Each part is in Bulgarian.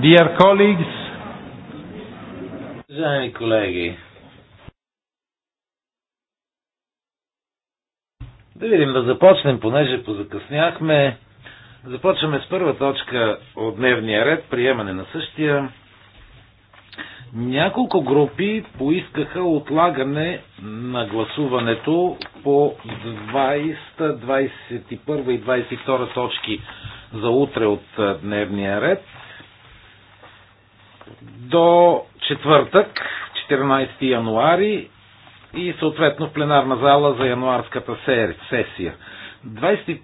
Dear colleagues, Уважаеми колеги, да видим да започнем, понеже позакъсняхме. Започваме с първа точка от дневния ред, приемане на същия. Няколко групи поискаха отлагане на гласуването по 20, 21 и 22 точки за утре от дневния ред до четвъртък, 14 януари и съответно в пленарна зала за януарската сесия. 25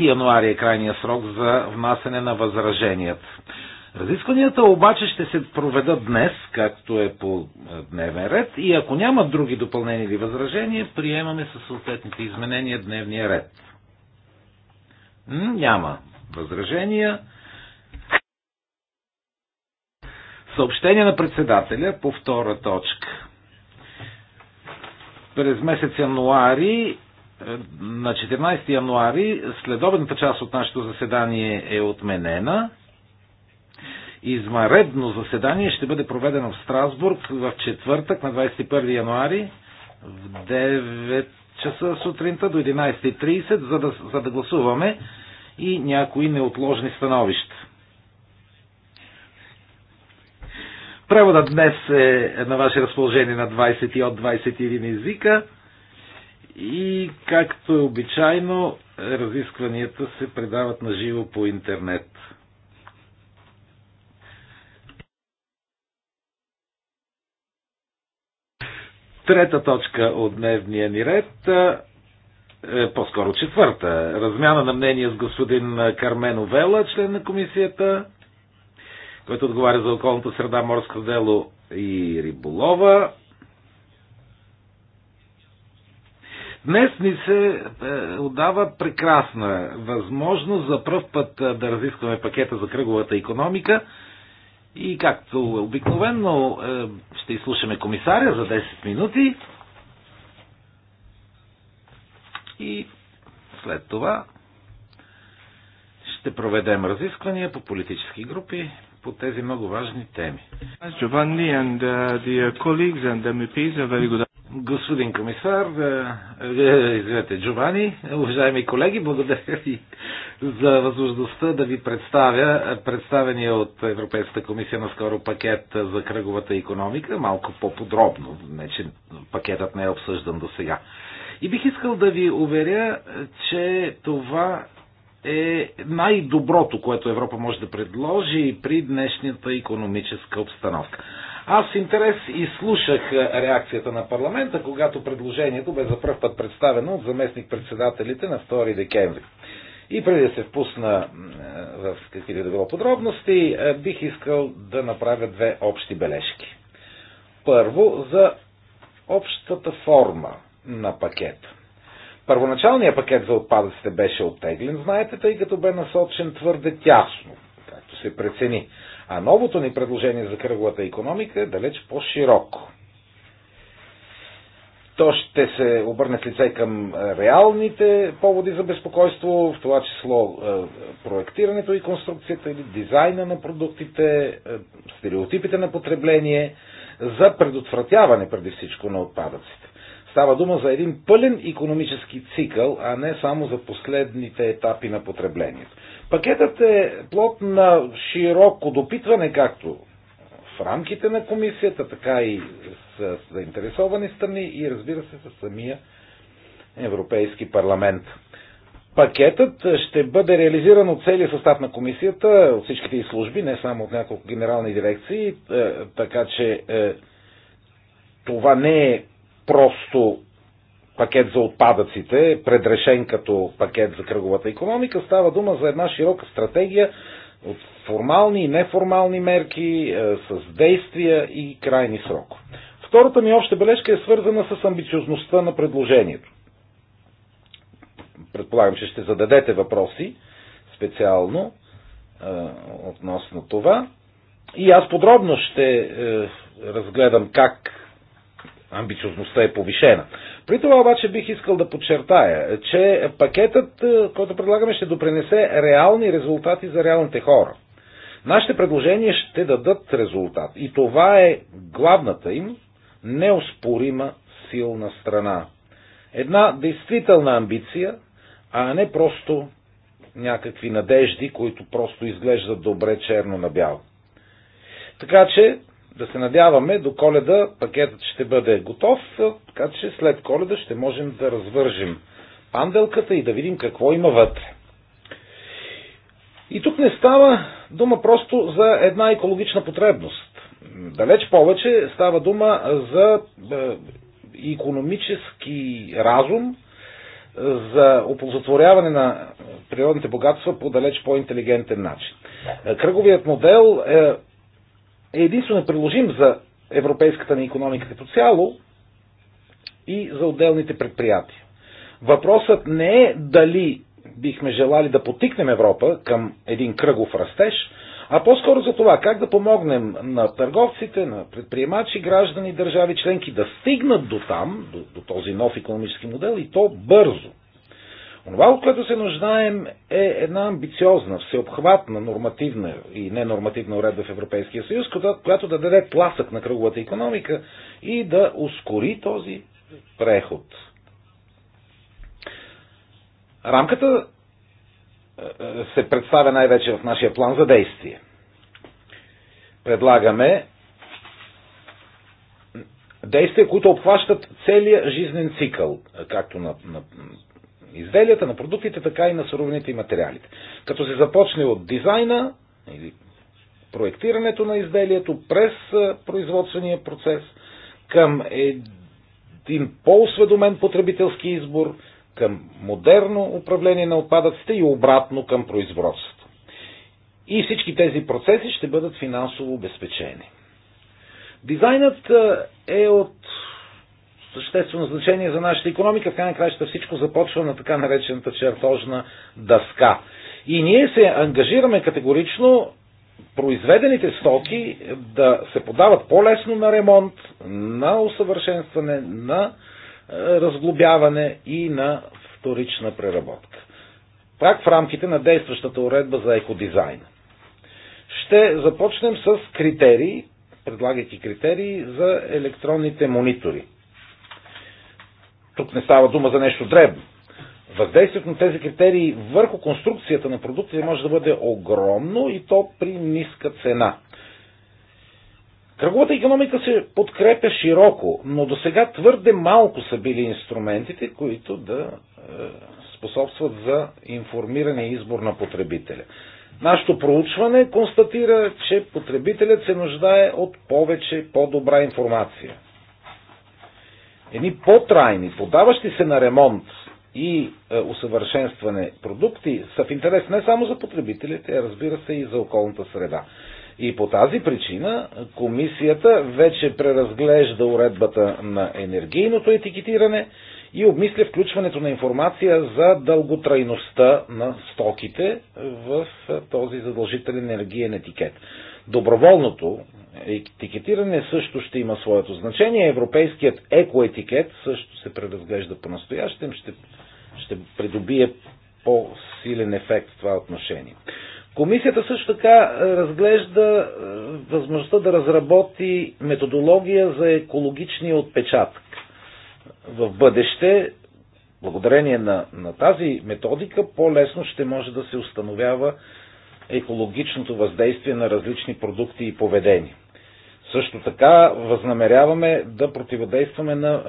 януари е крайния срок за внасене на възраженията. Разискванията обаче ще се проведат днес, както е по дневен ред, и ако няма други допълнения или възражения, приемаме със съответните изменения дневния ред. Няма възражения. Съобщение на председателя по втора точка. През месец януари, е, на 14 януари, следобедната част от нашето заседание е отменена. Измаредно заседание ще бъде проведено в Страсбург в четвъртък на 21 януари в 9 часа сутринта до 11.30, за да, за да гласуваме и някои неотложни становища. Преводът днес е на ваше разположение на 20 от 21 езика и както е обичайно разискванията се предават на живо по интернет. Трета точка от дневния ни ред е, по-скоро четвърта. Размяна на мнение с господин Кармено Вела, член на комисията, който отговаря за околната среда, морско дело и риболова. Днес ни се е, отдава прекрасна възможност за пръв път е, да разискваме пакета за кръговата економика и както обикновено ще изслушаме комисаря за 10 минути и след това ще проведем разисквания по политически групи по тези много важни теми. Uh, uh, uh, Господин комисар, извинете, Джовани, уважаеми колеги, благодаря ви за възможността да ви представя представения от Европейската комисия на скоро пакет за кръговата економика, малко по-подробно, не значи че пакетът не е обсъждан до сега. И бих искал да ви уверя, е, че това е най-доброто, което Европа може да предложи при днешната економическа обстановка. Аз с интерес слушах е, реакцията на парламента, когато предложението бе за първ път представено от заместник-председателите на 2 декември. И преди да се впусна е, в какви да било подробности, бих искал да направя две общи бележки. Първо, за общата форма на пакета. Първоначалният пакет за отпадъците беше оттеглен, знаете, тъй като бе насочен твърде тясно, както се прецени. А новото ни предложение за кръглата економика е далеч по-широко. То ще се обърне с лице към е, реалните поводи за безпокойство, в това число е, проектирането и конструкцията или дизайна на продуктите, е, стереотипите на потребление, за предотвратяване преди всичко на отпадъците. Става дума за един пълен економически цикъл, а не само за последните етапи на потреблението. Пакетът е плод на широко допитване, както в рамките на комисията, така и с заинтересовани страни и разбира се с самия Европейски парламент. Пакетът ще бъде реализиран от целия състав на комисията, от всичките и служби, не само от няколко генерални дирекции, е, така че е, това не е просто пакет за отпадъците, предрешен като пакет за кръговата економика, става дума за една широка стратегия от формални и неформални мерки, е, с действия и крайни срок. Втората ми обща бележка е свързана с амбициозността на предложението. Предполагам, че ще зададете въпроси специално е, относно това. И аз подробно ще е, разгледам как амбициозността е повишена. При това обаче бих искал да подчертая, че пакетът, е, който предлагаме, ще допренесе реални резултати за реалните хора. Нашите предложения ще дадат резултат и това е главната им неоспорима силна страна. Една действителна амбиция, а не просто някакви надежди, които просто изглеждат добре черно на бяло. Така че да се надяваме до коледа пакетът ще бъде готов, така че след коледа ще можем да развържим панделката и да видим какво има вътре. И тук не става дума просто за една екологична потребност. Далеч повече става дума за економически разум, за оползотворяване на природните богатства по далеч по-интелигентен начин. Кръговият модел е е единствено приложим за европейската ни економика като цяло и за отделните предприятия. Въпросът не е дали бихме желали да потикнем Европа към един кръгов растеж, а по-скоро за това как да помогнем на търговците, на предприемачи, граждани, държави, членки да стигнат до там, до, до този нов економически модел и то бързо. Онова, от което се нуждаем, е една амбициозна, всеобхватна нормативна и ненормативна уредба в Европейския съюз, която да даде тласък на кръговата економика и да ускори този преход. Рамката е, е, се представя най-вече в нашия план за действие. Предлагаме действия, които обхващат целия жизнен цикъл, както на, на изделията, на продуктите, така и на суровините и материалите. Като се започне от дизайна или проектирането на изделието през производствения процес към един по-осведомен потребителски избор, към модерно управление на отпадъците и обратно към производството. И всички тези процеси ще бъдат финансово обезпечени. Дизайнът е от съществено значение за нашата економика. В крайна краща всичко започва на така наречената чертожна дъска. И ние се ангажираме категорично произведените стоки да се подават по-лесно на ремонт, на усъвършенстване, на е, разглобяване и на вторична преработка. Пак в рамките на действащата уредба за екодизайн. Ще започнем с критерии, предлагайки критерии за електронните монитори. Тук не става дума за нещо дребно. Въздействието на тези критерии върху конструкцията на продукция може да бъде огромно и то при ниска цена. Кръговата економика се подкрепя широко, но до сега твърде малко са били инструментите, които да е, способстват за информиране и избор на потребителя. Нашето проучване констатира, че потребителят се нуждае от повече по-добра информация едни по-трайни, подаващи се на ремонт и е, усъвършенстване продукти са в интерес не само за потребителите, а разбира се и за околната среда. И по тази причина е, комисията вече преразглежда уредбата на енергийното етикетиране и обмисля включването на информация за дълготрайността на стоките в е, този задължителен енергиен етикет. Доброволното етикетиране също ще има своето значение. Европейският екоетикет също се преразглежда по-настоящем, ще, ще придобие по-силен ефект в това отношение. Комисията също така е, разглежда е, възможността да разработи методология за екологичния отпечатък. В бъдеще, благодарение на, на тази методика, по-лесно ще може да се установява екологичното въздействие на различни продукти и поведения. Също така възнамеряваме да противодействаме на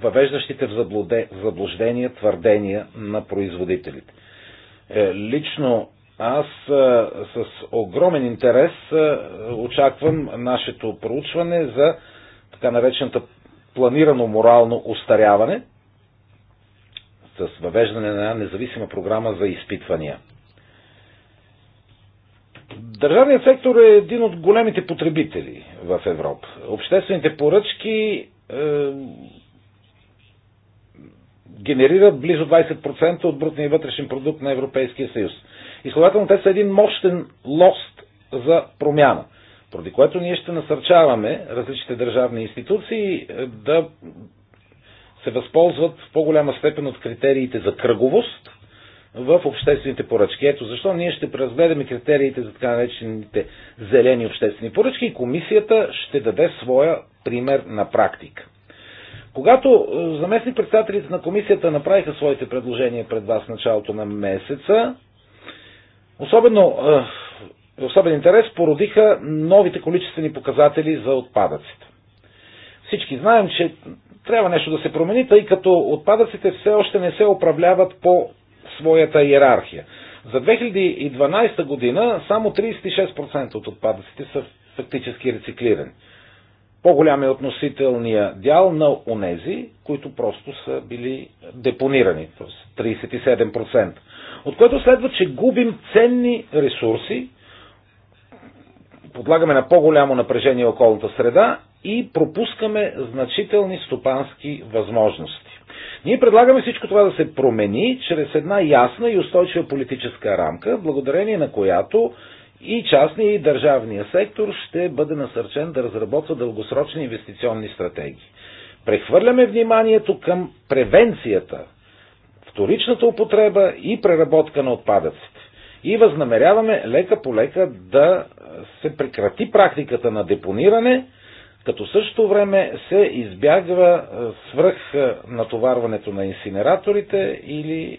въвеждащите в заблуждения твърдения на производителите. Е, лично аз е, с огромен интерес е, очаквам нашето проучване за така наречената планирано морално устаряване с въвеждане на една независима програма за изпитвания. Държавният сектор е един от големите потребители в Европа. Обществените поръчки е, генерират близо 20% от брутния вътрешен продукт на Европейския съюз. И следователно те са един мощен лост за промяна, поради което ние ще насърчаваме различните държавни институции е, да се възползват в по-голяма степен от критериите за кръговост – в обществените поръчки. Ето защо ние ще преразгледаме критериите за така наречените зелени обществени поръчки и комисията ще даде своя пример на практика. Когато е, заместни представителите на комисията направиха своите предложения пред вас в началото на месеца, особено е, особен интерес породиха новите количествени показатели за отпадъците. Всички знаем, че трябва нещо да се промени, тъй като отпадъците все още не се управляват по своята иерархия. За 2012 година само 36% от отпадъците са фактически рециклирани. По-голям е относителния дял на онези, които просто са били депонирани, т.е. 37%. От което следва, че губим ценни ресурси, подлагаме на по-голямо напрежение околната среда и пропускаме значителни стопански възможности. Ние предлагаме всичко това да се промени чрез една ясна и устойчива политическа рамка, благодарение на която и частния и държавния сектор ще бъде насърчен да разработва дългосрочни инвестиционни стратегии. Прехвърляме вниманието към превенцията, вторичната употреба и преработка на отпадъците. И възнамеряваме лека по лека да се прекрати практиката на депониране – като също време се избягва е, свръх е, натоварването на инсинераторите или е,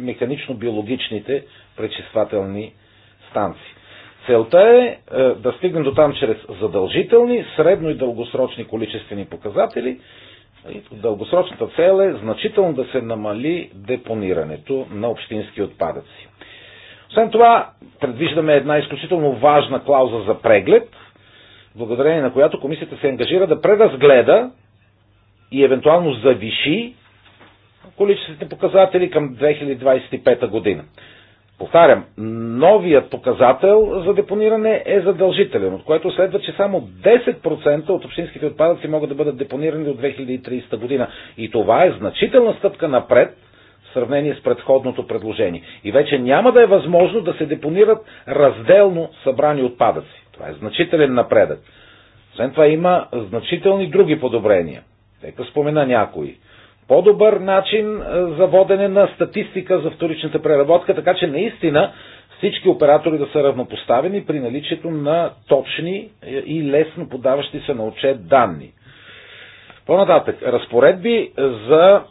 механично-биологичните пречиствателни станции. Целта е да стигнем до там чрез задължителни, средно и дългосрочни количествени показатели. Дългосрочната цел е значително да се намали депонирането на общински отпадъци. Освен това, предвиждаме една изключително важна клауза за преглед, благодарение на която комисията се ангажира да преразгледа и евентуално завиши количествените показатели към 2025 година. Повтарям, новият показател за депониране е задължителен, от което следва, че само 10% от общинските отпадъци могат да бъдат депонирани до 2030 година. И това е значителна стъпка напред – сравнение с предходното предложение. И вече няма да е възможно да се депонират разделно събрани отпадъци. Това е значителен напредък. Освен това има значителни други подобрения. Нека спомена някои. По-добър начин е, за водене на статистика за вторичната преработка, така че наистина всички оператори да са равнопоставени при наличието на точни е, и лесно подаващи се на отчет данни. По-нататък, разпоредби за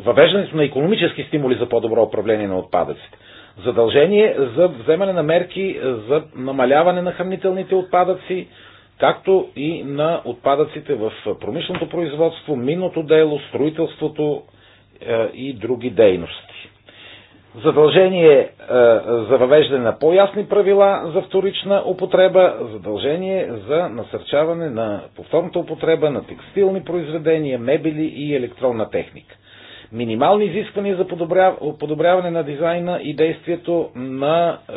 въвеждането на економически стимули за по-добро управление на отпадъците, задължение за вземане на мерки за намаляване на хранителните отпадъци, както и на отпадъците в промишленото производство, минното дело, строителството е, и други дейности. Задължение е, за въвеждане на по-ясни правила за вторична употреба, задължение за насърчаване на повторната употреба на текстилни произведения, мебели и електронна техника – минимални изисквания за подобряване на дизайна и действието на е,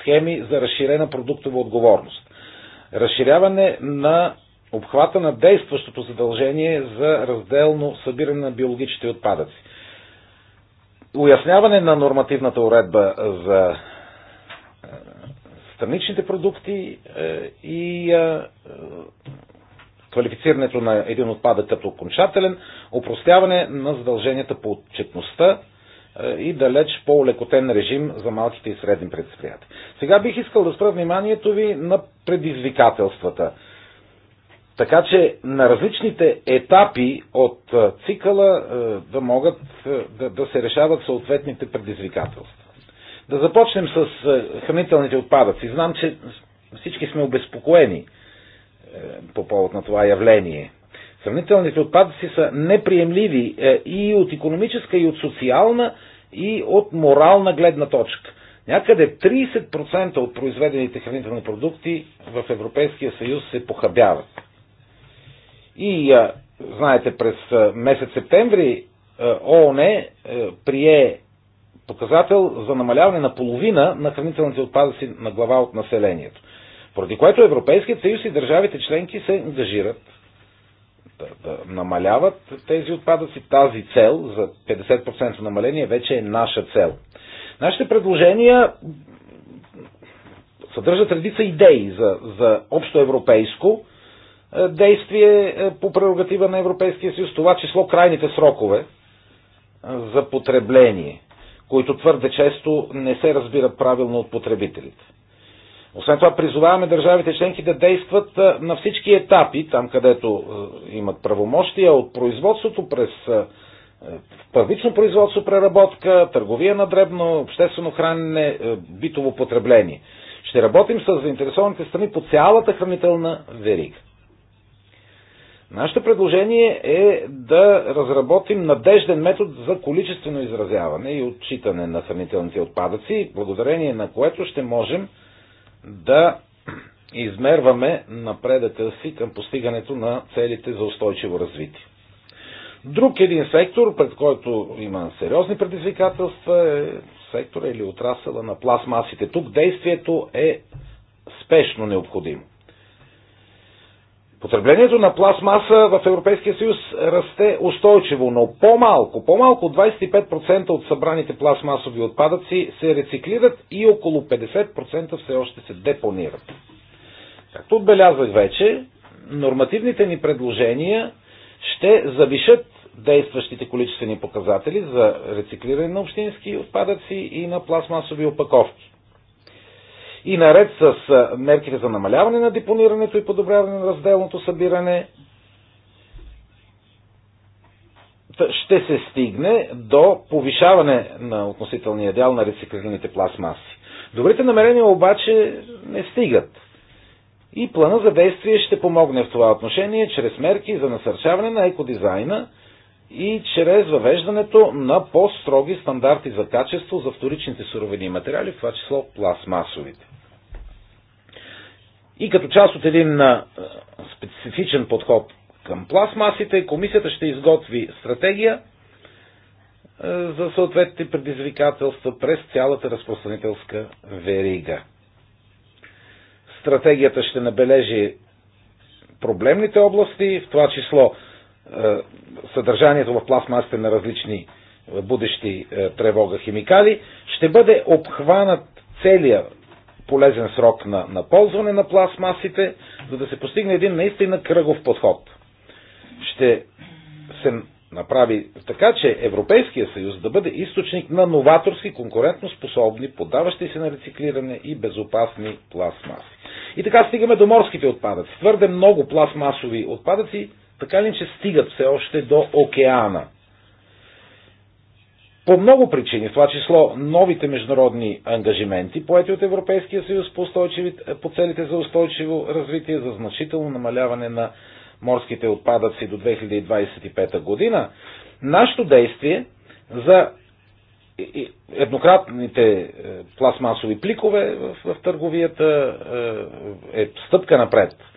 схеми за разширена продуктова отговорност. Разширяване на обхвата на действащото задължение за разделно събиране на биологичните отпадъци. Уясняване на нормативната уредба за е, страничните продукти е, и квалифицирането на един отпадък като окончателен, упростяване на задълженията по отчетността е, и далеч по-лекотен режим за малките и средни предприятия. Сега бих искал да спра вниманието ви на предизвикателствата. Така че на различните етапи от е, цикъла е, да могат да, да се решават съответните предизвикателства. Да започнем с хранителните отпадъци. Знам, че всички сме обезпокоени е, по повод на това явление. Сравнителните отпадъци са неприемливи е, и от економическа, и от социална, и от морална гледна точка. Някъде 30% от произведените хранителни продукти в Европейския съюз се похабяват. И, е, знаете, през месец септември ООН прие показател за намаляване на половина на хранителните отпадъци на глава от населението. Поради което Европейският съюз и държавите членки се ангажират да, да намаляват тези отпадъци. Тази цел за 50% намаление вече е наша цел. Нашите предложения съдържат редица идеи за, за общо европейско е, действие е, по прерогатива на Европейския съюз, това число крайните срокове е, за потребление, които твърде често не се разбират правилно от потребителите. Освен това, призоваваме държавите членки да действат на всички етапи, там където имат правомощия, от производството през първично производство, преработка, търговия на дребно, обществено хранене, битово потребление. Ще работим с заинтересованите страни по цялата хранителна верига. Нашето предложение е да разработим надежден метод за количествено изразяване и отчитане на хранителните отпадъци, благодарение на което ще можем да измерваме напредъка си към постигането на целите за устойчиво развитие. Друг един сектор, пред който има сериозни предизвикателства, е сектора или отрасъла на пластмасите. Тук действието е спешно необходимо. Потреблението на пластмаса в Европейския съюз расте устойчиво, но по-малко, по-малко 25% от събраните пластмасови отпадъци се рециклират и около 50% все още се депонират. Както отбелязах вече, нормативните ни предложения ще завишат действащите количествени показатели за рециклиране на общински отпадъци и на пластмасови опаковки. И наред с мерките за намаляване на депонирането и подобряване на разделното събиране, ще се стигне до повишаване на относителния дял на рециклираните пластмаси. Добрите намерения обаче не стигат. И плана за действие ще помогне в това отношение чрез мерки за насърчаване на екодизайна и чрез въвеждането на по-строги стандарти за качество за вторичните суровини и материали, в това число пластмасовите. И като част от един специфичен подход към пластмасите, комисията ще изготви стратегия за съответните предизвикателства през цялата разпространителска верига. Стратегията ще набележи проблемните области, в това число съдържанието в пластмасите на различни будещи тревога химикали, ще бъде обхванат целият полезен срок на, на ползване на пластмасите, за да се постигне един наистина кръгов подход. Ще се направи така, че Европейския съюз да бъде източник на новаторски, способни, подаващи се на рециклиране и безопасни пластмаси. И така стигаме до морските отпадъци. Твърде много пластмасови отпадъци, така ли, че стигат все още до океана. По много причини, в това число новите международни ангажименти, поети от Европейския съюз по, по целите за устойчиво развитие, за значително намаляване на морските отпадъци до 2025 година, нашето действие за еднократните е, пластмасови пликове в търговията е, е стъпка напред –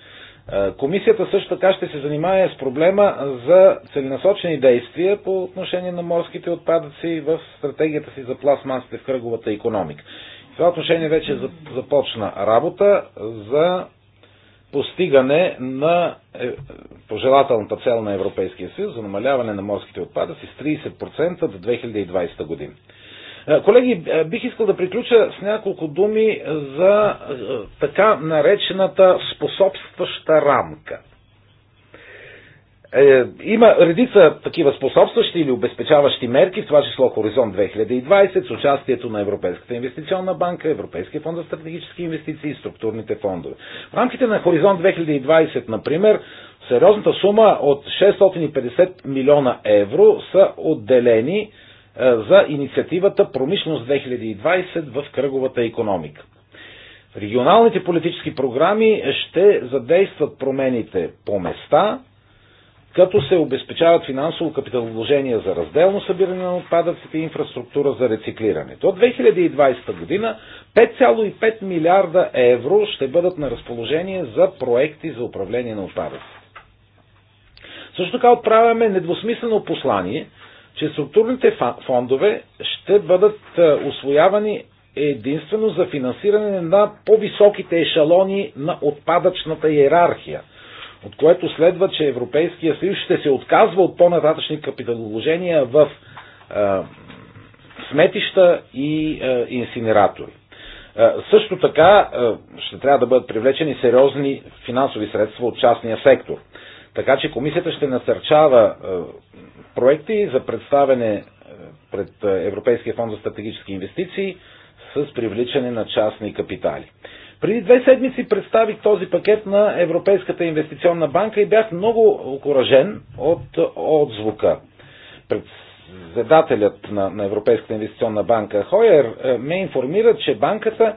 е, комисията също така ще се занимае с проблема за целенасочени действия по отношение на морските отпадъци в стратегията си за пластмасите в кръговата економика. В това отношение вече започна работа за постигане на е, пожелателната цел на Европейския съюз за намаляване на морските отпадъци с 30% до 2020 година. Е, колеги, е, бих искал да приключа с няколко думи за е, така наречената способстваща рамка. Има редица такива способстващи или обезпечаващи мерки, в това число Хоризонт 2020, с участието на Европейската инвестиционна банка, Европейския фонд за стратегически инвестиции и структурните фондове. В рамките на Хоризонт 2020, например, сериозната сума от 650 милиона евро са отделени е, за инициативата Промишленост 2020 в кръговата економика. Регионалните политически програми ще задействат промените по места, като се обезпечават финансово капиталовложения за разделно събиране на отпадъците и инфраструктура за рециклиране. До 2020 година 5,5 милиарда евро ще бъдат на разположение за проекти за управление на отпадъците. Също така отправяме недвусмислено послание – че структурните фондове ще бъдат е, освоявани единствено за финансиране на по-високите ешалони на отпадъчната иерархия, от което следва, че Европейския съюз ще се отказва от по-нататъчни капиталовложения в е, сметища и е, инсинератори. Е, също така е, ще трябва да бъдат привлечени сериозни финансови средства от частния сектор – така че комисията ще насърчава е, проекти за представяне е, пред е, Европейския фонд за стратегически инвестиции с привличане на частни капитали. Преди две седмици представих този пакет на Европейската инвестиционна банка и бях много окоръжен от отзвука. Председателят на, на Европейската инвестиционна банка Хойер ме информира, че банката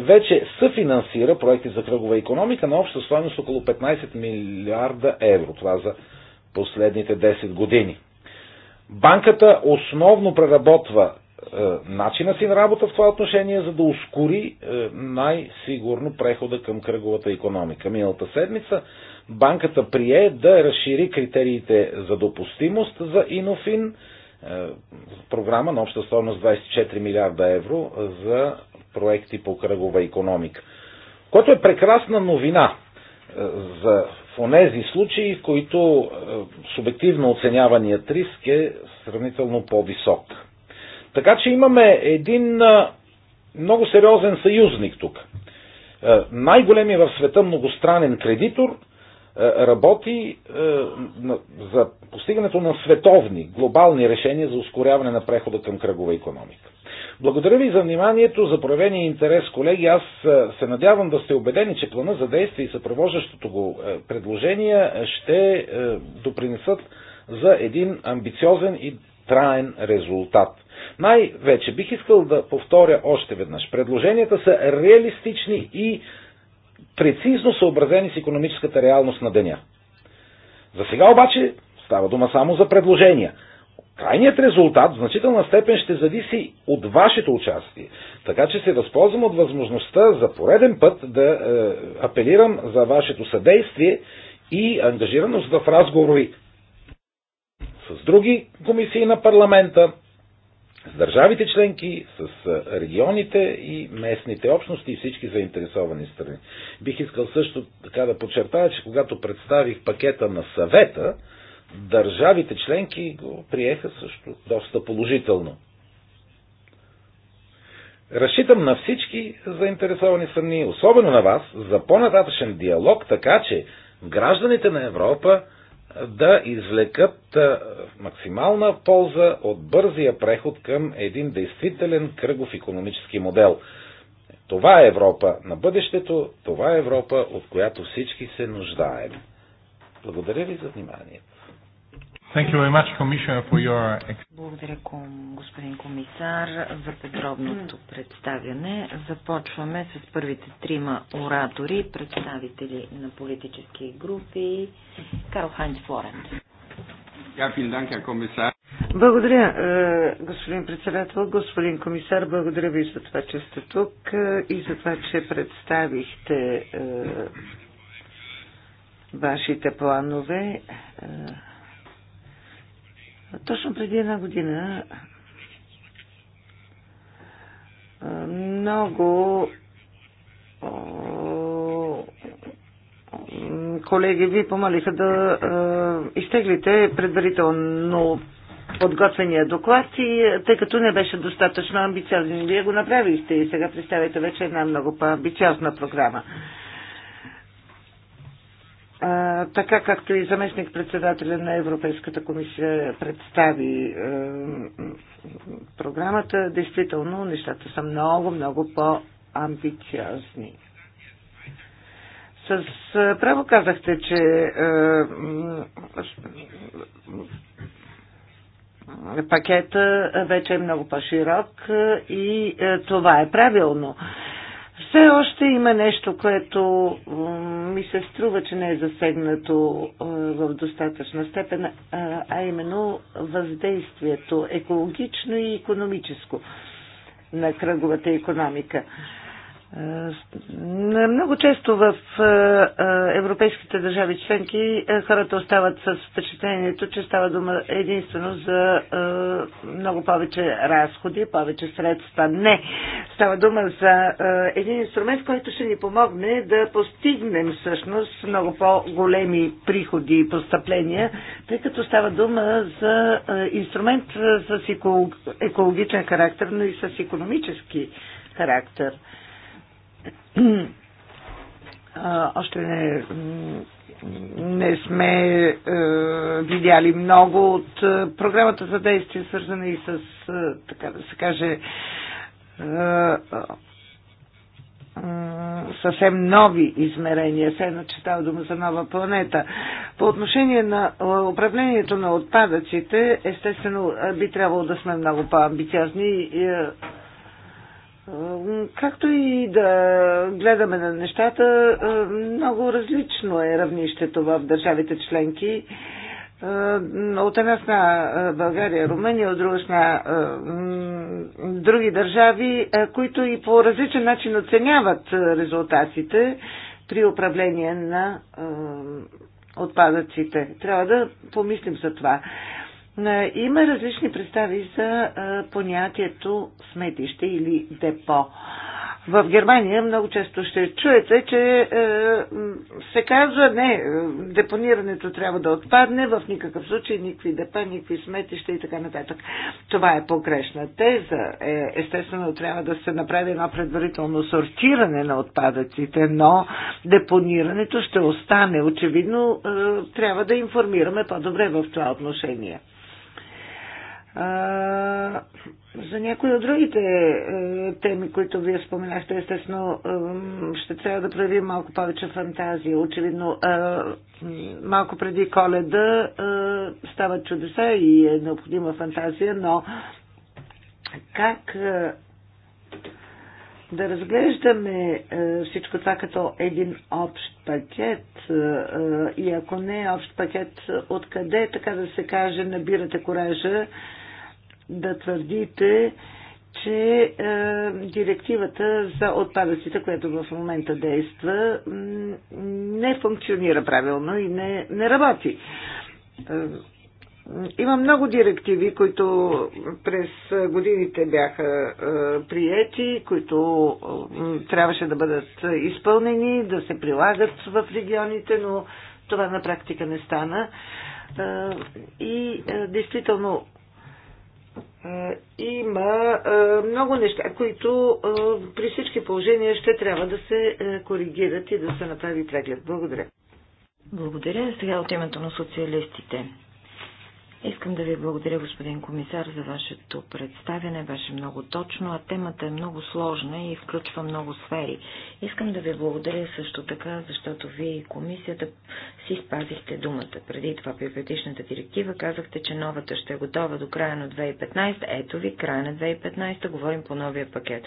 вече съфинансира проекти за кръгова економика на обща стоеност около 15 милиарда евро. Това за последните 10 години. Банката основно преработва е, начина си на работа в това отношение, за да ускори е, най-сигурно прехода към кръговата економика. Миналата седмица банката прие да разшири критериите за допустимост за Инофин, е, програма на обща стоеност 24 милиарда евро за проекти по кръгова економика. Което е прекрасна новина е, за в случаи, в които е, субективно оценяваният риск е сравнително по-висок. Така че имаме един е, много сериозен съюзник тук. Най-големият в света многостранен кредитор – е, работи е, за постигането на световни, глобални решения за ускоряване на прехода към кръгова економика. Благодаря ви за вниманието, за проявение и интерес, колеги. Аз е, се надявам да сте убедени, че плана за действие и съпровождащото го предложение ще допринесат за един амбициозен и траен резултат. Най-вече бих искал да повторя още веднъж. Предложенията са реалистични и прецизно съобразени с економическата реалност на деня. За сега обаче става дума само за предложения. Крайният резултат в значителна степен ще зависи от вашето участие. Така че се възползвам от възможността за пореден път да е, апелирам за вашето съдействие и ангажираност в разговори с други комисии на парламента, с държавите членки, с регионите и местните общности и всички заинтересовани страни. Бих искал също така да подчертая, че когато представих пакета на съвета, държавите членки го приеха също доста положително. Разчитам на всички заинтересовани страни, особено на вас, за по-нататъчен диалог, така че гражданите на Европа да извлекат максимална полза от бързия преход към един действителен кръгов економически модел. Това е Европа на бъдещето, това е Европа, от която всички се нуждаем. Благодаря ви за вниманието. Thank you very much, Commissioner, for your... Благодаря, господин комисар, за подробното представяне. Започваме с първите трима оратори, представители на политически групи. Карл Хайнц Флорент. Благодаря, е, господин председател, господин комисар, благодаря ви за това, че сте тук е, и за това, че представихте е, вашите планове точно преди една година много колеги ви помолиха да изтеглите предварително подготвения доклад и тъй като не беше достатъчно амбициозен, вие го направихте и сега представяте вече една много по-амбициозна програма така както и заместник председателя на Европейската комисия представи програмата, действително нещата са много, много по-амбициозни. С право казахте, че пакета вече е много по-широк и това е правилно. Все още има нещо, което ми се струва, че не е засегнато в достатъчна степен, а именно въздействието екологично и економическо на кръговата економика. Е, много често в е, е, европейските държави членки хората остават с впечатлението, че става дума единствено за много повече разходи, повече средства. Не. Става дума за един инструмент, който ще ни помогне да постигнем всъщност много по-големи приходи и постъпления, тъй като става дума за инструмент с екологичен характер, но и с економически характер още не, не сме е, видяли много от е, програмата за действие, свързана и с, е, така да се каже, е, е, съвсем нови измерения, се едно, че става дума за нова планета. По отношение на е, управлението на отпадъците, естествено е, би трябвало да сме много по-амбициозни е, Както и да гледаме на нещата, много различно е равнището в държавите членки. От една страна България, Румъния, от друга страна други държави, които и по различен начин оценяват резултатите при управление на отпадъците. Трябва да помислим за това. Е, има различни представи за е, понятието сметище или депо. В Германия много често ще чуете, че е, се казва, не, е, депонирането трябва да отпадне, в никакъв случай никакви депа, никакви сметища и така нататък. Това е погрешна теза. Е, естествено, трябва да се направи едно предварително сортиране на отпадъците, но депонирането ще остане. Очевидно, е, трябва да информираме по-добре в това отношение за някои от другите е, теми, които вие споменахте, естествено, е, ще трябва да проявим малко повече фантазия. Очевидно, е, малко преди коледа е, стават чудеса и е необходима фантазия, но как е, да разглеждаме е, всичко това като един общ пакет е, е и ако не е общ пакет, откъде, така да се каже, набирате коража да твърдите, че е, директивата за отпадъците, която в момента действа, не функционира правилно и не, не работи. Е, има много директиви, които през годините бяха е, приети, които е, трябваше да бъдат изпълнени, да се прилагат в регионите, но това на практика не стана. Е, и е, действително има много неща, които при всички положения ще трябва да се е, коригират и да се направи преглед. Благодаря. Благодаря. Сега от името на социалистите. Искам да ви благодаря, господин комисар, за вашето представяне. Беше много точно, а темата е много сложна и включва много сфери. Искам да ви благодаря също така, защото вие и комисията си спазихте думата. Преди това при предишната директива казахте, че новата ще е готова до края на 2015. Ето ви, края на 2015 говорим по новия пакет.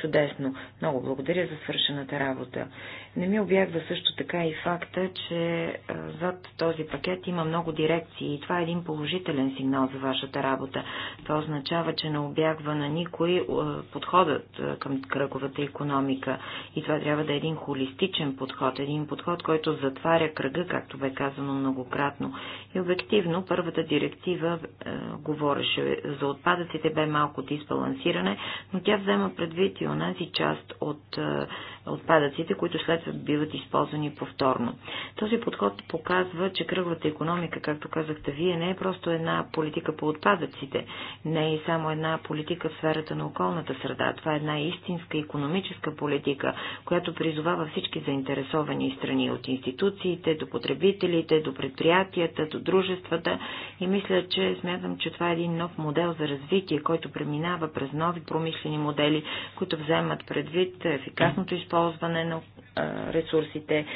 Чудесно. Много благодаря за свършената работа. Не ми обягва също така и факта, че зад този пакет има много дирекции и това е един положителен сигнал за вашата работа. Това означава, че не обягва на никой подходът към кръговата економика и това трябва да е един холистичен подход, един подход, който затваря кръга, както бе казано многократно. И обективно първата директива е, говореше за отпадъците, бе малко дисбалансиране, но тя взема предвид и онази част от е, отпадъците, които след това биват използвани повторно. Този подход показва, че кръглата економика, както казахте вие, не е просто една политика по отпадъците, не е само една политика в сферата на околната среда. Това е една истинска економическа политика, която призовава всички заинтересовани страни от институциите, до потребителите, до предприятията, до дружествата и мисля, че смятам, че това е един нов модел за развитие, който преминава през нови промишлени модели, които вземат предвид ефикасното използване използване на ресурсите,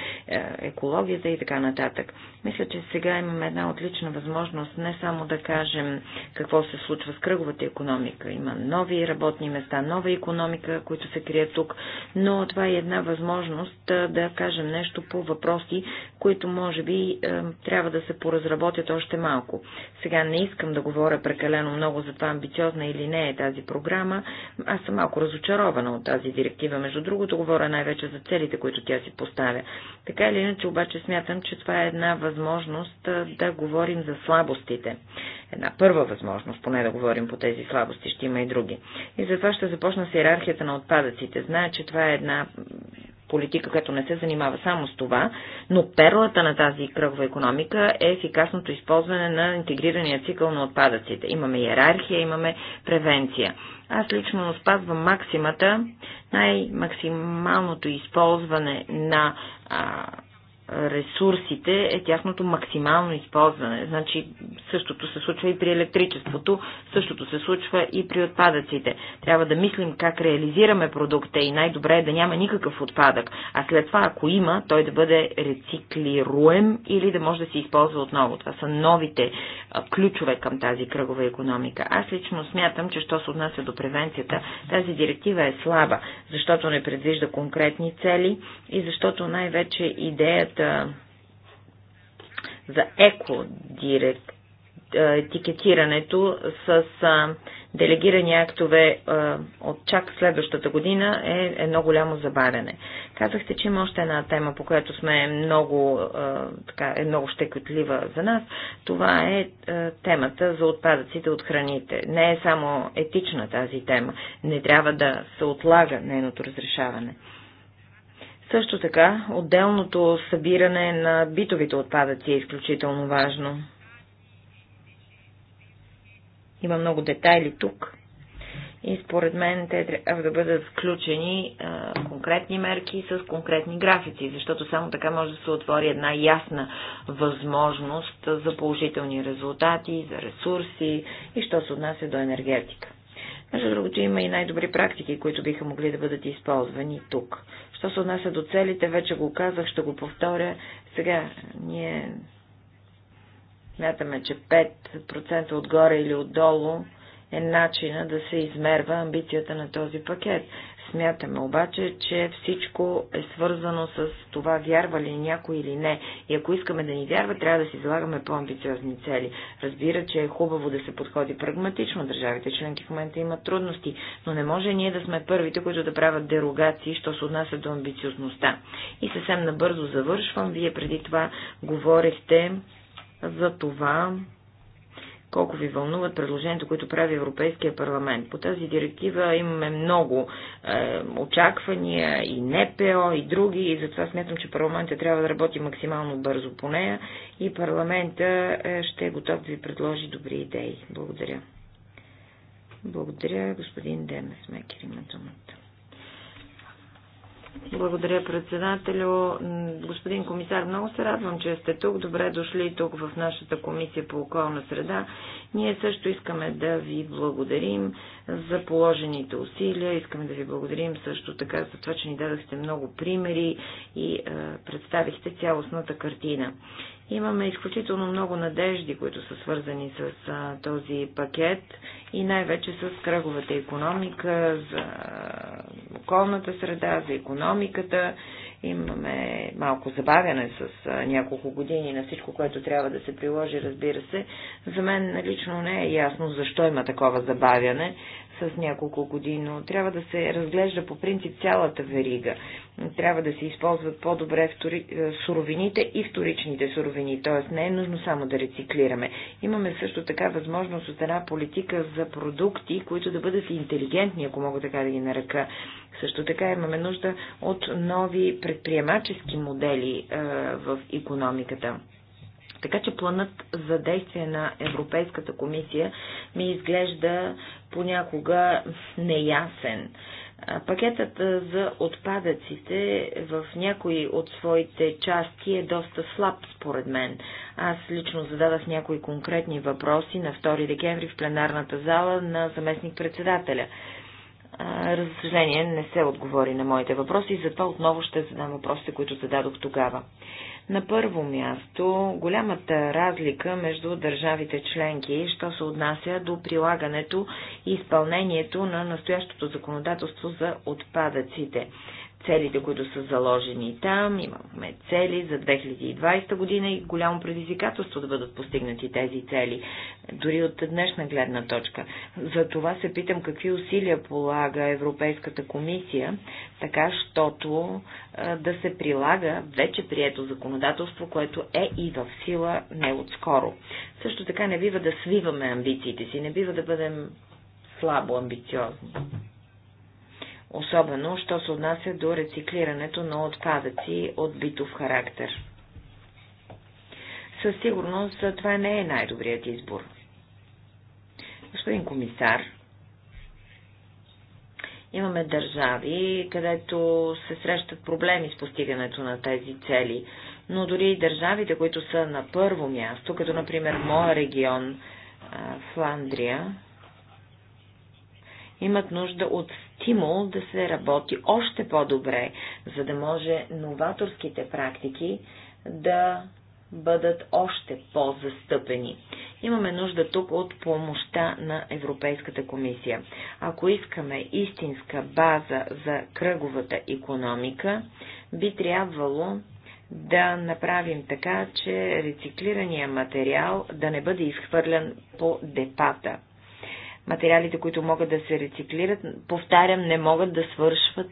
екологията и така нататък. Мисля, че сега имаме една отлична възможност не само да кажем какво се случва с кръговата економика. Има нови работни места, нова економика, които се крият тук, но това е една възможност да кажем нещо по въпроси, които може би трябва да се поразработят още малко. Сега не искам да говоря прекалено много за това амбициозна или не е тази програма. Аз съм малко разочарована от тази директива. Между другото, говоря най-вече за целите, които тя си поставя. Така или иначе, обаче смятам, че това е една възможност да говорим за слабостите. Една първа възможност, поне да говорим по тези слабости, ще има и други. И затова ще започна с иерархията на отпадъците. Зная, че това е една политика, която не се занимава само с това, но перлата на тази кръгова економика е ефикасното използване на интегрирания цикъл на отпадъците. Имаме иерархия, имаме превенция. Аз лично спазвам максимата, най-максималното използване на а, ресурсите е тяхното максимално използване. Значи същото се случва и при електричеството, същото се случва и при отпадъците. Трябва да мислим как реализираме продукта и най-добре е да няма никакъв отпадък, а след това, ако има, той да бъде рециклируем или да може да се използва отново. Това са новите ключове към тази кръгова економика. Аз лично смятам, че що се отнася до превенцията, тази директива е слаба, защото не предвижда конкретни цели и защото най-вече идеята да за еко етикетирането с делегирани актове от чак следващата година е едно голямо забавяне. Казахте, че има още една тема, по която сме много, така, е много щекотлива за нас. Това е темата за отпадъците от храните. Не е само етична тази тема. Не трябва да се отлага нейното разрешаване. Също така, отделното събиране на битовите отпадъци е изключително важно. Има много детайли тук и според мен те трябва да бъдат включени а, конкретни мерки с конкретни графици, защото само така може да се отвори една ясна възможност за положителни резултати, за ресурси и що се отнася до енергетика. Между другото има и най-добри практики, които биха могли да бъдат използвани тук. Що се отнася до целите, вече го казах, ще го повторя. Сега ние смятаме, че 5% отгоре или отдолу е начина да се измерва амбицията на този пакет. Смятаме обаче, че всичко е свързано с това вярва ли някой или не. И ако искаме да ни вярва, трябва да си залагаме по-амбициозни цели. Разбира, че е хубаво да се подходи прагматично. Държавите членки в момента имат трудности, но не може ние да сме първите, които да правят дерогации, що се отнася до амбициозността. И съвсем набързо завършвам. Вие преди това говорихте за това, колко ви вълнуват предложението, което прави Европейския парламент. По тази директива имаме много е, очаквания и НПО и други и затова смятам, че парламентът трябва да работи максимално бързо по нея и парламента е, ще е готов да ви предложи добри идеи. Благодаря. Благодаря, господин Демес Мекер има думата. Благодаря, председателю. Господин комисар, много се радвам, че сте тук. Добре дошли тук в нашата комисия по околна среда. Ние също искаме да ви благодарим за положените усилия. Искаме да ви благодарим също така за това, че ни дадахте много примери и е, представихте цялостната картина. Имаме изключително много надежди, които са свързани с а, този пакет и най-вече с кръговата економика, за околната среда, за економиката. Имаме малко забавяне с а, няколко години на всичко, което трябва да се приложи, разбира се. За мен лично не е ясно защо има такова забавяне, с няколко години, но трябва да се разглежда по принцип цялата верига. Трябва да се използват по-добре втори... Е, суровините и вторичните суровини, т.е. не е нужно само да рециклираме. Имаме също така възможност от една политика за продукти, които да бъдат интелигентни, ако мога така да ги нарека. Също така имаме нужда от нови предприемачески модели е, в економиката. Така че планът за действие на Европейската комисия ми изглежда понякога неясен. Пакетът за отпадъците в някои от своите части е доста слаб, според мен. Аз лично зададах някои конкретни въпроси на 2 декември в пленарната зала на заместник-председателя. За съжаление, не се отговори на моите въпроси, затова отново ще задам въпросите, които зададох тогава. На първо място, голямата разлика между държавите членки, що се отнася до прилагането и изпълнението на настоящото законодателство за отпадъците целите, които са заложени там. Имахме цели за 2020 година и голямо предизвикателство да бъдат постигнати тези цели, дори от днешна гледна точка. За това се питам какви усилия полага Европейската комисия, така щото да се прилага вече прието законодателство, което е и в сила не отскоро. Също така не бива да свиваме амбициите си, не бива да бъдем слабо амбициозни особено, що се отнася до рециклирането на отпадъци от битов характер. Със сигурност това не е най-добрият избор. Господин комисар, имаме държави, където се срещат проблеми с постигането на тези цели, но дори и държавите, които са на първо място, като например моя регион, Фландрия, имат нужда от стимул да се работи още по-добре, за да може новаторските практики да бъдат още по-застъпени. Имаме нужда тук от помощта на Европейската комисия. Ако искаме истинска база за кръговата економика, би трябвало да направим така, че рециклирания материал да не бъде изхвърлен по депата материалите, които могат да се рециклират, повтарям, не могат да свършват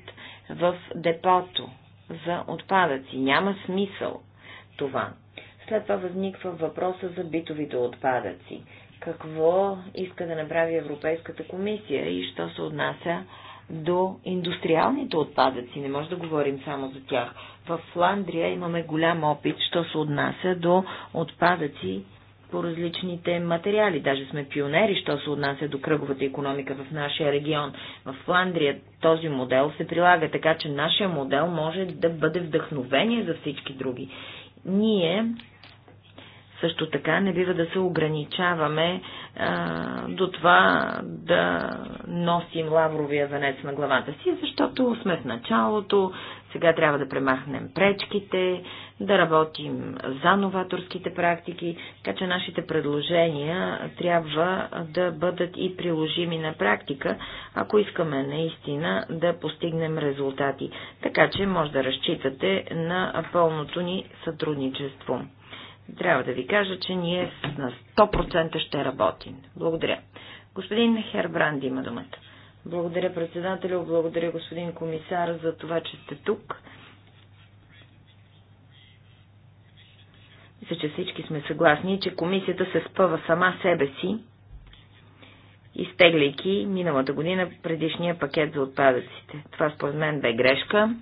в депото за отпадъци. Няма смисъл това. След това възниква въпроса за битовите отпадъци. Какво иска да направи Европейската комисия и що се отнася до индустриалните отпадъци. Не може да говорим само за тях. В Фландрия имаме голям опит, що се отнася до отпадъци по различните материали. Даже сме пионери, що се отнася до кръговата економика в нашия регион. В Фландрия този модел се прилага, така че нашия модел може да бъде вдъхновение за всички други. Ние също така не бива да се ограничаваме а, до това да носим лавровия венец на главата си, защото сме в началото, сега трябва да премахнем пречките, да работим за новаторските практики, така че нашите предложения трябва да бъдат и приложими на практика, ако искаме наистина да постигнем резултати. Така че може да разчитате на пълното ни сътрудничество. Трябва да ви кажа, че ние на 100% ще работим. Благодаря. Господин Хербранд има думата. Благодаря председателю, благодаря господин комисар за това, че сте тук. Мисля, че всички сме съгласни, че комисията се спъва сама себе си, изтегляйки миналата година предишния пакет за отпадъците. Това според мен бе грешка.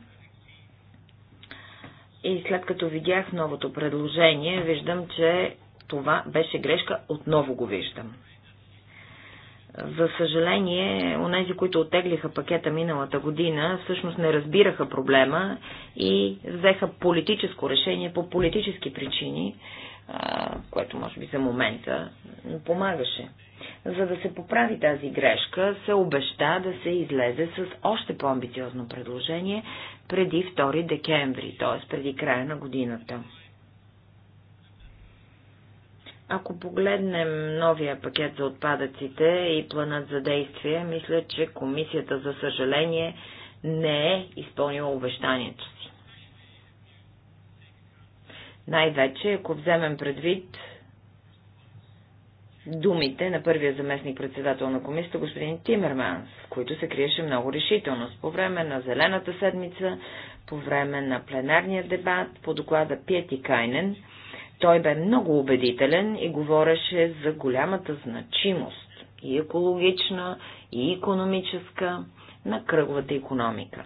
И след като видях новото предложение, виждам, че това беше грешка, отново го виждам. За съжаление, онези, които оттеглиха пакета миналата година, всъщност не разбираха проблема и взеха политическо решение по политически причини, което може би за момента помагаше. За да се поправи тази грешка, се обеща да се излезе с още по-амбициозно предложение преди 2 декември, т.е. преди края на годината. Ако погледнем новия пакет за отпадъците и планът за действие, мисля, че комисията, за съжаление, не е изпълнила обещанието си. Най-вече, ако вземем предвид думите на първия заместник председател на комисията, господин Тимерманс, в които се криеше много решителност по време на Зелената седмица, по време на пленарния дебат, по доклада Пиети Кайнен – той бе много убедителен и говореше за голямата значимост и екологична, и економическа на кръговата економика.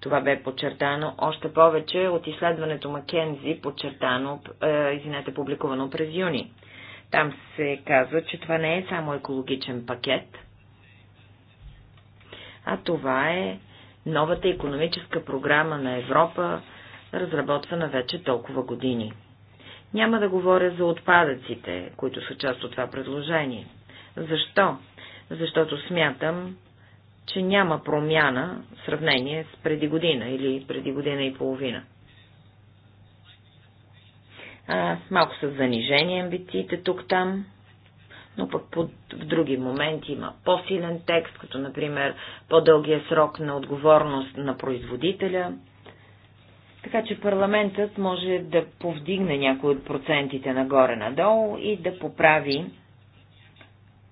Това бе подчертано още повече от изследването Макензи, подчертано, е, извинете, публикувано през юни. Там се казва, че това не е само екологичен пакет, а това е новата економическа програма на Европа разработвана вече толкова години. Няма да говоря за отпадъците, които са част от това предложение. Защо? Защото смятам, че няма промяна в сравнение с преди година или преди година и половина. А, малко с занижение амбициите тук-там, но пък под, в други моменти има по-силен текст, като например по-дългия срок на отговорност на производителя, така че парламентът може да повдигне някои от процентите нагоре-надолу и да поправи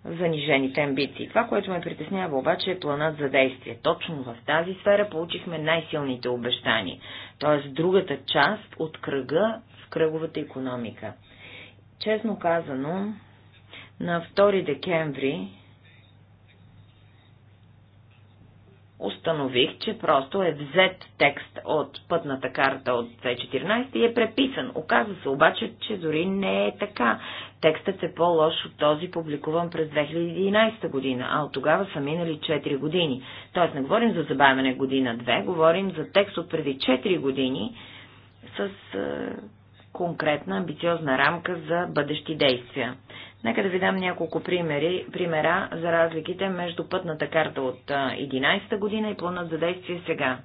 занижените амбиции. Това, което ме притеснява обаче е планът за действие. Точно в тази сфера получихме най-силните обещания, т.е. другата част от кръга в кръговата економика. Честно казано, на 2 декември установих, че просто е взет текст от пътната карта от 2014 и е преписан. Оказва се обаче, че дори не е така. Текстът е по-лош от този, публикуван през 2011 година, а от тогава са минали 4 години. Тоест не говорим за забавяне година-две, говорим за текст от преди 4 години с е, конкретна амбициозна рамка за бъдещи действия. Нека да ви дам няколко примери, примера за разликите между пътната карта от 11-та година и планът за действие сега.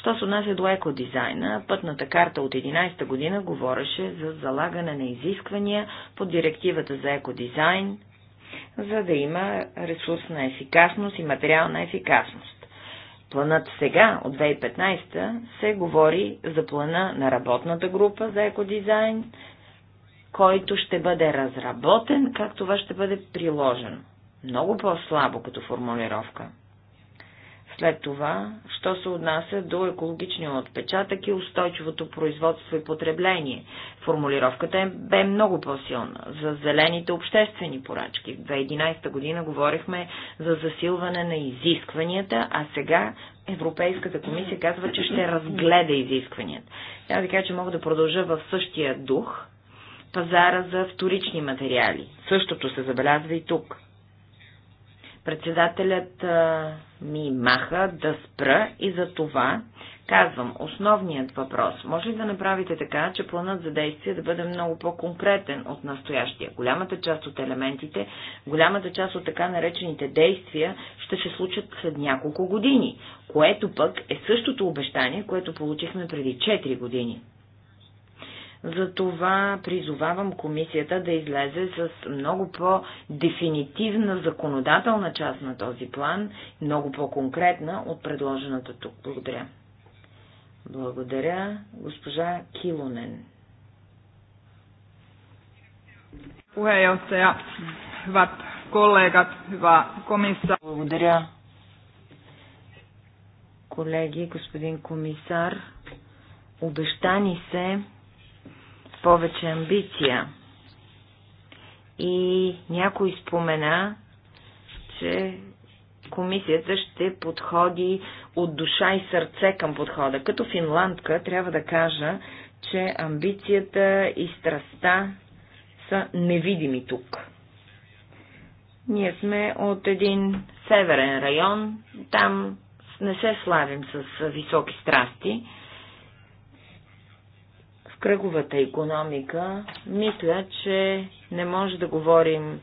Що се отнася до екодизайна, пътната карта от 11-та година говореше за залагане на изисквания по директивата за екодизайн, за да има ресурсна ефикасност и материална ефикасност. Планът сега, от 2015, се говори за плана на работната група за екодизайн, който ще бъде разработен, как това ще бъде приложено. Много по-слабо като формулировка. След това, що се отнася до екологичния отпечатък и устойчивото производство и потребление. Формулировката е, бе много по-силна. За зелените обществени порачки. В 2011 година говорихме за засилване на изискванията, а сега Европейската комисия казва, че ще разгледа изискванията. Тя ви кажа, че мога да продължа в същия дух, пазара за вторични материали. Същото се забелязва и тук. Председателят а, ми маха да спра и за това казвам основният въпрос. Може ли да направите така, че планът за действие да бъде много по-конкретен от настоящия? Голямата част от елементите, голямата част от така наречените действия ще се случат след няколко години, което пък е същото обещание, което получихме преди 4 години. Затова призовавам комисията да излезе с много по-дефинитивна законодателна част на този план, много по-конкретна от предложената тук. Благодаря. Благодаря, госпожа Килонен. Puheenjohtaja, hyvät kollegat, hyvä komissaari. Благодаря. Колеги, господин комисар, обеща ни се повече амбиция. И някой спомена, че комисията ще подходи от душа и сърце към подхода. Като финландка трябва да кажа, че амбицията и страста са невидими тук. Ние сме от един северен район, там не се славим с високи страсти, кръговата економика, мисля, че не може да говорим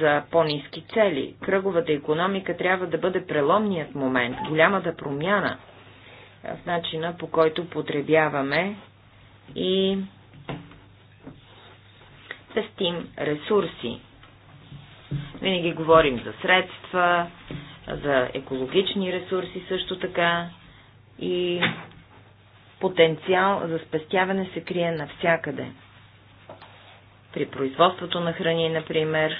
за по-низки цели. Кръговата економика трябва да бъде преломният момент, голямата промяна в начина по който потребяваме и пестим ресурси. Винаги говорим за средства, за екологични ресурси също така и потенциал за спестяване се крие навсякъде. При производството на храни, например,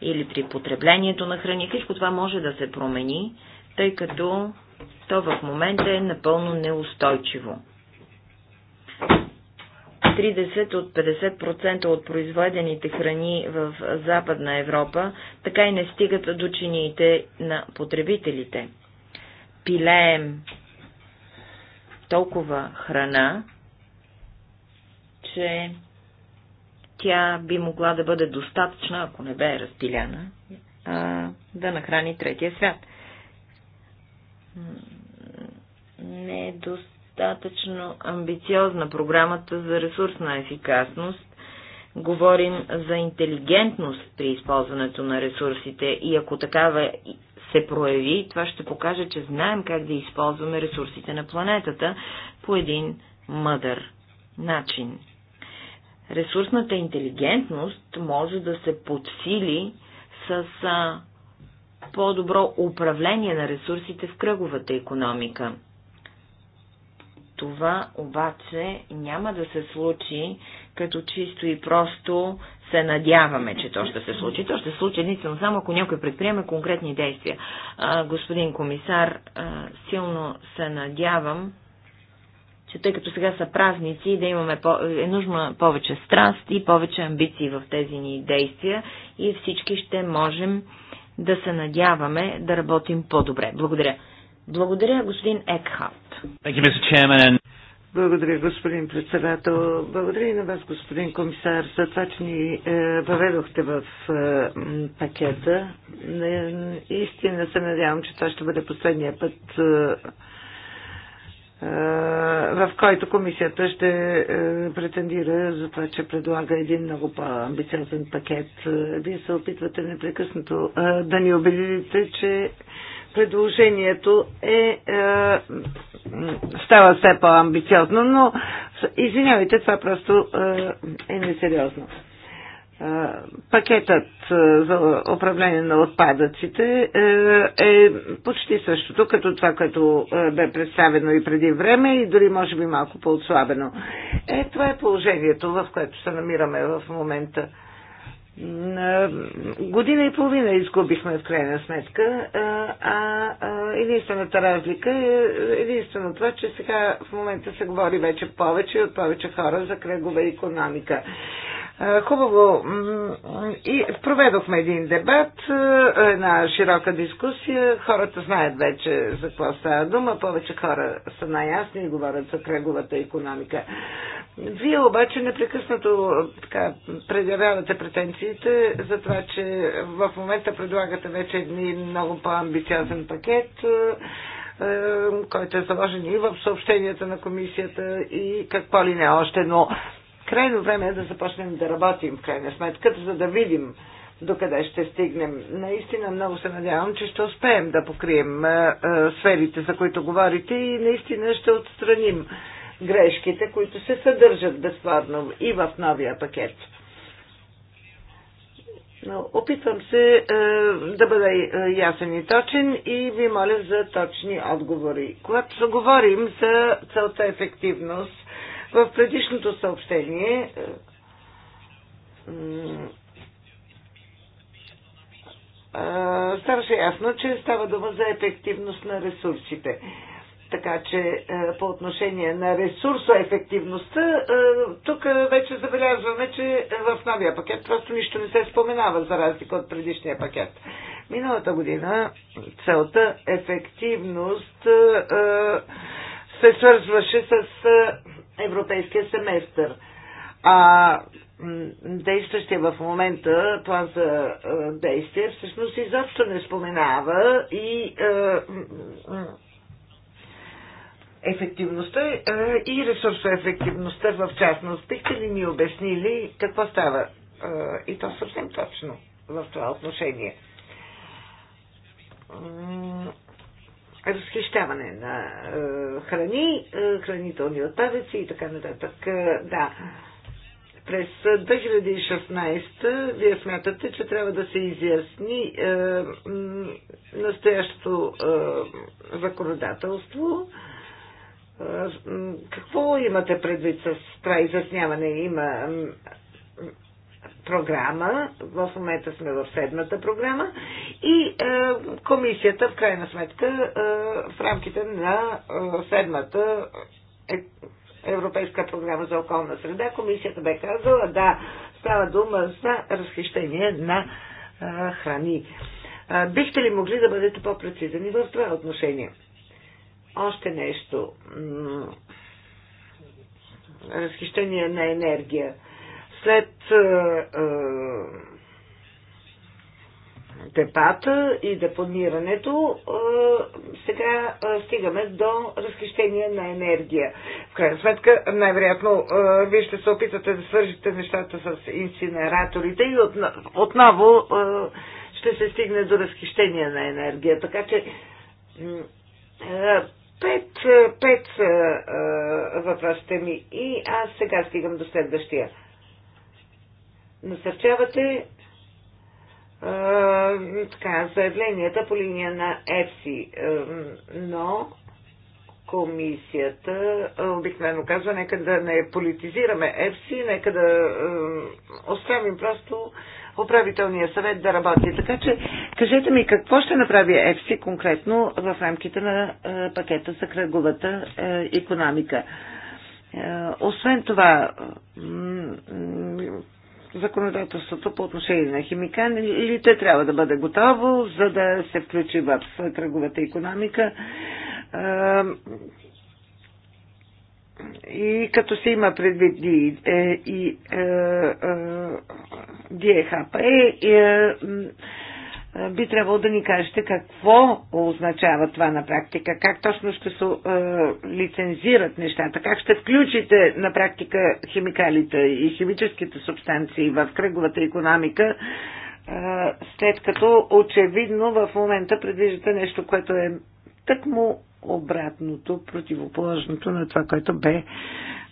или при потреблението на храни, всичко това може да се промени, тъй като то в момента е напълно неустойчиво. 30 от 50% от произведените храни в Западна Европа така и не стигат до чиниите на потребителите. Пилеем толкова храна, че тя би могла да бъде достатъчна, ако не бе разпиляна, а, да нахрани третия свят. Не е достатъчно амбициозна програмата за ресурсна ефикасност. Говорим за интелигентност при използването на ресурсите и ако такава се прояви, това ще покаже, че знаем как да използваме ресурсите на планетата по един мъдър начин. Ресурсната интелигентност може да се подсили с по-добро управление на ресурсите в кръговата економика. Това обаче няма да се случи, като чисто и просто се надяваме, че то ще се случи. То ще се случи единствено само ако някой предприеме конкретни действия. А, господин комисар, а, силно се надявам, че тъй като сега са празници, да имаме по- е нужно повече страст и повече амбиции в тези ни действия и всички ще можем да се надяваме да работим по-добре. Благодаря. Благодаря, господин Екхап. You, Благодаря, господин председател. Благодаря и на вас, господин комисар, за това, че ни е, въведохте в е, пакета. Е, истина се надявам, че това ще бъде последния път в който комисията ще претендира за това, че предлага един много по-амбициозен пакет. Вие се опитвате непрекъснато да ни убедите, че предложението е, е става все по-амбициозно, но извинявайте, това просто е, е несериозно. Е, пакетът е, за управление на отпадъците е, е почти същото, като това, което бе представено и преди време и дори може би малко по-отслабено. Е, това е положението, в което се намираме в момента. Година и половина изгубихме в крайна сметка, а единствената разлика е, е единствено това, че сега в момента се говори вече повече и от повече хора за кръгова економика. Хубаво. И проведохме един дебат, една широка дискусия. Хората знаят вече за какво става дума. Повече хора са най-ясни и говорят за кръговата економика. Вие обаче непрекъснато така, предявявате претенциите за това, че в момента предлагате вече едни много по-амбициозен пакет който е заложен и в съобщенията на комисията и какво ли не още, но крайно време е да започнем да работим, в крайна сметка, за да видим докъде ще стигнем. Наистина много се надявам, че ще успеем да покрием а, а, сферите, за които говорите и наистина ще отстраним грешките, които се съдържат безплатно и в новия пакет. Но опитвам се е, да бъда е, ясен и точен и ви моля за точни отговори. Когато говорим за целта ефективност, в предишното съобщение е, е, ставаше ясно, че става дума за ефективност на ресурсите. Така че е, по отношение на ресурсоефективността, тук вече забелязваме, че в новия пакет просто нищо не се споменава, за разлика от предишния пакет. Миналата година целта ефективност се свързваше с европейския семестър. А действащия в момента план за действие всъщност изобщо не споменава и ефективността и ресурсоефективността в частност. Бихте ли ни обяснили какво става и то съвсем точно в това отношение? разхищаване на е, храни, е, хранителни отпадъци и така нататък. Е, да. През 2016 вие смятате, че трябва да се изясни е, настоящото е, законодателство. Е, какво имате предвид с това изясняване? Има програма, в момента сме в седмата програма и е, комисията в крайна сметка е, в рамките на е, седмата е, Европейска програма за околна среда, комисията бе казала да става дума за разхищение на е, храни. Е, бихте ли могли да бъдете по-прецизни в това отношение? Още нещо. Разхищение на енергия. След депата и депонирането, сега стигаме до разхищение на енергия. В крайна сметка, най-вероятно, вие ще се опитате да свържете нещата с инсинераторите и отново ще се стигне до разхищение на енергия. Така че, пет, пет въпросите ми и аз сега стигам до следващия насърчавате така, заявленията по линия на ЕФСИ, но комисията обикновено казва, нека да не политизираме ЕФСИ, нека да оставим просто управителния съвет да работи. Така че, кажете ми, какво ще направи ЕФСИ конкретно в рамките на пакета за кръговата економика? Освен това, законодателството по отношение на химикалите трябва да бъде готово, за да се включи в кръговата економика. И като се има предвид и, е, и, и, и, и, и, и, и, и е, би трябвало да ни кажете какво означава това на практика, как точно ще се е, лицензират нещата, как ще включите на практика химикалите и химическите субстанции в кръговата економика, е, след като очевидно в момента предвиждате нещо, което е тъкмо обратното, противоположното на това, което бе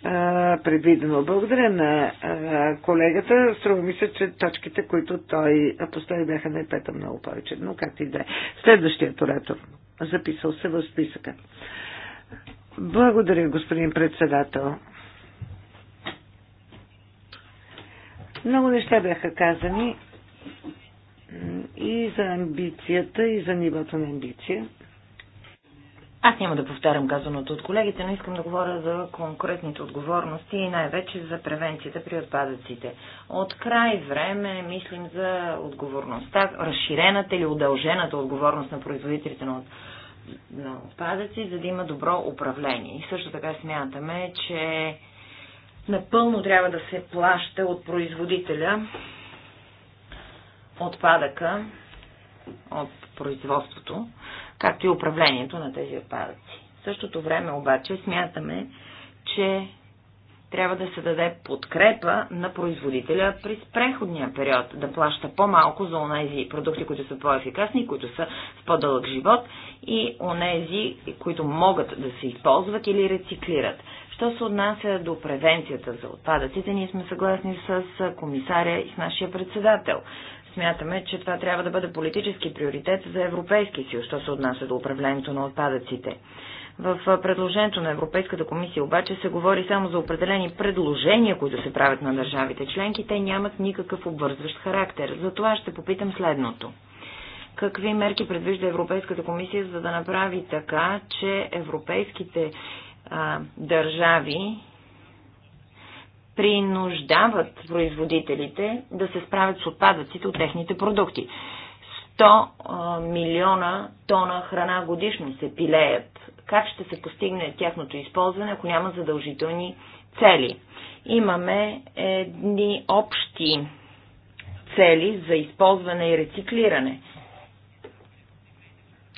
а, предвидено. Благодаря на а, колегата. Струва ми се, че точките, които той постави, бяха на пета много повече, но както и да е. Следващият оратор записал се в списъка. Благодаря, господин председател. Много неща бяха казани и за амбицията, и за нивото на амбиция. Аз няма да повтарям казаното от колегите, но искам да говоря за конкретните отговорности и най-вече за превенцията при отпадъците. От край време мислим за отговорността, разширената или удължената отговорност на производителите на на отпадъци, за да има добро управление. И също така смятаме, че напълно трябва да се плаща от производителя отпадъка от производството, както и управлението на тези отпадъци. В същото време обаче смятаме, че трябва да се даде подкрепа на производителя през преходния период, да плаща по-малко за онези продукти, които са по-ефикасни, които са с по-дълъг живот и онези, които могат да се използват или рециклират. Що се отнася до превенцията за отпадъците, ние сме съгласни с комисаря и с нашия председател. Смятаме, че това трябва да бъде политически приоритет за Европейски съюз, що се отнася до управлението на отпадъците. В предложението на Европейската комисия обаче се говори само за определени предложения, които се правят на държавите членки. Те нямат никакъв обвързващ характер. За това ще попитам следното. Какви мерки предвижда Европейската комисия, за да направи така, че европейските а, държави принуждават производителите да се справят с отпадъците от техните продукти. 100 милиона тона храна годишно се пилеят. Как ще се постигне тяхното използване, ако няма задължителни цели? Имаме едни общи цели за използване и рециклиране.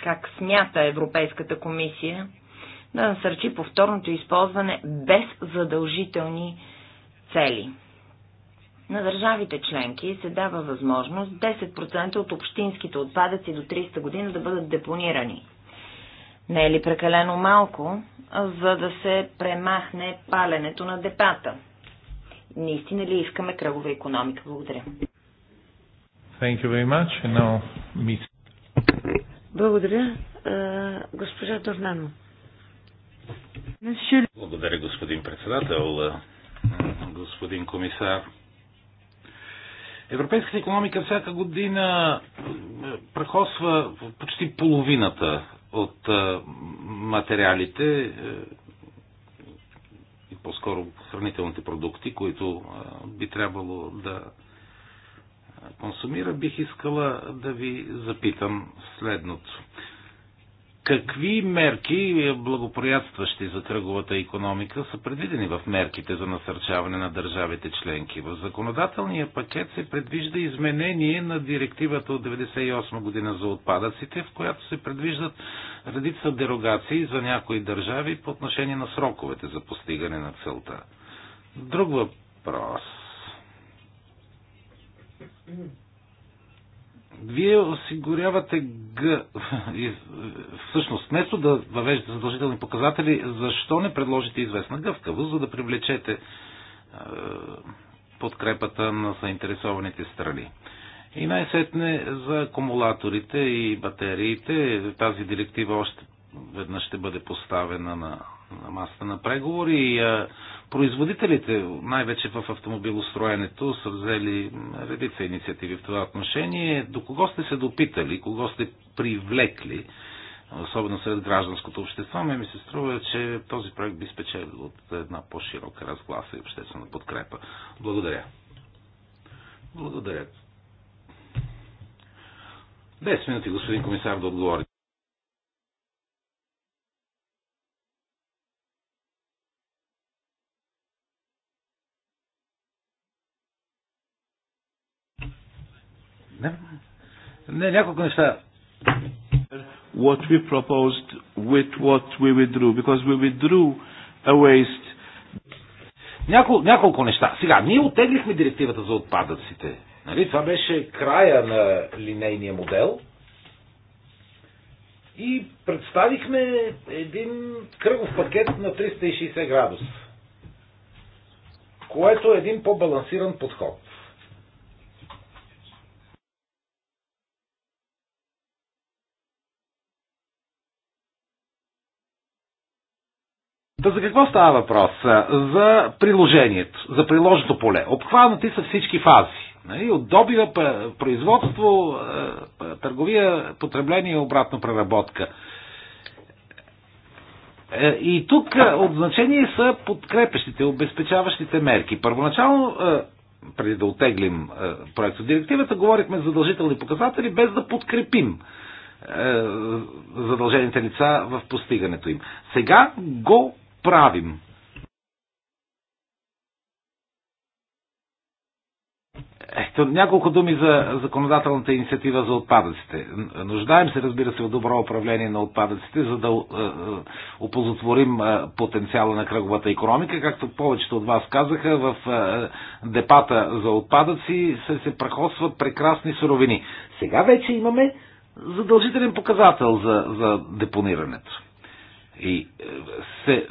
Как смята Европейската комисия да насърчи повторното използване без задължителни цели. На държавите членки се дава възможност 10% от общинските отпадъци до 300 година да бъдат депонирани. Не е ли прекалено малко, за да се премахне паленето на депата? Наистина ли искаме кръгова економика? Благодаря. Thank you very much. No, miss... Благодаря, госпожа Дорнано. Благодаря, господин председател господин комисар. Европейската економика всяка година е, прахосва почти половината от е, материалите е, и по-скоро хранителните продукти, които би трябвало да консумира, бих искала да ви запитам следното. Какви мерки, е, благоприятстващи за кръговата економика, са предвидени в мерките за насърчаване на държавите членки? В законодателния пакет се предвижда изменение на директивата от 1998 година за отпадъците, в която се предвиждат редица дерогации за някои държави по отношение на сроковете за постигане на целта. Друг въпрос. Вие осигурявате Г... Всъщност, вместо да въвеждате задължителни показатели, защо не предложите известна гъвкавост, за да привлечете е, подкрепата на заинтересованите страни? И най-сетне за акумулаторите и батериите. Тази директива още веднъж ще бъде поставена на на масата на преговори. И Производителите, най-вече в автомобилостроенето, са взели редица инициативи в това отношение. До кого сте се допитали, кого сте привлекли, особено сред гражданското общество, ме ами, ми се струва, че този проект би спечелил от една по-широка разгласа и обществена подкрепа. Благодаря. Благодаря. 10 минути, господин комисар, да отговори. Не, не няколко неща. What we proposed with what we withdrew, because we withdrew a waste. Няко, няколко неща. Сега, ние отеглихме директивата за отпадъците. Нали? Това беше края на линейния модел. И представихме един кръгов пакет на 360 градуса което е един по-балансиран подход. Да за какво става въпрос? За приложението, за приложното поле. Обхванати са всички фази. Нали? От добива, производство, е, търговия, потребление и обратно преработка. Е, и тук е, от значение са подкрепещите, обезпечаващите мерки. Първоначално, преди да отеглим проект от директивата, говорихме за задължителни показатели, без да подкрепим задължените лица в постигането им. Сега го правим. Ето, няколко думи за законодателната инициатива за отпадъците. Нуждаем се, разбира се, от добро управление на отпадъците, за да е, е, опозотворим е, потенциала на кръговата економика. Както повечето от вас казаха, в е, депата за отпадъци се, се прахосват прекрасни суровини. Сега вече имаме задължителен показател за, за депонирането. И е, се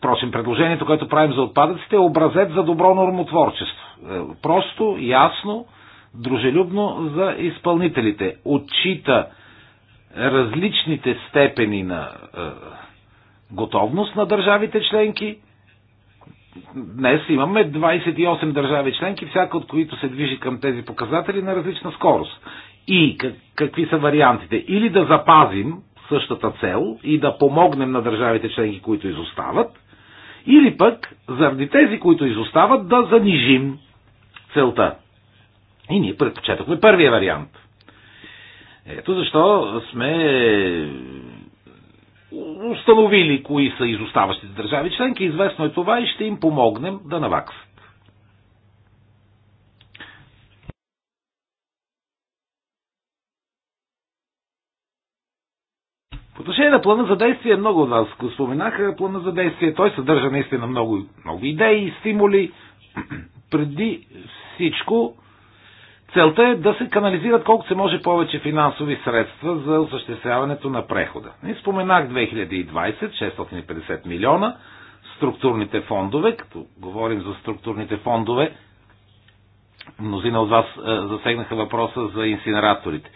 Просим, предложението, което правим за отпадъците е образец за добро нормотворчество. Е, просто, ясно, дружелюбно за изпълнителите. Отчита различните степени на е, готовност на държавите членки. Днес имаме 28 държави членки, всяка от които се движи към тези показатели на различна скорост. И как, какви са вариантите? Или да запазим същата цел и да помогнем на държавите членки, които изостават, или пък заради тези, които изостават, да занижим целта. И ние предпочетохме първия вариант. Ето защо сме установили кои са изоставащите държави членки, известно е това и ще им помогнем да наваксат. отношение на плана за действие е много от вас го споменаха. Плана за действие той съдържа наистина много, много идеи, стимули. Преди всичко, целта е да се канализират колко се може повече финансови средства за осъществяването на прехода. И споменах 2020, 650 милиона, структурните фондове, като говорим за структурните фондове, мнозина от вас е, засегнаха въпроса за инсинераторите.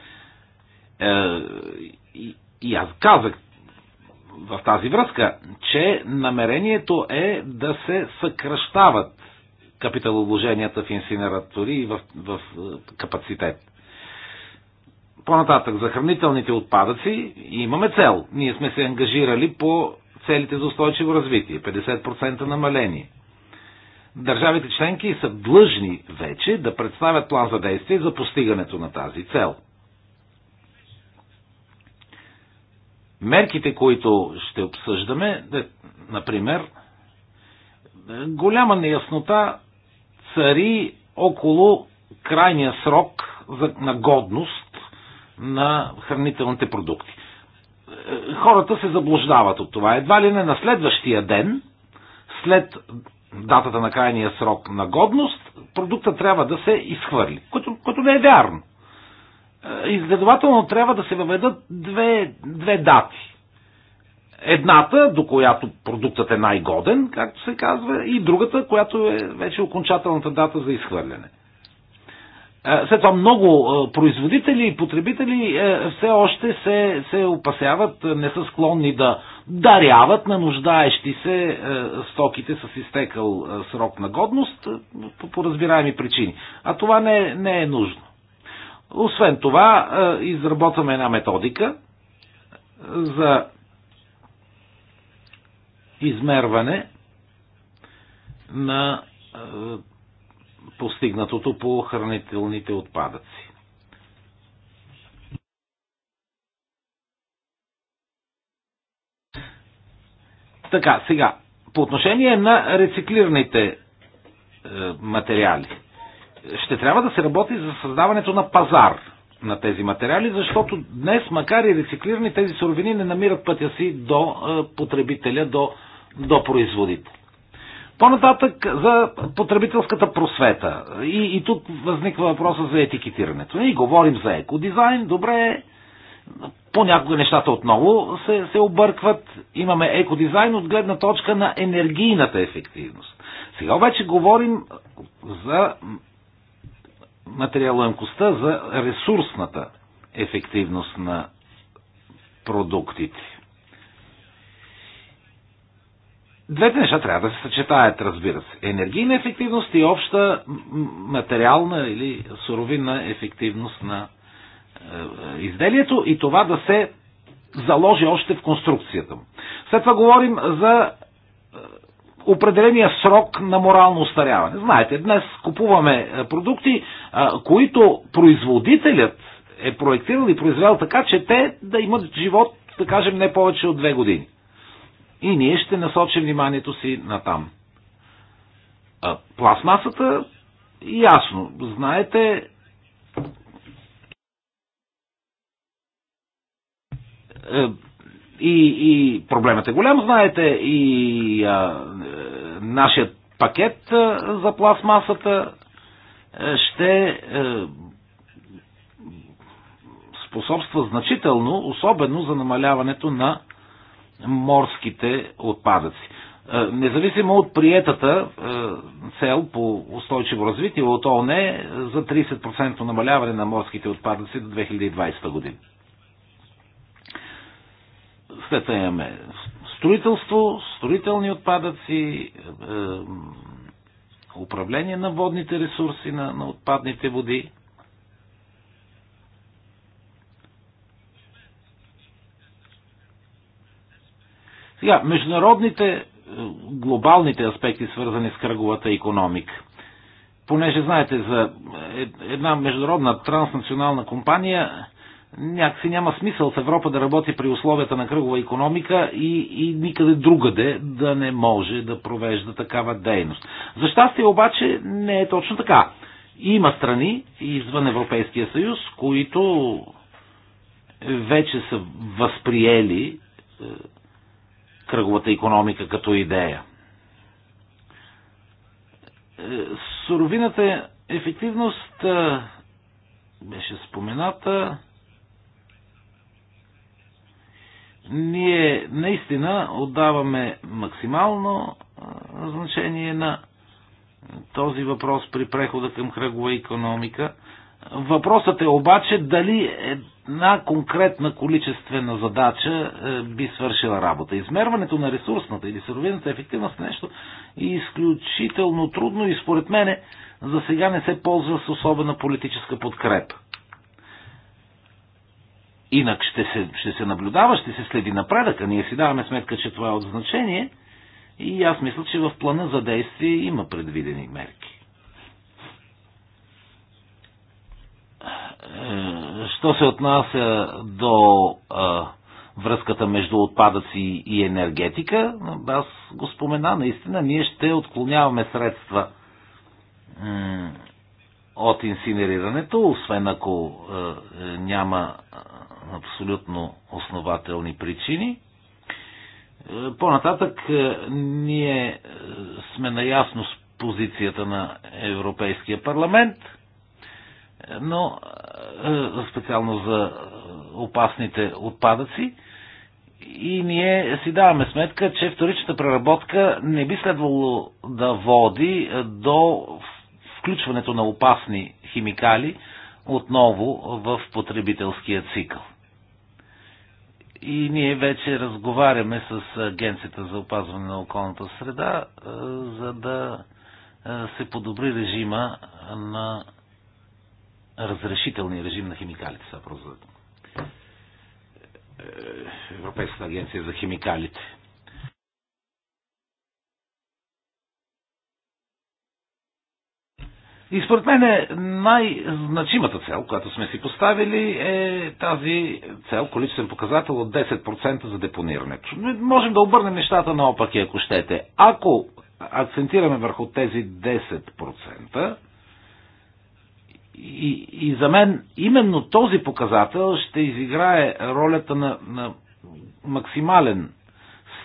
Е, и, и аз казах в тази връзка, че намерението е да се съкръщават капиталовложенията в инсинератори и в, в е, капацитет. По-нататък, за хранителните отпадъци имаме цел. Ние сме се ангажирали по целите за устойчиво развитие 50% намаление. Държавите членки са длъжни вече да представят план за действие за постигането на тази цел. Мерките, които ще обсъждаме, например, голяма неяснота цари около крайния срок на годност на хранителните продукти. Хората се заблуждават от това. Едва ли не на следващия ден, след датата на крайния срок на годност, продукта трябва да се изхвърли, което, което не е вярно. Е, изгледователно трябва да се въведат две, две дати. Едната, до която продуктът е най-годен, както се казва, и другата, която е вече окончателната дата за изхвърляне. Е, след това много е, производители и потребители все още се, се опасяват, не са склонни да даряват на нуждаещи се стоките с изтекал срок на годност по, по разбираеми причини. А това не, не е нужно. Освен това, е, изработваме една методика е, за измерване на е, постигнатото по хранителните отпадъци. Така, сега, по отношение на рециклираните материали ще трябва да се работи за създаването на пазар на тези материали, защото днес, макар и рециклирани, тези суровини не намират пътя си до е, потребителя, до, до производител. По-нататък за потребителската просвета. И, и тук възниква въпроса за етикетирането. И говорим за екодизайн, добре, понякога нещата отново се, се объркват. Имаме екодизайн от гледна точка на енергийната ефективност. Сега обаче говорим за материалъмкостта за ресурсната ефективност на продуктите. Двете неща трябва да се съчетаят, разбира се. Енергийна ефективност и обща материална или суровинна ефективност на е, изделието и това да се заложи още в конструкцията му. След това говорим за определения срок на морално устаряване. Знаете, днес купуваме е, продукти, е, които производителят е проектирал и произвел така, че те да имат живот, да кажем, не повече от две години. И ние ще насочим вниманието си на там. Е, пластмасата, ясно, знаете, и, и проблемът е голям, знаете, и а, е, нашият пакет а, за пластмасата а, е, ще а, е, способства значително, особено за намаляването на морските отпадъци. Независимо от приетата цел по устойчиво развитие от Оне за 30% намаляване на морските отпадъци до 2020 година след това имаме строителство, строителни отпадъци, е, управление на водните ресурси, на, на отпадните води. Сега, международните, е, глобалните аспекти, свързани с кръговата економика. Понеже знаете, за е, една международна транснационална компания някакси няма смисъл в Европа да работи при условията на кръгова економика и, и никъде другаде да не може да провежда такава дейност. За щастие обаче не е точно така. Има страни извън Европейския съюз, които вече са възприели е, кръговата економика като идея. Е, суровината ефективност е, беше спомената ние наистина отдаваме максимално значение на този въпрос при прехода към кръгова економика. Въпросът е обаче дали една конкретна количествена задача би свършила работа. Измерването на ресурсната или суровината ефективност е нещо изключително трудно и според мене за сега не се ползва с особена политическа подкрепа. Инак ще се, ще се наблюдава, ще се следи напредъка. Ние си даваме сметка, че това е от значение. И аз мисля, че в плана за действие има предвидени мерки. Е, що се отнася до а, връзката между отпадъци и енергетика, аз го спомена, наистина ние ще отклоняваме средства от инсинерирането, освен ако е, няма абсолютно основателни причини. Е, по-нататък е, ние е, сме наясно с позицията на Европейския парламент, но специално за опасните отпадъци. И ние си даваме сметка, че вторичната преработка не би следвало да води до включването на опасни химикали отново в потребителския цикъл. И ние вече разговаряме с Агенцията за опазване на околната среда, е, за да е, се подобри режима на разрешителния режим на химикалите. Европейската агенция за химикалите. И според мен е най-значимата цел, която сме си поставили, е тази цел, количествен показател от 10% за депонирането. Можем да обърнем нещата наопаки, ако щете. Ако акцентираме върху тези 10%, и, и за мен именно този показател ще изиграе ролята на, на максимален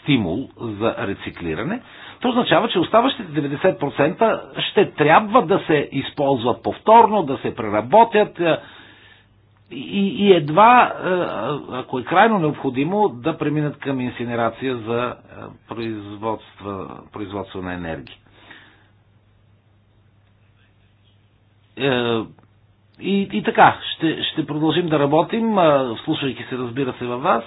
стимул за рециклиране, то означава, че оставащите 90% ще трябва да се използват повторно, да се преработят е, и, и едва, е, ако е крайно необходимо, да преминат към инсинерация за е, производство, производство на енергия. И, и така, ще, ще продължим да работим, слушайки се, разбира се, във вас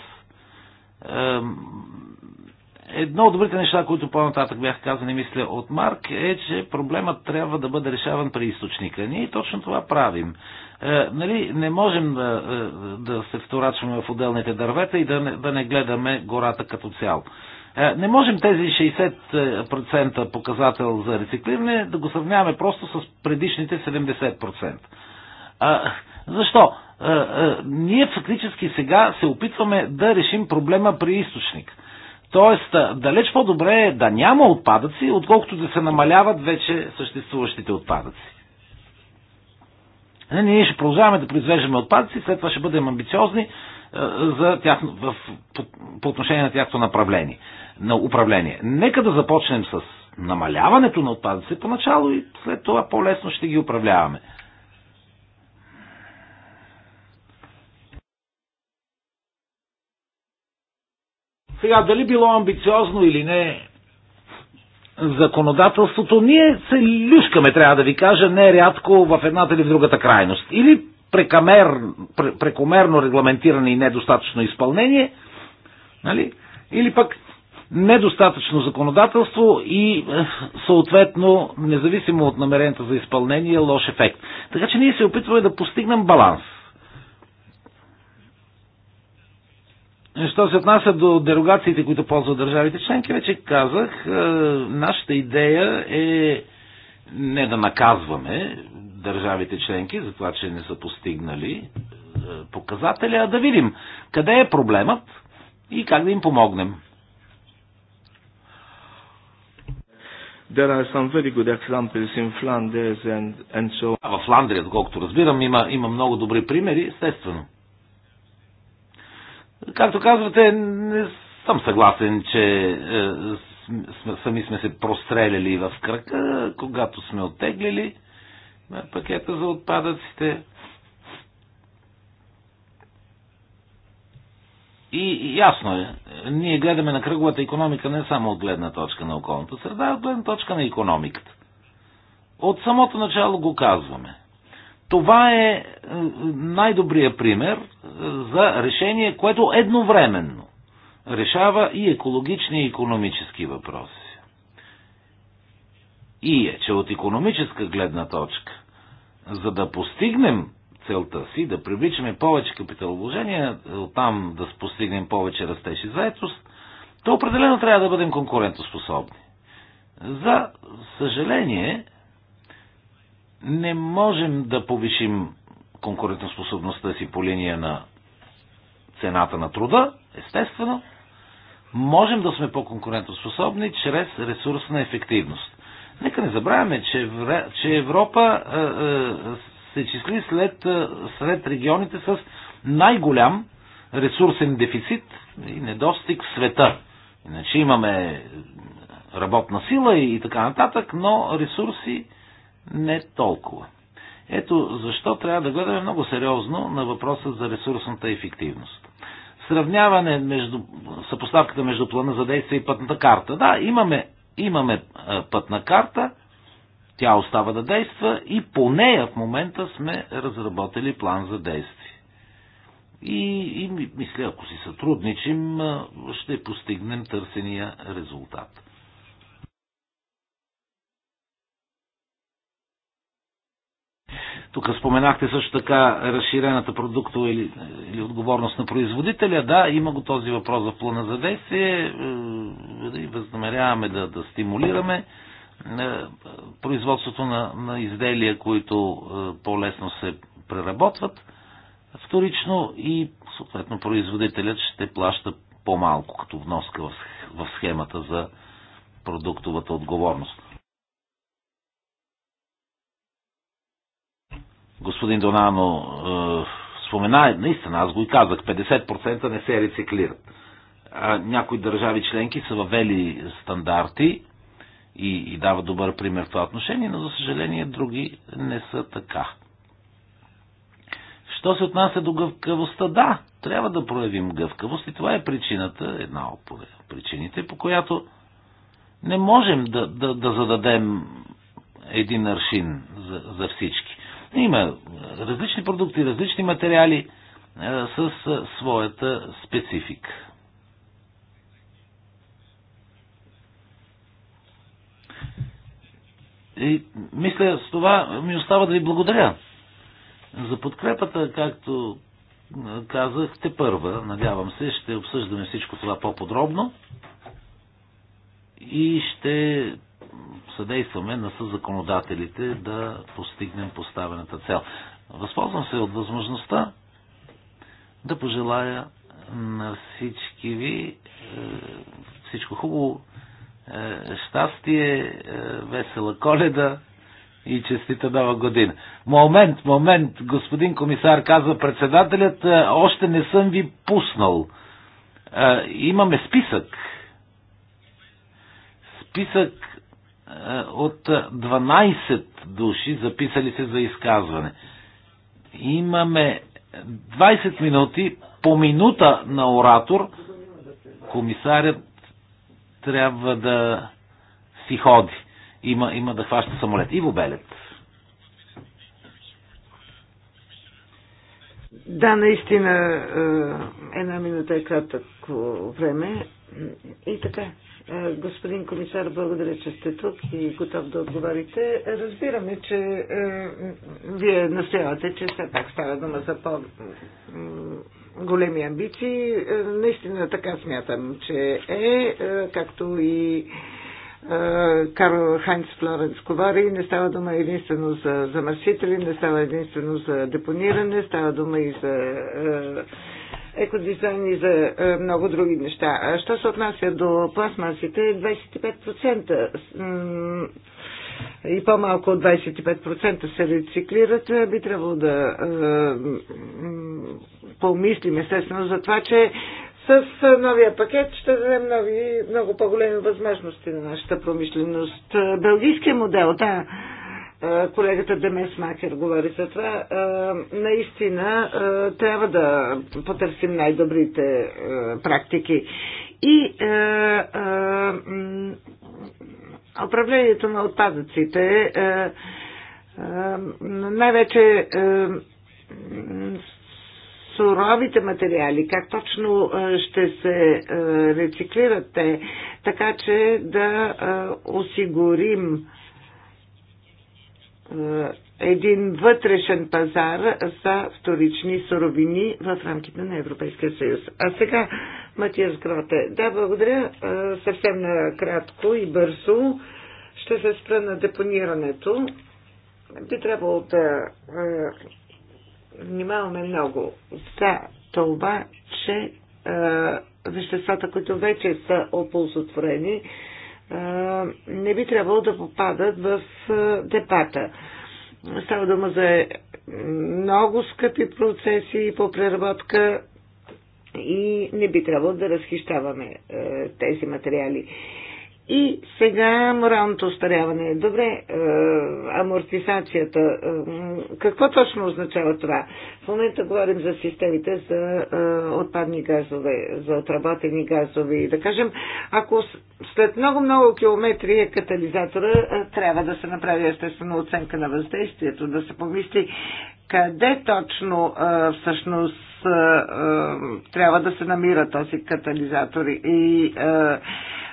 Едно от добрите неща, които по-нататък бях казани, мисля, от Марк, е, че проблемът трябва да бъде решаван при източника. Ние точно това правим. Е, нали, не можем да, е, да се вторачваме в отделните дървета и да не, да не гледаме гората като цяло. Е, не можем тези 60% показател за рециклиране да го сравняваме просто с предишните 70%. Е, защо? Е, е, ние фактически сега се опитваме да решим проблема при източник. Тоест, далеч по-добре е да няма отпадъци, отколкото да се намаляват вече съществуващите отпадъци. Не, ние ще продължаваме да произвеждаме отпадъци, след това ще бъдем амбициозни за тях, в, по, по отношение на тяхното направление, на управление. Нека да започнем с намаляването на отпадъци поначало и след това по-лесно ще ги управляваме. Сега, дали било амбициозно или не законодателството, ние се люшкаме, трябва да ви кажа, нерядко в едната или в другата крайност. Или прекамер, прекомерно регламентиране и недостатъчно изпълнение, нали? или пък недостатъчно законодателство и е, съответно, независимо от намерението за изпълнение, лош ефект. Така че ние се опитваме да постигнем баланс – Що се отнася до дерогациите, които ползват държавите членки, вече казах, е, нашата идея е не да наказваме държавите членки за това, че не са постигнали е, показателя, а да видим къде е проблемът и как да им помогнем. There are some very good examples in Flanders and, and so... А в Фландрия, доколкото разбирам, има, има много добри примери, естествено. Както казвате, не съм съгласен, че е, сами сме се простреляли в кръка, когато сме оттеглили е, пакета за отпадъците. И ясно е, ние гледаме на кръговата економика не само от гледна точка на околната среда, а от гледна точка на економиката. От самото начало го казваме. Това е, е най-добрият пример е, за решение, което едновременно решава и екологични и економически въпроси. И е, че от економическа гледна точка, за да постигнем целта си, да привличаме повече капиталовложения, там да постигнем повече растеж и заетост, то определено трябва да бъдем конкурентоспособни. За съжаление, не можем да повишим конкурентоспособността си по линия на цената на труда, естествено, можем да сме по-конкурентоспособни чрез ресурсна ефективност. Нека не забравяме, че, Европа е, е, се числи след, е, след регионите с най-голям ресурсен дефицит и недостиг в света. Иначе имаме работна сила и така нататък, но ресурси не толкова. Ето защо трябва да гледаме много сериозно на въпроса за ресурсната ефективност. Сравняване между съпоставката между плана за действие и пътната карта. Да, имаме, имаме пътна карта, тя остава да действа и по нея в момента сме разработили план за действие. И, и мисля, ако си сътрудничим, ще постигнем търсения резултат. Тук споменахте също така разширената продуктова или, или отговорност на производителя. Да, има го този въпрос в плана за действие. Е, нали, възнамеряваме да, да стимулираме е, производството на, на изделия, които е, по-лесно се преработват вторично и съответно производителят ще плаща по-малко като вноска в схемата за продуктовата отговорност. господин Донано е, спомена, наистина, аз го и казах, 50% не се рециклират. А някои държави членки са въвели стандарти и, и дават добър пример в това отношение, но за съжаление други не са така. Що се отнася до гъвкавостта? Да, трябва да проявим гъвкавост и това е причината, една от причините, по която не можем да, да, да зададем един аршин за, за всички. Има различни продукти, различни материали е, с е, своята специфика. И мисля, с това ми остава да ви благодаря за подкрепата, както е, казах, те първа, надявам се, ще обсъждаме всичко това по-подробно и ще съдействаме на съзаконодателите да постигнем поставената цел. Възползвам се от възможността да пожелая на всички ви е, всичко хубаво, е, щастие, е, весела коледа и честита нова година. Момент, момент, господин комисар, казва председателят, още не съм ви пуснал. Имаме списък. Списък е, от 12 души, записали се за изказване. Имаме 20 минути по минута на оратор. Комисарят трябва да си ходи. Има, има да хваща самолет. Иво Белец. Да, наистина е, една минута е кратко е, време. И така, е, господин комисар, благодаря, че сте тук и готов да отговорите. Разбираме, че е, вие настоявате, че все пак става дума за по големи амбиции. Наистина така смятам, че е, както и Карл Хайнц Флоренц говори, не става дума единствено за замърсители, не става единствено за депониране, става дума и за екодизайн и за много други неща. А що се отнася до пластмасите, 25% и по-малко от 25% се рециклират, би трябвало да помислим естествено за това, че с е, новия пакет ще дадем нови, много по-големи възможности на нашата промишленост. Е, белгийския модел, да, е, колегата Демес Макер говори за това. Наистина трябва да потърсим най-добрите практики. И управлението на отпадъците най-вече суровите материали, как точно ще се рециклират те, така че да осигурим един вътрешен пазар за вторични суровини в рамките на Европейския съюз. А сега, Матиас Гроте, да, благодаря съвсем накратко и бързо. Ще се спра на депонирането. Би трябвало да внимаваме много за това, че е, веществата, които вече са оползотворени, е, не би трябвало да попадат в е, депата. Става дума за много скъпи процеси по преработка и не би трябвало да разхищаваме е, тези материали. И сега моралното устаряване. Добре, е, амортизацията. Е, какво точно означава това? В момента говорим за системите за е, отпадни газове, за отработени газове. И да кажем, ако след много-много километри е катализатора, е, трябва да се направи естествено оценка на въздействието, да се помисли къде точно е, всъщност е, е трябва да се намира този катализатор. И е,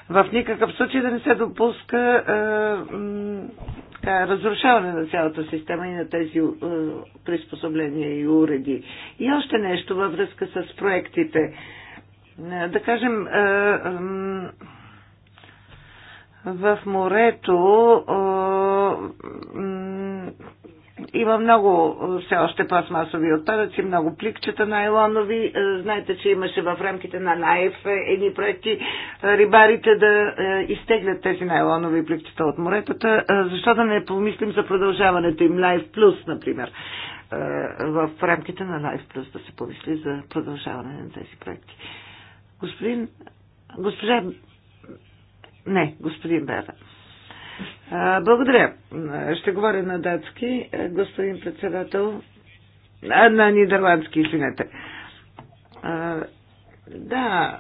в никакъв случай да не се допуска е, а, разрушаване на цялата система и на тези е, приспособления и уреди. И още нещо във връзка с проектите. Е, да кажем, в морето има много е, все още пластмасови отпадъци, много пликчета найлонови. Е, знаете, че имаше в рамките на Найф е, едни проекти рибарите да изтеглят тези найлонови пликчета от моретата. Защо да не помислим за продължаването им? Найф Плюс, например. В рамките на Найф Плюс да се помисли за продължаване на тези проекти. Господин... Госпожа... Не, господин Берда. Благодаря. Ще говоря на датски, господин председател. А, на нидерландски, извинете. Да.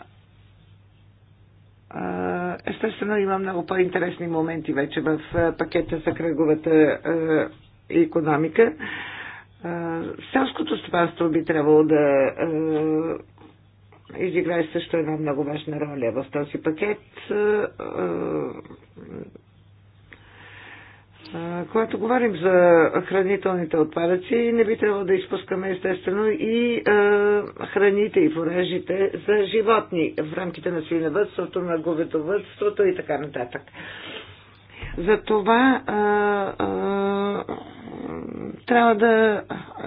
Естествено, има много по-интересни моменти вече в пакета за кръговата економика. Селското стопанство би трябвало да изиграе също една много важна роля в този пакет когато говорим за хранителните отпадъци, не би трябвало да изпускаме естествено и е, храните и фуражите за животни в рамките на свиневътството, на говедовътството и така нататък. Затова е, е, трябва да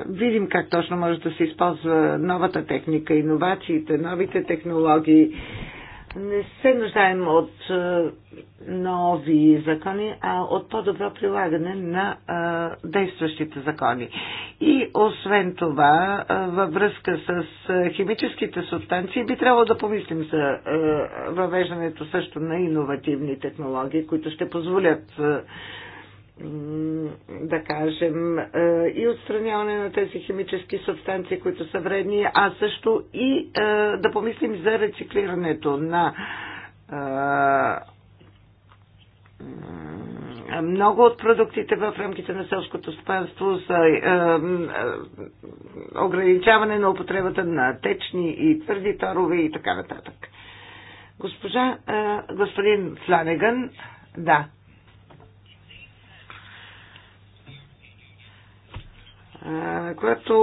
видим как точно може да се използва новата техника, иновациите, новите технологии. Не се нуждаем от нови закони, а от по-добро прилагане на а, действащите закони. И освен това, а, във връзка с а, химическите субстанции, би трябвало да помислим за а, въвеждането също на иновативни технологии, които ще позволят а, да кажем, и отстраняване на тези химически субстанции, които са вредни, а също и да помислим за рециклирането на много от продуктите в рамките на селското стопанство са е, е, ограничаване на употребата на течни и твърди торове и така нататък. Госпожа, е, господин Фланеган, да, Когато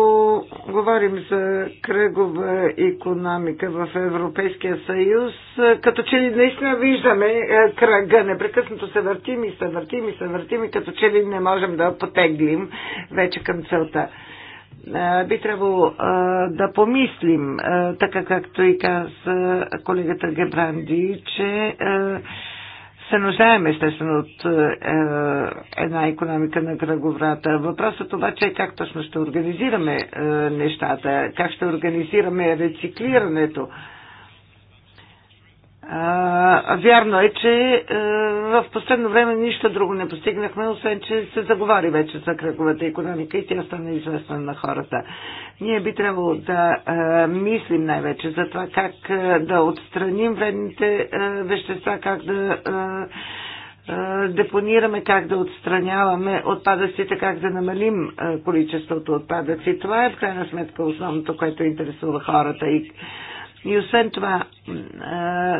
говорим за кръгова економика в Европейския съюз, като че ли наистина виждаме кръга, непрекъснато се въртим и се въртим и се въртим и като че ли не можем да потеглим вече към целта. Би трябвало да помислим, така както и каза колегата Гебранди, че се нуждаем естествено от е, е, една економика на кръговрата. Въпросът обаче е как точно ще организираме е, нещата, как ще организираме рециклирането. Е, а, вярно е, че а, е, в последно време нищо друго не постигнахме, освен че се заговори вече за кръговата економика и тя стана известна на хората. Ние би трябвало да а, е, мислим най-вече за това как а, е, да отстраним вредните а, вещества, как да. А, депонираме, как да отстраняваме отпадъците, как да намалим количеството отпадъци. Това е в крайна сметка основното, което интересува хората и и освен това,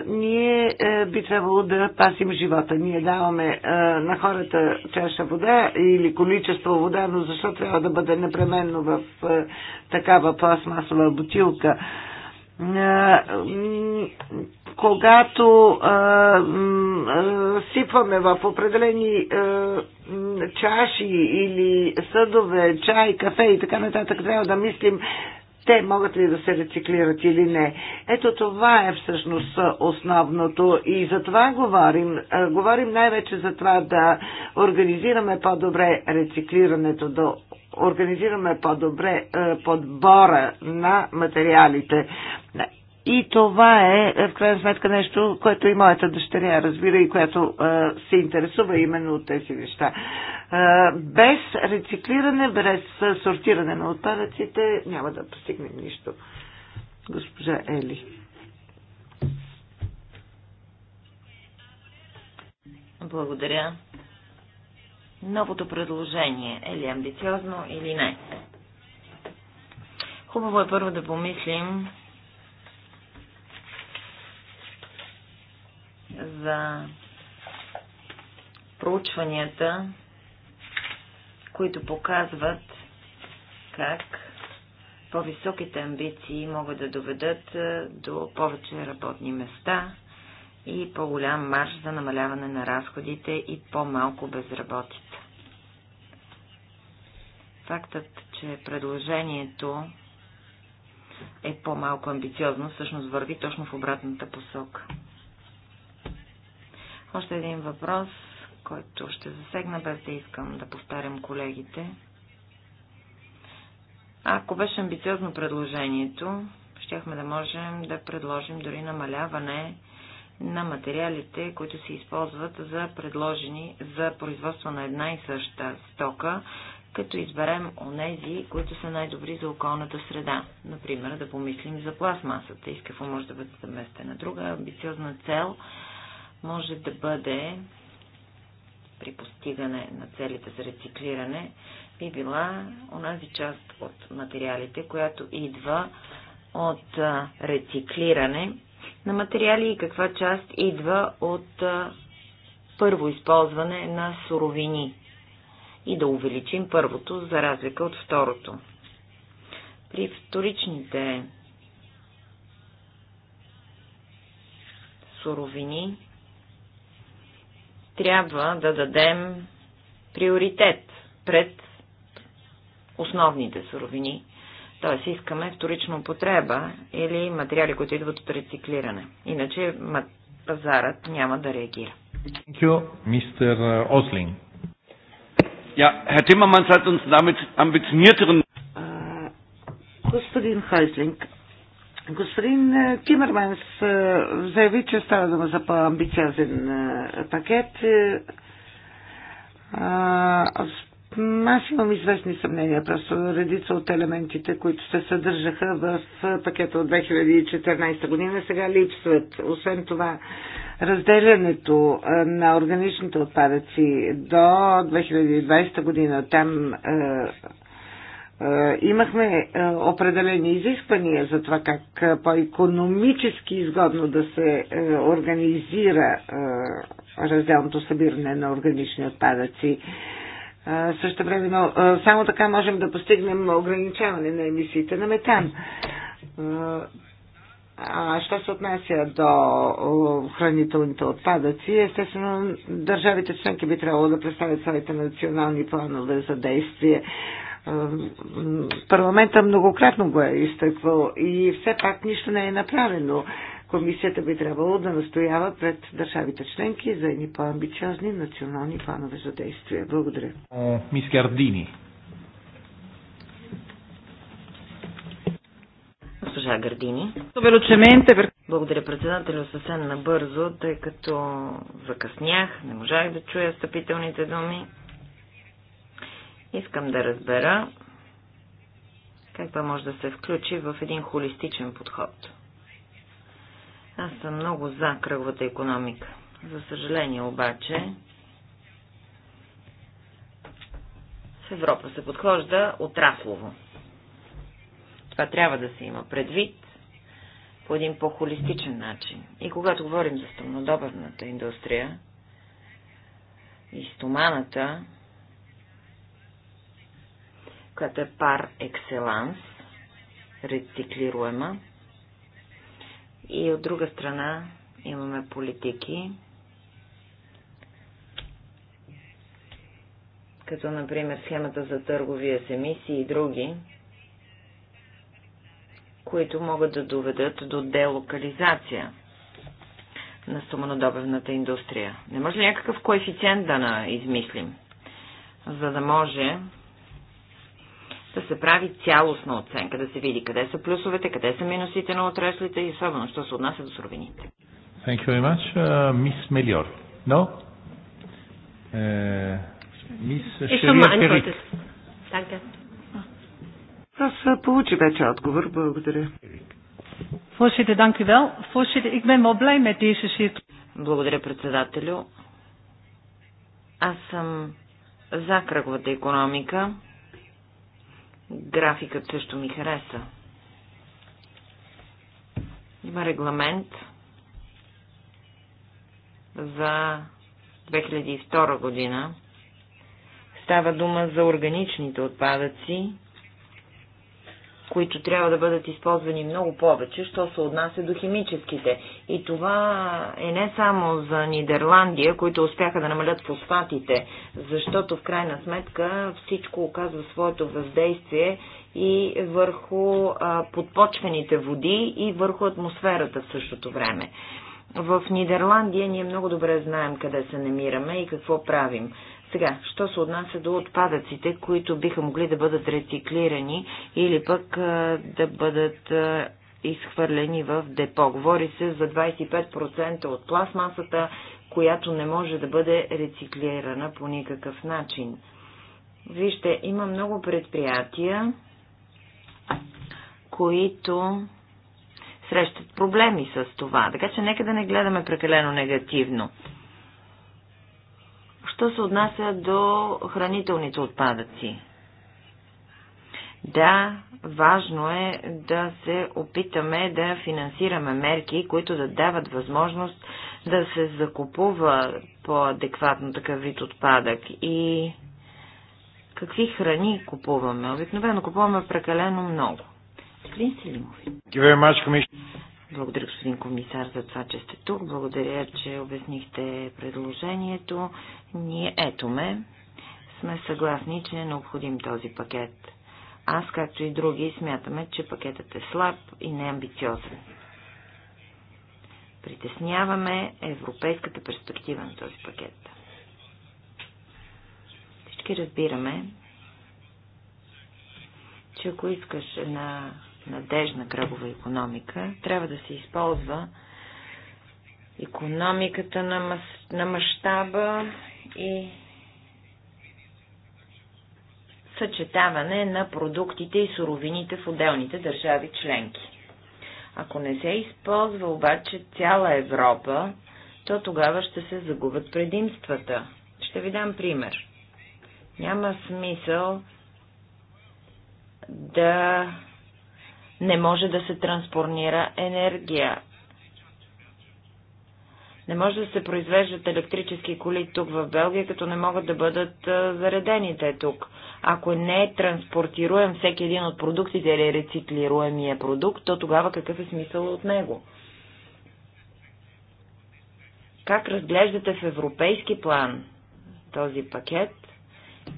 ние би трябвало да пасим живота. Ние даваме на хората чаша вода или количество вода, но защо трябва да бъде непременно в такава пластмасова бутилка? когато а, а, сипваме в определени а, чаши или съдове, чай, кафе и така нататък, трябва да мислим те могат ли да се рециклират или не. Ето това е всъщност основното и за това говорим. Говорим най-вече за това да организираме по-добре рециклирането, да организираме по-добре подбора на материалите. И това е, в крайна сметка, нещо, което и моята дъщеря разбира и която се интересува именно от тези неща. без рециклиране, без сортиране на отпадъците няма да постигнем нищо. Госпожа Ели. Благодаря. Новото предложение е ли амбициозно или не? Хубаво е първо да помислим за проучванията, които показват как по-високите амбиции могат да доведат е, до повече работни места и по-голям марш за намаляване на разходите и по-малко безработица. Фактът, че предложението е по-малко амбициозно, всъщност върви точно в обратната посока. Още един въпрос, който ще засегна, без да искам да повтарям колегите. Ако беше амбициозно предложението, щяхме да можем да предложим дори намаляване на материалите, които се използват за предложени за производство на една и съща стока, като изберем онези, които са най-добри за околната среда. Например, да помислим за пластмасата и какво може да бъде заместена. Друга амбициозна цел може да бъде при постигане на целите за рециклиране, би била онази част от материалите, която идва от рециклиране на материали и каква част идва от първо използване на суровини и да увеличим първото за разлика от второто. При вторичните суровини трябва да дадем приоритет пред основните суровини, т.е. искаме вторична употреба или материали, които идват от рециклиране. Иначе пазарът няма да реагира. Мистер uh, Ослин. Ja, Herr Timmermans hat uns damit ambitionierteren Господин Хайслинг, Господин е, Тимерманс е, заяви, че става дума за по-амбициозен е, пакет. Аз имам известни съмнения, просто редица от елементите, които се съдържаха в пакета от 2014 година, сега липсват. Освен това, разделянето на органичните отпадъци до 2020 година, там е, имахме е, определени изисквания за това как е, по-економически изгодно да се организира разделното събиране на органични отпадъци. Също време, но само така можем да постигнем ограничаване на емисиите на метан. А що се отнася до хранителните отпадъци, естествено държавите членки би трябвало да представят своите национални планове за действие. Парламента многократно го е изтъквал и все пак нищо не е направено. Комисията би трябвало да настоява пред държавите членки за едни по-амбициозни национални планове за действие. Благодаря. Мис Гардини. Госпожа Гардини. Благодаря председателю съвсем набързо, тъй като закъснях, не можах да чуя стъпителните думи. Искам да разбера каква може да се включи в един холистичен подход. Аз съм много за кръговата економика. За съжаление обаче, в Европа се подхожда отраслово. Това трябва да се има предвид по един по-холистичен начин. И когато говорим за стомнодобърната индустрия и стоманата, която е пар екселанс, рециклируема. И от друга страна имаме политики, като например схемата за търговия с емисии и други, които могат да доведат до делокализация на суманодобивната индустрия. Не може ли някакъв коефициент да на измислим, за да може да се прави цялостна оценка, да се види къде са плюсовете, къде са минусите на отраслите и особено, що се отнася до суровините. Thank you very much. Uh, Miss Melior. No? Uh, Miss е, Sheria Danke. Е Аз получи вече отговор. Благодаря. Voorzitter, dank u wel. Voorzitter, ik ben wel blij met deze situatie. Благодаря, председателю. Аз съм за кръговата економика. Графикът също ми хареса. Има регламент за 2002 година. Става дума за органичните отпадъци които трябва да бъдат използвани много повече, що се отнася до химическите. И това е не само за Нидерландия, които успяха да намалят фосфатите, защото в крайна сметка всичко оказва своето въздействие и върху а, подпочвените води и върху атмосферата в същото време. В Нидерландия ние много добре знаем къде се намираме и какво правим. Сега, що се отнася до отпадъците, които биха могли да бъдат рециклирани или пък а, да бъдат а, изхвърлени в депо. Говори се за 25% от пластмасата, която не може да бъде рециклирана по никакъв начин. Вижте, има много предприятия, които срещат проблеми с това. Така че нека да не гледаме прекалено негативно. Що се отнася до хранителните отпадъци? Да, важно е да се опитаме да финансираме мерки, които да дават възможност да се закупува по-адекватно такъв вид отпадък и какви храни купуваме. Обикновено купуваме прекалено много. Клин Селимов. Благодаря, господин комисар, за това, че сте тук. Благодаря, че обяснихте предложението. Ние, ето ме, сме съгласни, че е необходим този пакет. Аз, както и други, смятаме, че пакетът е слаб и неамбициозен. Притесняваме европейската перспектива на този пакет. Всички разбираме, че ако искаш една надежна кръгова економика, трябва да се използва економиката на, мас... на мащаба и съчетаване на продуктите и суровините в отделните държави членки. Ако не се използва обаче цяла Европа, то тогава ще се загубят предимствата. Ще ви дам пример. Няма смисъл да не може да се транспорнира енергия. Не може да се произвеждат електрически коли тук в Белгия, като не могат да бъдат заредените тук. Ако не транспортируем всеки един от продуктите или рециклируемия продукт, то тогава какъв е смисъл от него? Как разглеждате в европейски план този пакет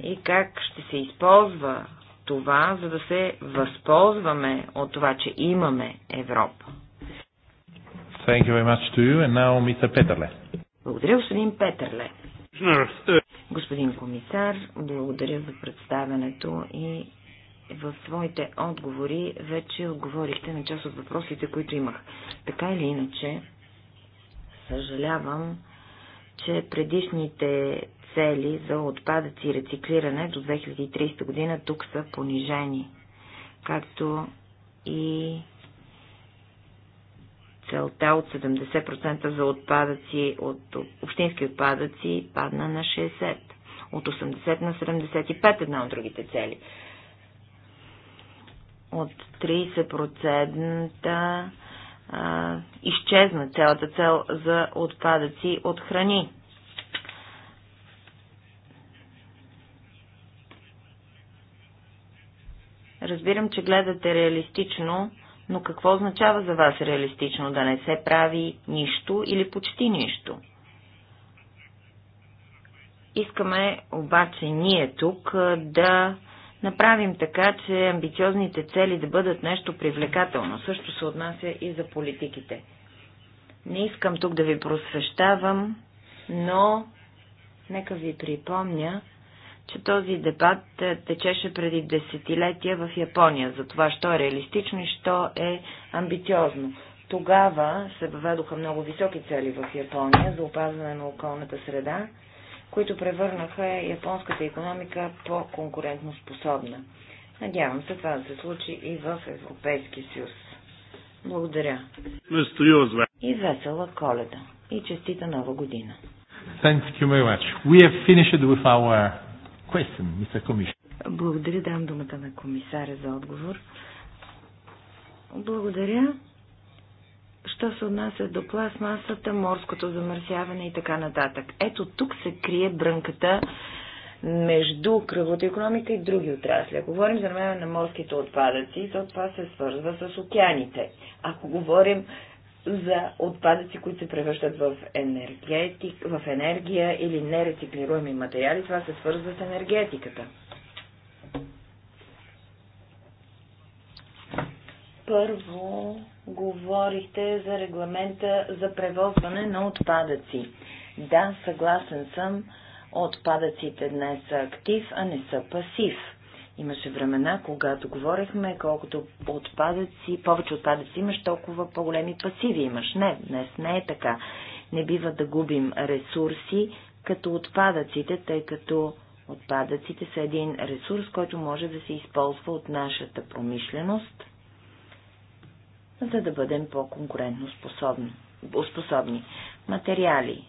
и как ще се използва това, за да се възползваме от това, че имаме Европа. Thank you very much to you. And now, Mr. Peterle. Благодаря, господин Петърле. Господин комисар, благодаря за представянето и в своите отговори вече отговорихте на част от въпросите, които имах. Така или иначе, съжалявам, че предишните цели за отпадъци и рециклиране до 2030 година тук са понижени, както и целта от 70% за отпадъци, от общински отпадъци падна на 60%, от 80% на 75% една от другите цели. От 30% изчезна цялата цел за отпадъци от храни. Разбирам, че гледате реалистично, но какво означава за вас реалистично? Да не се прави нищо или почти нищо? Искаме обаче ние тук да направим така, че амбициозните цели да бъдат нещо привлекателно. Също се отнася и за политиките. Не искам тук да ви просвещавам, но нека ви припомня, че този дебат е, течеше преди десетилетия в Япония за това, що е реалистично и що е амбициозно. Тогава се въведоха много високи цели в Япония за опазване на околната среда, които превърнаха японската економика по-конкурентно способна. Надявам се това да се случи и в Европейския съюз. Благодаря. И весела коледа. И честита нова година. Thank you very much. We have finished with our question, Mr. Commissioner. Благодаря, дам думата на комисаря за отговор. Благодаря. Що се отнася до пластмасата, морското замърсяване и така нататък. Ето тук се крие брънката между кръвната економика и други отрасли. Ако Говорим за намерение на морските отпадъци, то това се свързва с океаните. Ако говорим за отпадъци, които се превръщат в, енергетик, в енергия или нерециклируеми материали. Това се свързва с енергетиката. Първо говорихте за регламента за превозване на отпадъци. Да, съгласен съм, отпадъците днес са актив, а не са пасив. Имаше времена, когато говорехме, колкото отпадъци, повече отпадъци имаш, толкова по-големи пасиви имаш. Не, днес не е така. Не бива да губим ресурси, като отпадъците, тъй като отпадъците са един ресурс, който може да се използва от нашата промишленост, за да бъдем по-конкурентно способни. способни. Материали.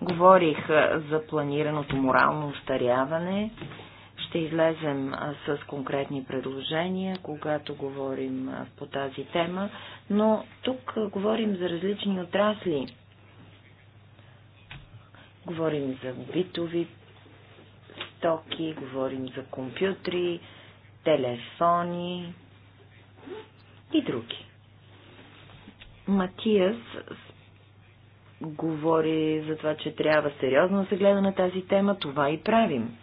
Говорих за планираното морално устаряване, ще излезем с конкретни предложения, когато говорим по тази тема, но тук говорим за различни отрасли. Говорим за битови стоки, говорим за компютри, телефони и други. Матиас говори за това, че трябва сериозно да се гледа на тази тема, това и правим.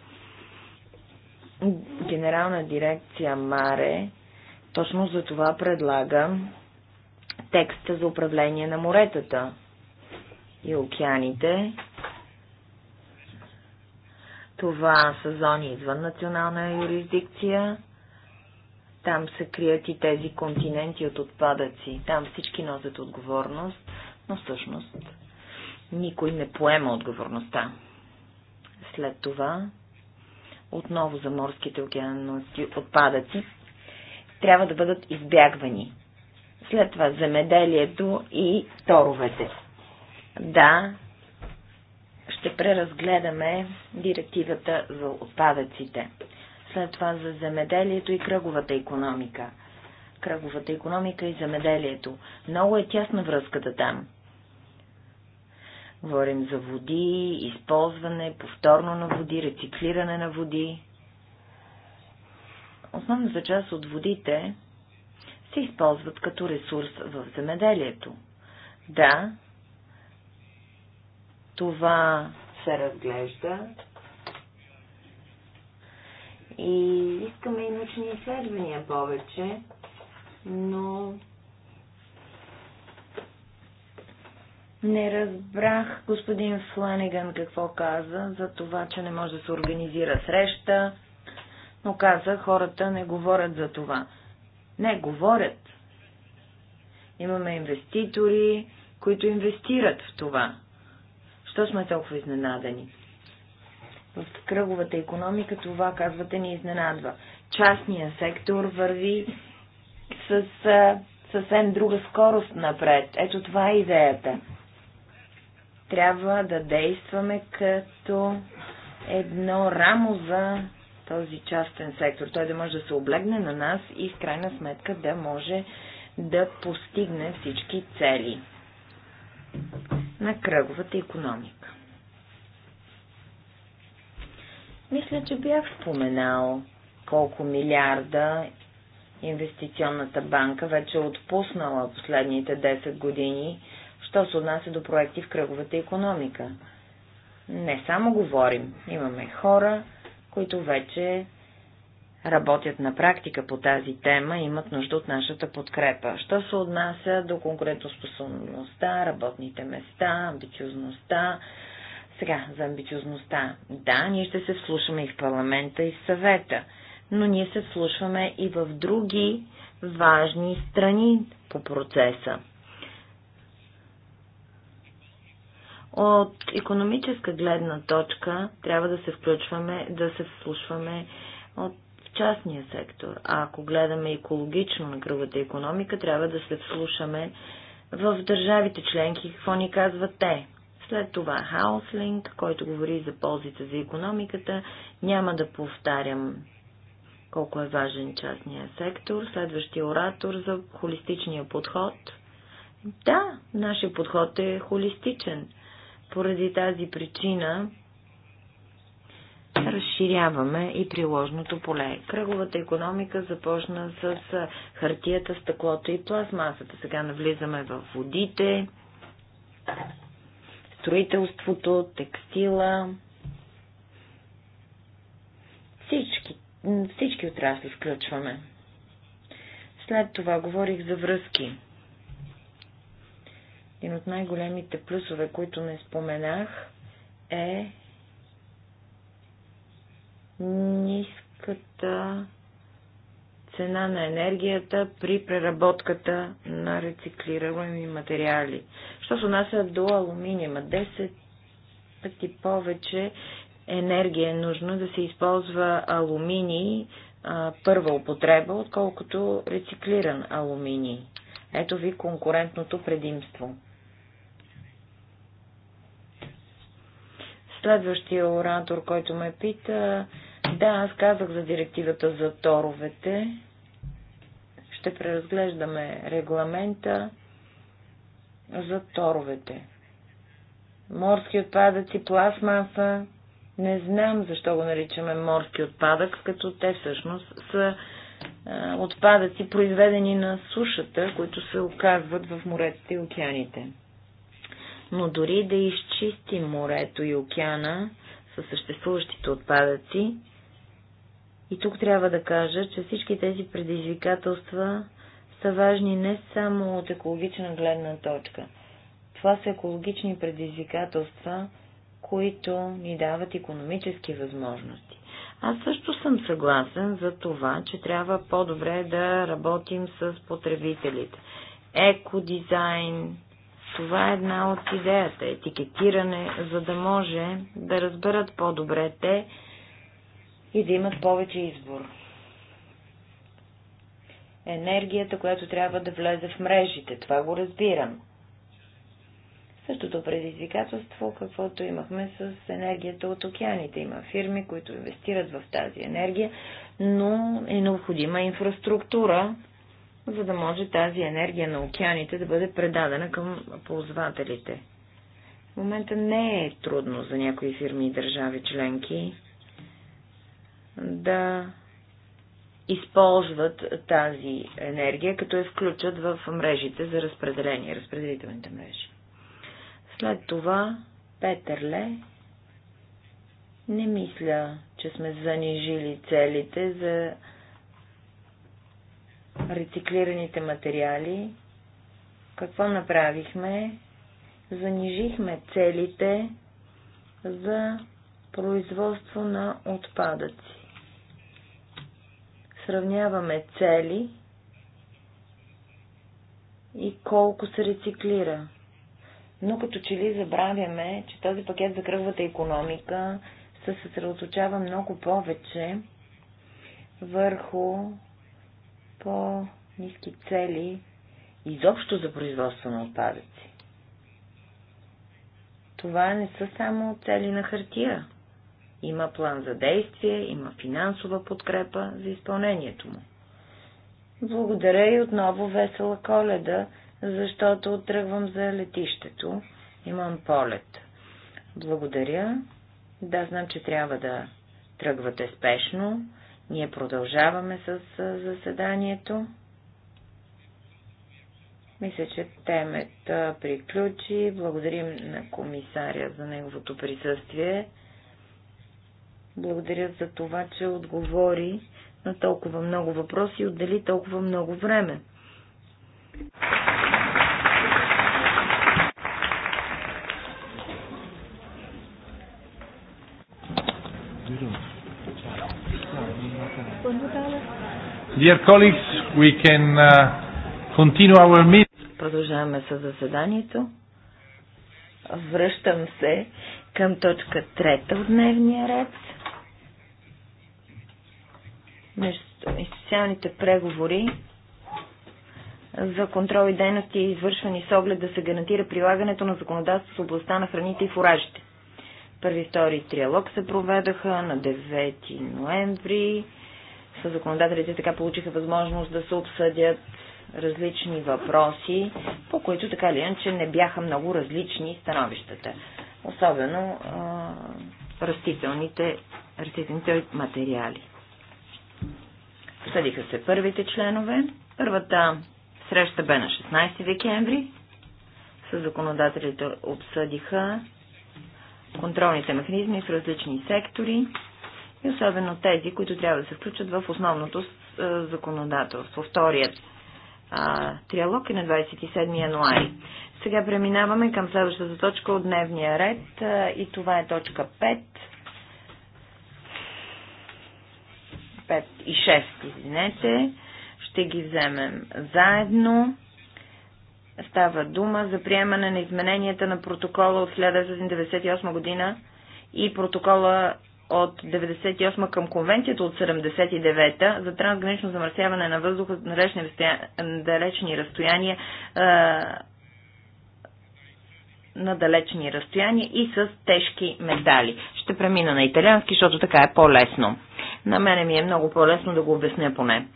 Генерална дирекция Маре точно за това предлага текста за управление на моретата и океаните. Това са зони извън национална юрисдикция. Там се крият и тези континенти от отпадъци. Там всички носят отговорност, но всъщност никой не поема отговорността. След това отново за морските океански отпадъци, трябва да бъдат избягвани. След това земеделието и торовете. Да, ще преразгледаме директивата за отпадъците. След това за земеделието и кръговата економика. Кръговата економика и земеделието. Много е тясна връзката там. Говорим за води, използване, повторно на води, рециклиране на води. Основната част от водите се използват като ресурс в земеделието. Да, това се разглежда и искаме и научни изследвания повече, но Не разбрах господин Фланеган какво каза за това, че не може да се организира среща, но каза, хората не говорят за това. Не, говорят. Имаме инвеститори, които инвестират в това. Що сме толкова изненадани? В кръговата економика това, казвате, ни изненадва. Частния сектор върви с съвсем друга скорост напред. Ето това е идеята трябва да действаме като едно рамо за този частен сектор. Той да може да се облегне на нас и в крайна сметка да може да постигне всички цели на кръговата економика. Мисля, че бях споменал колко милиарда инвестиционната банка вече е отпуснала последните 10 години що се отнася до проекти в кръговата економика. Не само говорим, имаме хора, които вече работят на практика по тази тема и имат нужда от нашата подкрепа. Що се отнася до конкурентоспособността, работните места, амбициозността, сега, за амбициозността. Да, ние ще се вслушаме и в парламента, и в съвета, но ние се вслушваме и в други важни страни по процеса. От економическа гледна точка трябва да се включваме, да се вслушваме от частния сектор. А ако гледаме екологично на кръвата економика, трябва да се вслушаме в държавите членки, какво ни казват те. След това Хауслинг, който говори за ползите за економиката, няма да повтарям колко е важен частния сектор. Следващия оратор за холистичния подход. Да, нашия подход е холистичен – поради тази причина разширяваме и приложното поле. Кръговата економика започна с хартията, стъклото и пластмасата. Сега навлизаме в водите, строителството, текстила. Всички, всички отрасли включваме. След това говорих за връзки. Един от най-големите плюсове, които не споменах, е ниската цена на енергията при преработката на рециклируеми материали. Що се отнася до алуминиума, 10 пъти повече енергия е нужно да се използва алуминий а, първа употреба, отколкото рециклиран алуминий. Ето ви конкурентното предимство. Следващия оратор, който ме пита, да, аз казах за директивата за торовете. Ще преразглеждаме регламента за торовете. Морски отпадъци, пластмаса. Не знам защо го наричаме морски отпадък, като те всъщност са отпадъци, произведени на сушата, които се оказват в мореците и океаните. Но дори да изчистим морето и океана със съществуващите отпадъци, и тук трябва да кажа, че всички тези предизвикателства са важни не само от екологична гледна точка. Това са екологични предизвикателства, които ни дават економически възможности. Аз също съм съгласен за това, че трябва по-добре да работим с потребителите. Екодизайн, това е една от идеята – етикетиране, за да може да разберат по-добре те и да имат повече избор. Енергията, която трябва да влезе в мрежите, това го разбирам. Същото предизвикателство, каквото имахме с енергията от океаните. Има фирми, които инвестират в тази енергия, но е необходима инфраструктура, за да може тази енергия на океаните да бъде предадена към ползвателите. В момента не е трудно за някои фирми и държави членки да използват тази енергия, като я включат в мрежите за разпределение, разпределителните мрежи. След това Петърле не мисля, че сме занижили целите за рециклираните материали, какво направихме? Занижихме целите за производство на отпадъци. Сравняваме цели и колко се рециклира. Но като че ли забравяме, че този пакет за кръговата економика се съсредоточава много повече върху по-низки цели изобщо за производство на отпадъци. Това не са само цели на хартия. Има план за действие, има финансова подкрепа за изпълнението му. Благодаря и отново весела коледа, защото тръгвам за летището. Имам полет. Благодаря. Да, знам, че трябва да тръгвате спешно. Ние продължаваме с заседанието. Мисля, че темата приключи. Благодарим на комисаря за неговото присъствие. Благодаря за това, че отговори на толкова много въпроси и отдели толкова много време. Dear colleagues, we can uh, continue our meeting. Продължаваме с заседанието. Връщам се към точка трета от дневния ред. Между институционалните преговори за контрол и дейности, извършвани с оглед да се гарантира прилагането на законодателство с областта на храните и фуражите. Първи и втори триалог се проведаха на 9 ноември законодателите така получиха възможност да се обсъдят различни въпроси, по които така ли иначе не бяха много различни становищата. Особено а, растителните, растителните материали. Съдиха се първите членове. Първата среща бе на 16 декември. С законодателите обсъдиха контролните механизми в различни сектори и особено тези, които трябва да се включат в основното е, законодателство. Вторият а, триалог е на 27 януари. Сега преминаваме към следващата точка от дневния ред а, е, и това е точка 5. 5 и 6, извинете. Ще ги вземем заедно. Става дума за приемане на измененията на протокола от 1998 година и протокола от 98 към конвенцията от 79 та за трансгранично замърсяване на въздуха на далечни, далечни разстояния на далечни разстояния и с тежки медали. Ще премина на италиански, защото така е по-лесно. На мене ми е много по-лесно да го обясня поне.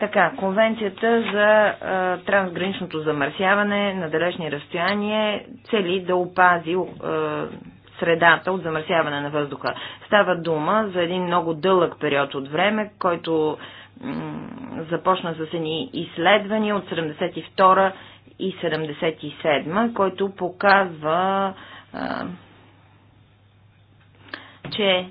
Така, конвенцията за а, трансграничното замърсяване на далечни разстояния цели да опази а, средата от замърсяване на въздуха. Става дума за един много дълъг период от време, който започна с едни изследвания от 72 и 77, който показва, а, че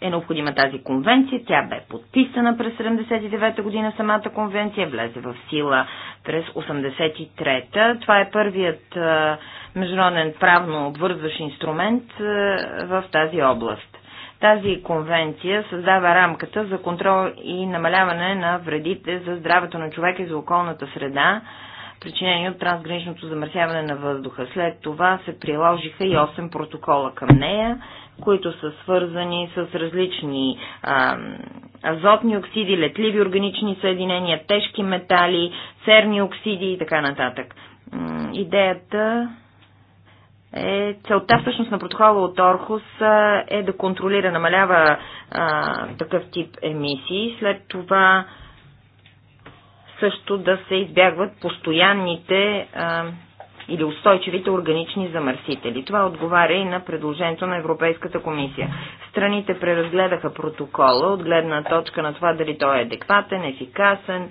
е необходима тази конвенция. Тя бе подписана през 79 година. Самата конвенция влезе в сила през 83-та. Това е първият а, международен правно обвързващ инструмент е, в тази област. Тази конвенция създава рамката за контрол и намаляване на вредите за здравето на човека и за околната среда, причинени от трансграничното замърсяване на въздуха. След това се приложиха и 8 протокола към нея, които са свързани с различни а, азотни оксиди, летливи органични съединения, тежки метали, серни оксиди и така нататък. Идеята е, целта всъщност на протокола от Орхус е да контролира, намалява а, такъв тип емисии. След това също да се избягват постоянните а, или устойчивите органични замърсители. Това отговаря и на предложението на Европейската комисия. Страните преразгледаха протокола от гледна точка на това дали той е адекватен, ефикасен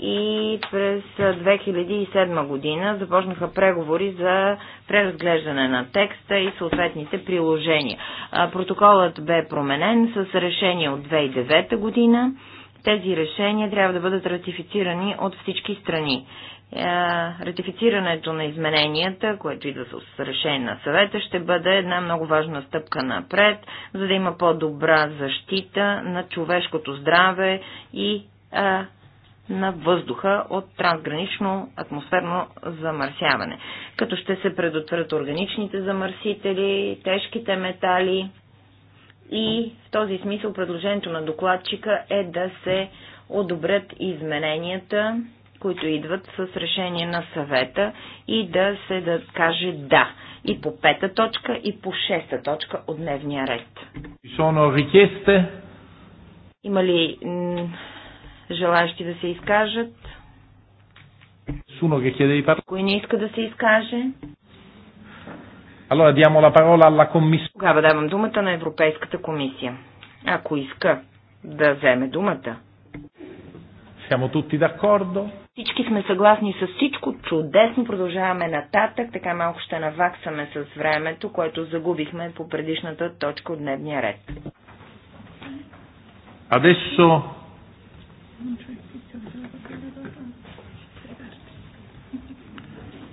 и през 2007 година започнаха преговори за преразглеждане на текста и съответните приложения. Протоколът бе променен с решение от 2009 година. Тези решения трябва да бъдат ратифицирани от всички страни. Ратифицирането на измененията, което идва с решение на съвета, ще бъде една много важна стъпка напред, за да има по-добра защита на човешкото здраве и на въздуха от трансгранично атмосферно замърсяване, като ще се предотвратят органичните замърсители, тежките метали и в този смисъл предложението на докладчика е да се одобрят измененията, които идват с решение на съвета и да се да каже да и по пета точка и по шеста точка от дневния ред. Има ли желаящи да се изкажат? Кой не иска да се изкаже? Allora diamo la parola alla commissione. Тогава давам думата на Европейската комисия. Ако иска да вземе думата. Siamo tutti d'accordo? Всички сме съгласни с всичко. Чудесно продължаваме нататък. Така малко ще наваксаме с времето, което загубихме по предишната точка от дневния ред. Adesso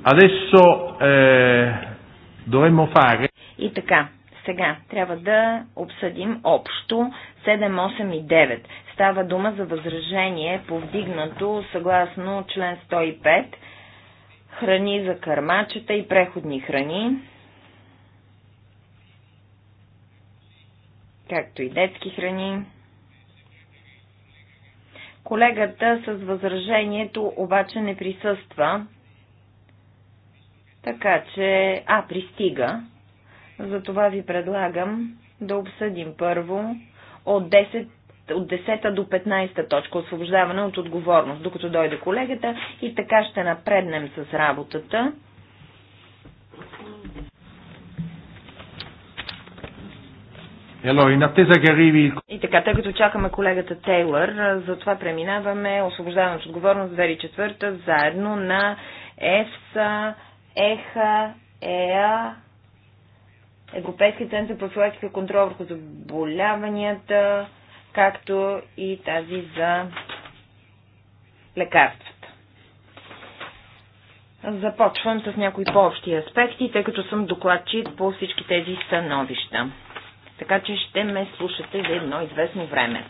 Adesso eh, dovremmo fare. И така, сега трябва да обсъдим общо 7, 8 и 9. Става дума за възражение, повдигнато съгласно член 105, храни за кърмачета и преходни храни, както и детски храни. Колегата с възражението обаче не присъства, така че... А, пристига. Затова ви предлагам да обсъдим първо от 10 от 10 до 15 точка, освобождаване от отговорност, докато дойде колегата и така ще напреднем с работата. E и така, тъй като чакаме колегата Тейлър, затова преминаваме освобождаване от отговорност 2004 заедно на ЕФСА, ЕХА, ЕА, Европейския център по филактика контрол върху заболяванията, както и тази за лекарствата. Започвам с някои по-общи аспекти, тъй като съм докладчик по всички тези становища. Така че ще ме слушате за едно известно време.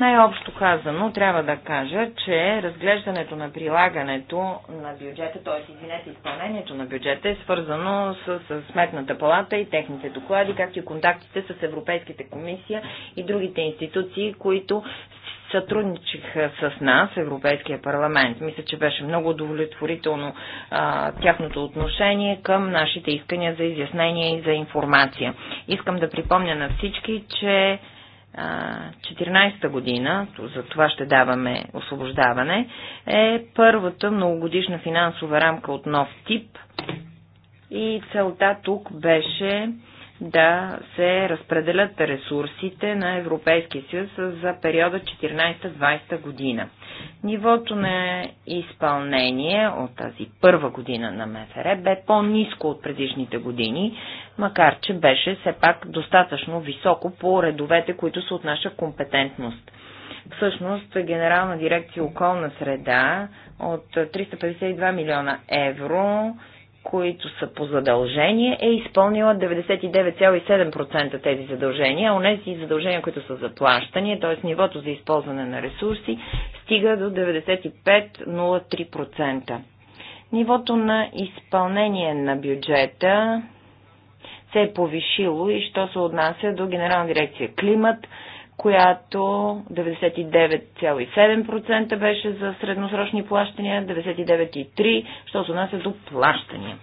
Най-общо казано, трябва да кажа, че разглеждането на прилагането на бюджета, т.е. извинете, изпълнението на бюджета е свързано с, с Сметната палата и техните доклади, както и контактите с Европейските комисия и другите институции, които сътрудничиха с нас, Европейския парламент. Мисля, че беше много удовлетворително а, тяхното отношение към нашите искания за изяснение и за информация. Искам да припомня на всички, че 14-та година, за това ще даваме освобождаване, е първата многогодишна финансова рамка от нов тип и целта тук беше да се разпределят ресурсите на Европейския съюз за периода 14-20 година. Нивото на изпълнение от тази първа година на МФР бе по-низко от предишните години, макар че беше все пак достатъчно високо по редовете, които са от наша компетентност. Всъщност, Генерална дирекция околна среда от 352 милиона евро които са по задължение, е изпълнила 99,7% тези задължения, а у нези задължения, които са заплащани, т.е. нивото за използване на ресурси, стига до 95,03%. Нивото на изпълнение на бюджета се е повишило и що се отнася до Генерална дирекция климат, която 99,7% беше за средносрочни плащания, 99,3% що се отнася до плащания.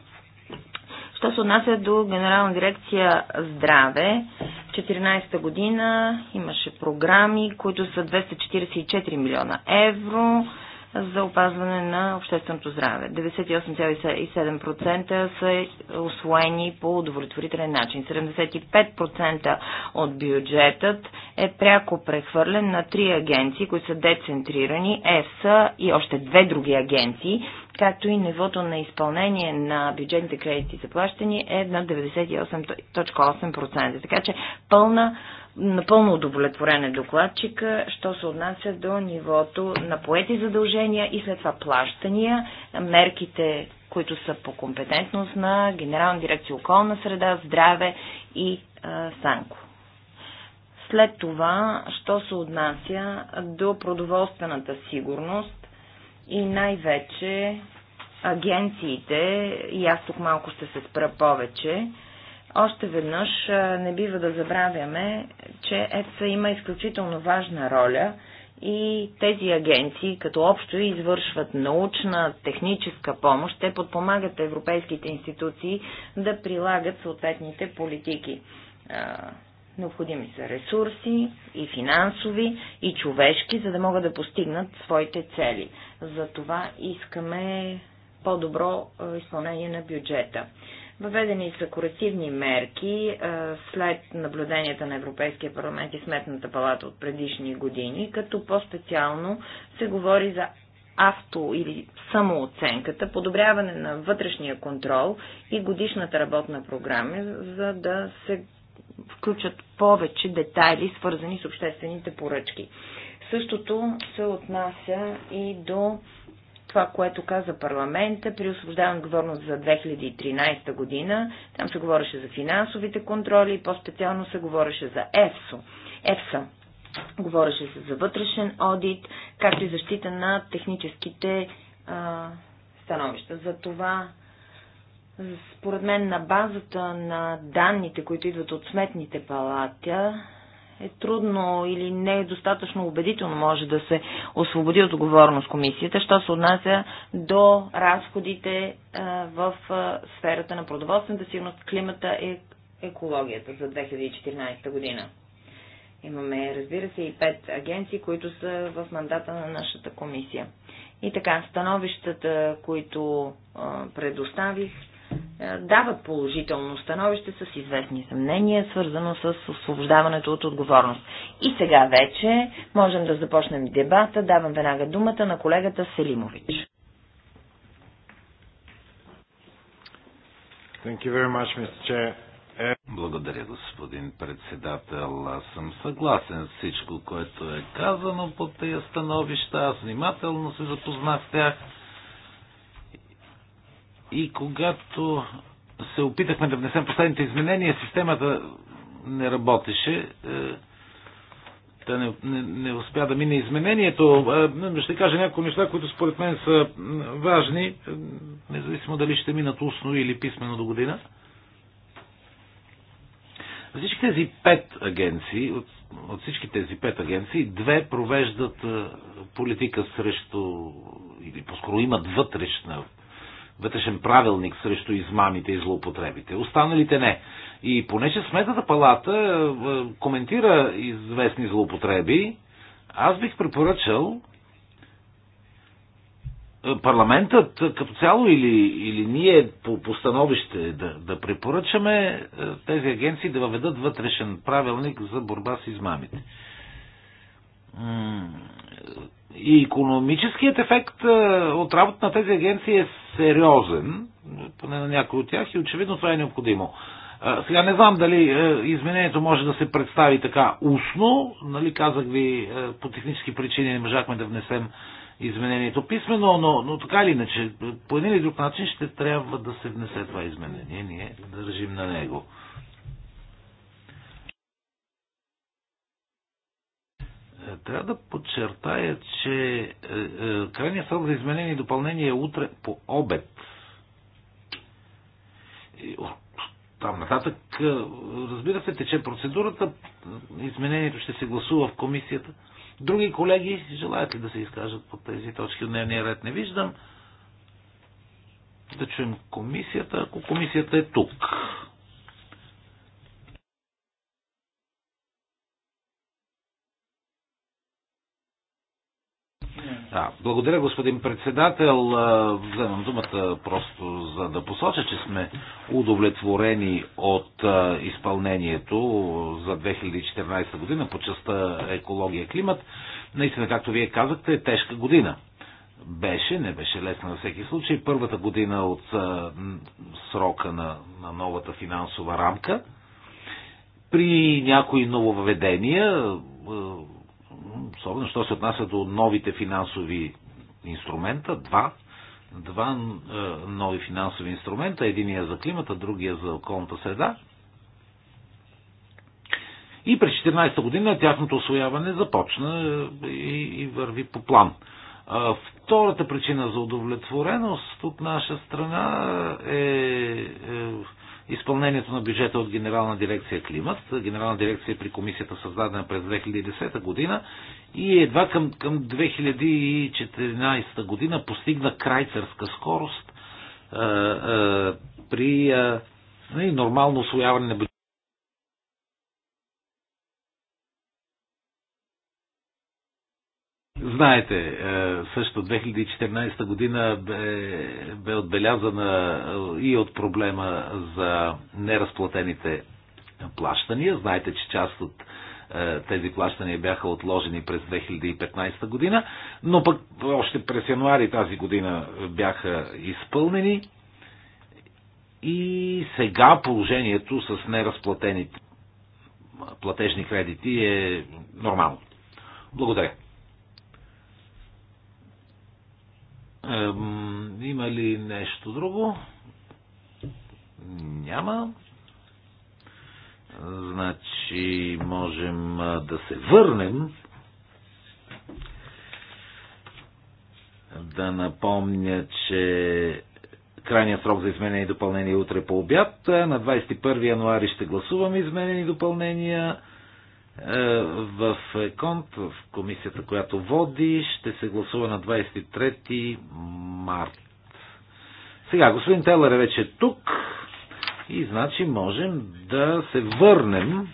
Що се отнася до Генерална дирекция Здраве, 2014 година имаше програми, които са 244 милиона евро, за опазване на общественото здраве. 98,7% са освоени по удовлетворителен начин. 75% от бюджетът е пряко прехвърлен на три агенции, които са децентрирани, ЕФСА и още две други агенции, както и нивото на изпълнение на бюджетните кредити за плащане е на 98,8%. Така че пълна Напълно удовлетворен е докладчика, що се отнася до нивото на поети задължения и след това плащания, мерките, които са по компетентност на Генерална дирекция околна среда, здраве и а, Санко. След това, що се отнася до продоволствената сигурност и най-вече агенциите, и аз тук малко ще се спра повече, още веднъж не бива да забравяме, че ЕЦА има изключително важна роля и тези агенции като общо извършват научна, техническа помощ. Те подпомагат европейските институции да прилагат съответните политики. Необходими са ресурси и финансови, и човешки, за да могат да постигнат своите цели. За това искаме по-добро изпълнение на бюджета. Въведени са корективни мерки след наблюденията на Европейския парламент и Сметната палата от предишни години, като по-специално се говори за авто или самооценката, подобряване на вътрешния контрол и годишната работна програма, за да се включат повече детайли, свързани с обществените поръчки. Същото се отнася и до това, което каза парламента при освобождаване отговорност за 2013 година. Там се говореше за финансовите контроли и по-специално се говореше за ЕФСО. ЕФСА. Говореше се за вътрешен одит, както и защита на техническите а, становища. За това, според мен, на базата на данните, които идват от сметните палата, е трудно или не е достатъчно убедително може да се освободи от отговорност комисията, що се отнася до разходите в сферата на продоволствената сигурност, климата и екологията за 2014 година. Имаме, разбира се, и пет агенции, които са в мандата на нашата комисия. И така, становищата, които предоставих, е, дават положително становище с известни съмнения, свързано с освобождаването от отговорност. И сега вече можем да започнем дебата. Давам веднага думата на колегата Селимович. Thank you very much, Mr. Chair. Е, Благодаря, господин председател. Аз съм съгласен с всичко, което е казано по тези становища. Аз внимателно се запознах с тях. И когато се опитахме да внесем последните изменения, системата не работеше. Е, Та не, не, не успя да мине изменението. Е, ще кажа някои неща, които според мен са важни, е, независимо дали ще минат устно или писмено до година. Всички тези пет агенции, от, от всички тези пет агенции, две провеждат политика срещу, или по-скоро имат вътрешна вътрешен правилник срещу измамите и злоупотребите. Останалите не. И понеже Сметната палата е, коментира известни злоупотреби, аз бих препоръчал е, парламентът като цяло или, или ние по постановище да, да препоръчаме е, тези агенции да въведат вътрешен правилник за борба с измамите. И економическият ефект от работа на тези агенции е сериозен, поне на някои от тях, и очевидно това е необходимо. Сега не знам дали изменението може да се представи така устно, нали, казах ви, по технически причини не можахме да внесем изменението писмено, но, но така или иначе, по един или друг начин ще трябва да се внесе това изменение. Ние държим на него. Е, трябва да подчертая, че е, е, крайният срок за изменение и допълнение е утре по обед. Там нататък, разбира се, тече процедурата. Изменението ще се гласува в комисията. Други колеги желаят ли да се изкажат по тези точки от дневния ред? Не виждам. Да чуем комисията, ако комисията е тук. Да, благодаря, господин председател. Вземам думата просто за да посоча, че сме удовлетворени от изпълнението за 2014 година по частта екология климат. Наистина, както вие казахте, е тежка година. Беше, не беше лесна на всеки случай. Първата година от срока на, на новата финансова рамка. При някои нововведения особено що се отнася до новите финансови инструмента, два, два е, нови финансови инструмента, единия е за климата, другия е за околната среда. И през 14-та година тяхното освояване започна е, и, и върви по план. А, втората причина за удовлетвореност от наша страна е, е изпълнението на бюджета от Генерална дирекция Климат. Генерална дирекция при комисията създадена през 2010 година и едва към, към 2014 година постигна крайцерска скорост а, а, при а, нали, нормално освояване на бюджета. Знаете, е, също 2014 година бе, бе отбелязана е, и от проблема за неразплатените плащания. Знаете, че част от е, тези плащания бяха отложени през 2015 година, но пък още през януари тази година бяха изпълнени. И сега положението с неразплатените платежни кредити е нормално. Благодаря. има ли нещо друго? Няма. Значи можем да се върнем. Да напомня, че крайният срок за изменение и допълнение утре по обяд. На 21 януари ще гласуваме изменени допълнения е, в КОНТ, в комисията, която води, ще се гласува на 23 март. Сега, господин Телър е вече тук и значи можем да се върнем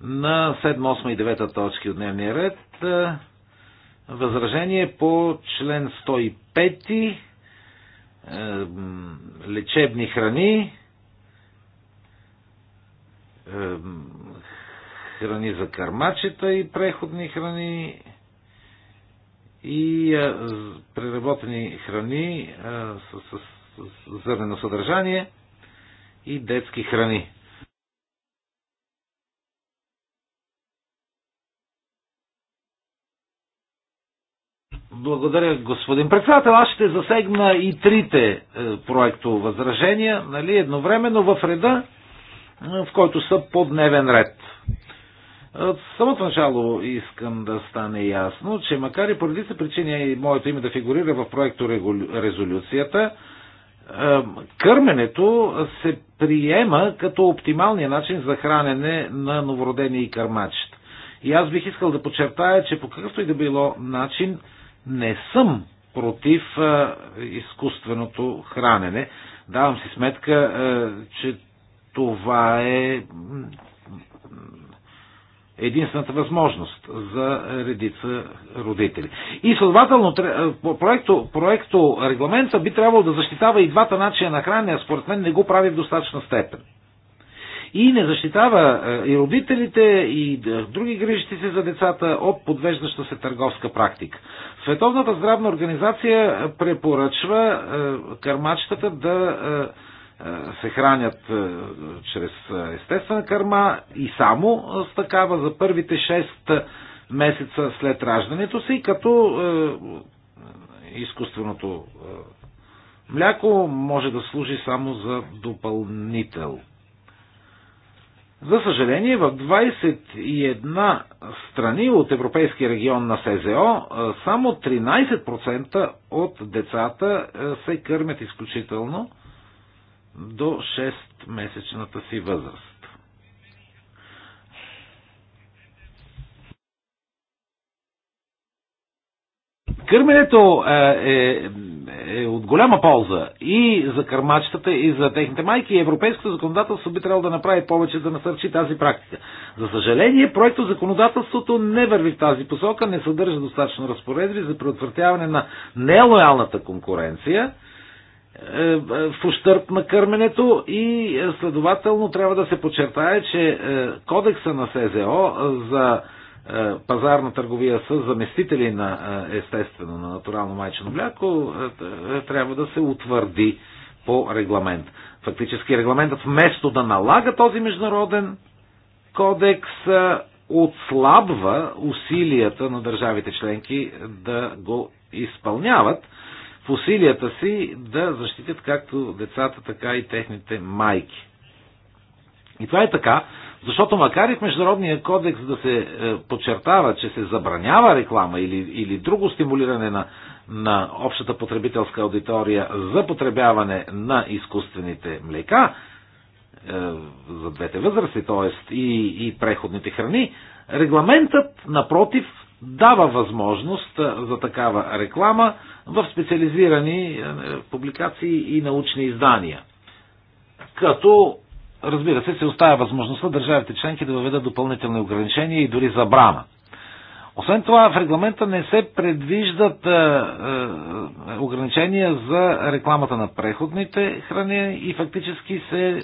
на 7, 8 и 9 точки от дневния ред. Е, възражение по член 105 е, лечебни храни храни за кърмачета и преходни храни и а, преработени храни а, с, с, с зърнено съдържание и детски храни. Благодаря, господин председател. Аз ще засегна и трите е, проекто възражения, нали, едновременно в реда, е, в който са по дневен ред. От самото начало искам да стане ясно, че макар и поради се причини и моето име да фигурира в проекто резолюцията, е, кърменето се приема като оптималния начин за хранене на новородени и кърмачета. И аз бих искал да подчертая, че по какъвто и да било начин не съм против е, изкуственото хранене. Давам си сметка, е, че това е единствената възможност за редица родители. И следователно, проекто, проекто регламента би трябвало да защитава и двата начина на хранене, а според мен не го прави в достатъчна степен. И не защитава и родителите, и други грижите се за децата от подвеждаща се търговска практика. Световната здравна организация препоръчва кърмачетата да е, се хранят е, чрез естествена кърма и само с такава за първите 6 месеца след раждането си, като е, изкуственото мляко може да служи само за допълнител. За съжаление, в 21 страни от Европейския регион на СЗО само 13% от децата се кърмят изключително до 6-месечната си възраст. Кърменето е, е, е от голяма полза и за кърмачетата, и за техните майки. Европейското законодателство би трябвало да направи повече да насърчи тази практика. За съжаление, проекто законодателството не върви в тази посока, не съдържа достатъчно разпоредби за предотвратяване на нелоялната конкуренция е, е, в ущърп на кърменето и е, следователно трябва да се подчертае, че кодекса на СЗО за пазарна търговия с заместители на естествено, на натурално майчено мляко трябва да се утвърди по регламент. Фактически регламентът вместо да налага този международен кодекс отслабва усилията на държавите членки да го изпълняват – в усилията си да защитят както децата, така и техните майки. И това е така, защото макар и в Международния кодекс да се е, подчертава, че се забранява реклама или, или друго стимулиране на, на общата потребителска аудитория за потребяване на изкуствените млека, е, за двете възрасти, т.е. И, и преходните храни, регламентът, напротив, дава възможност е, за такава реклама в специализирани е, публикации и научни издания. Като, разбира се, се оставя възможността държавите членки да въведат допълнителни ограничения и дори забрана. Освен това, в регламента не се предвиждат е, е, ограничения за рекламата на преходните храни и фактически се е,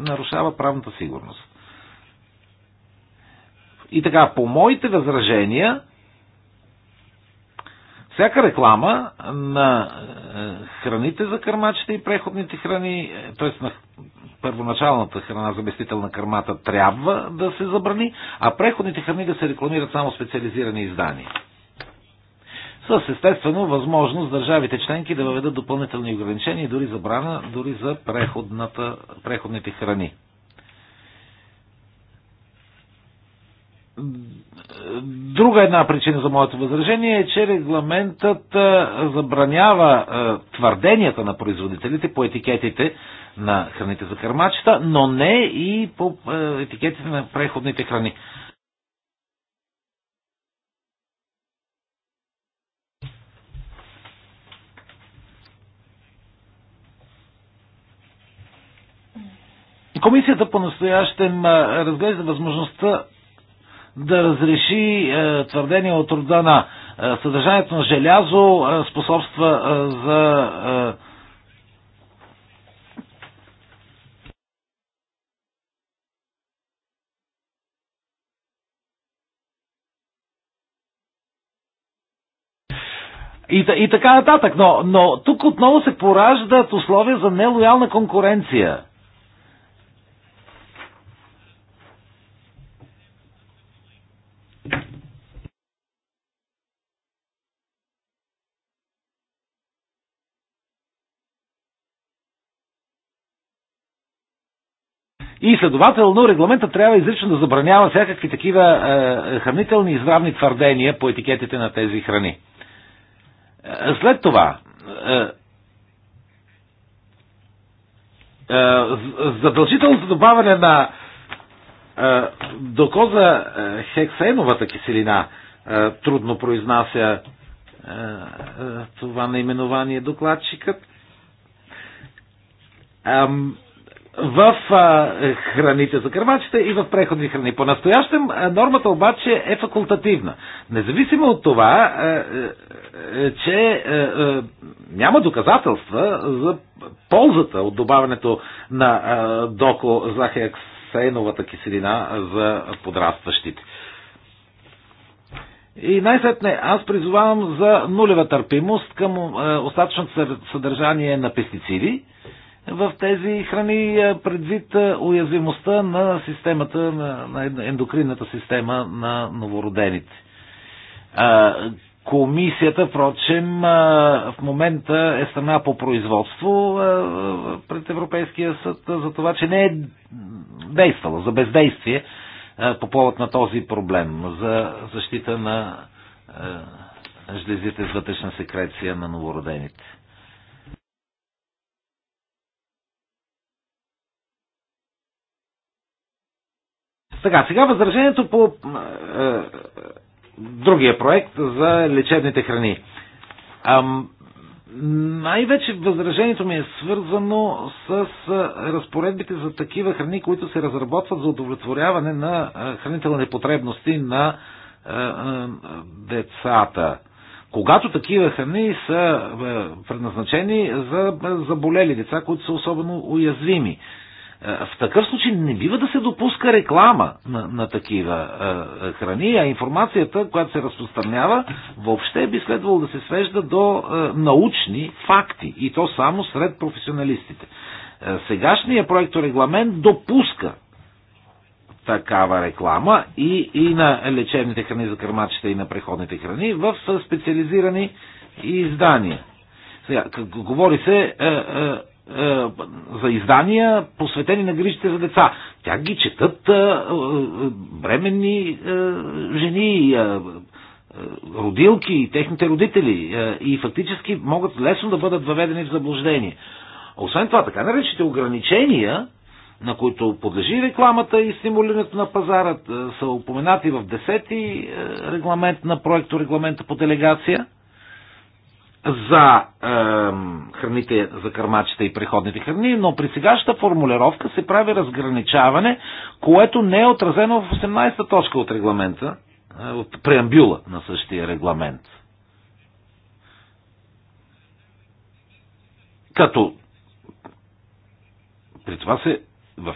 нарушава правната сигурност. И така, по моите възражения, всяка реклама на е, храните за кърмачите и преходните храни, е, т.е. на първоначалната храна, заместител на кърмата, трябва да се забрани, а преходните храни да се рекламират само специализирани издания. С естествено възможност държавите членки да въведат допълнителни ограничения, дори забрана, дори за преходните храни Друга една причина за моето възражение е, че регламентът забранява твърденията на производителите по етикетите на храните за кърмачета, но не и по етикетите на преходните храни. Комисията по-настоящем разглежда възможността да разреши е, твърдение от рода на е, съдържанието на желязо е, способства за И, и така нататък. Но, но тук отново се пораждат условия за нелоялна конкуренция. И следователно регламента трябва изрично да забранява всякакви такива е, е, хранителни и здравни твърдения по етикетите на тези храни. Е, след това, е, е, задължителното добавяне на е, докоза е, хексеновата киселина е, трудно произнася е, е, това наименование докладчикът. е, в а, храните за кърмачета и в преходни храни. По-настоящем нормата обаче е факултативна. Независимо от това, а, а, че а, а, няма доказателства за ползата от добавянето на а, доко захеаксейновата киселина за подрастващите. И най-сетне аз призовавам за нулева търпимост към остатъчното съдържание на пестициди, в тези храни е, предвид е, уязвимостта на системата, на ендокринната система на новородените. Комисията, впрочем, в момента е страна по производство пред Европейския съд за това, че не е действала за бездействие по повод на този проблем за защита на жлезите с вътрешна секреция на новородените. Така, сега възражението по е, другия проект за лечебните храни. Ам, най-вече възражението ми е свързано с е, разпоредбите за такива храни, които се разработват за удовлетворяване на е, хранителни потребности на е, децата. Когато такива храни са предназначени за заболели деца, които са особено уязвими е, в такъв случай не бива да се допуска реклама на, на такива е, е, храни, а информацията, която се разпространява, въобще би следвало да се свежда до е, научни факти и то само сред професионалистите. Е, сегашният регламент допуска такава реклама и, и на лечебните храни за кърмачета и на преходните храни в специализирани издания. Сега, говори се е, е, е, за издания, посветени на грижите за деца. Тя ги четат бременни е, е, жени, родилки и техните родители и фактически могат лесно да бъдат въведени в заблуждение. Освен това, така наречите ограничения, на които подлежи рекламата и стимулирането на пазара, са упоменати в 10-ти регламент на проекто регламента по делегация – за е, храните за кърмачета и преходните храни, но при сегашната формулировка се прави разграничаване, което не е отразено в 18-та точка от регламента, е, от преамбюла на същия регламент. Като при това се в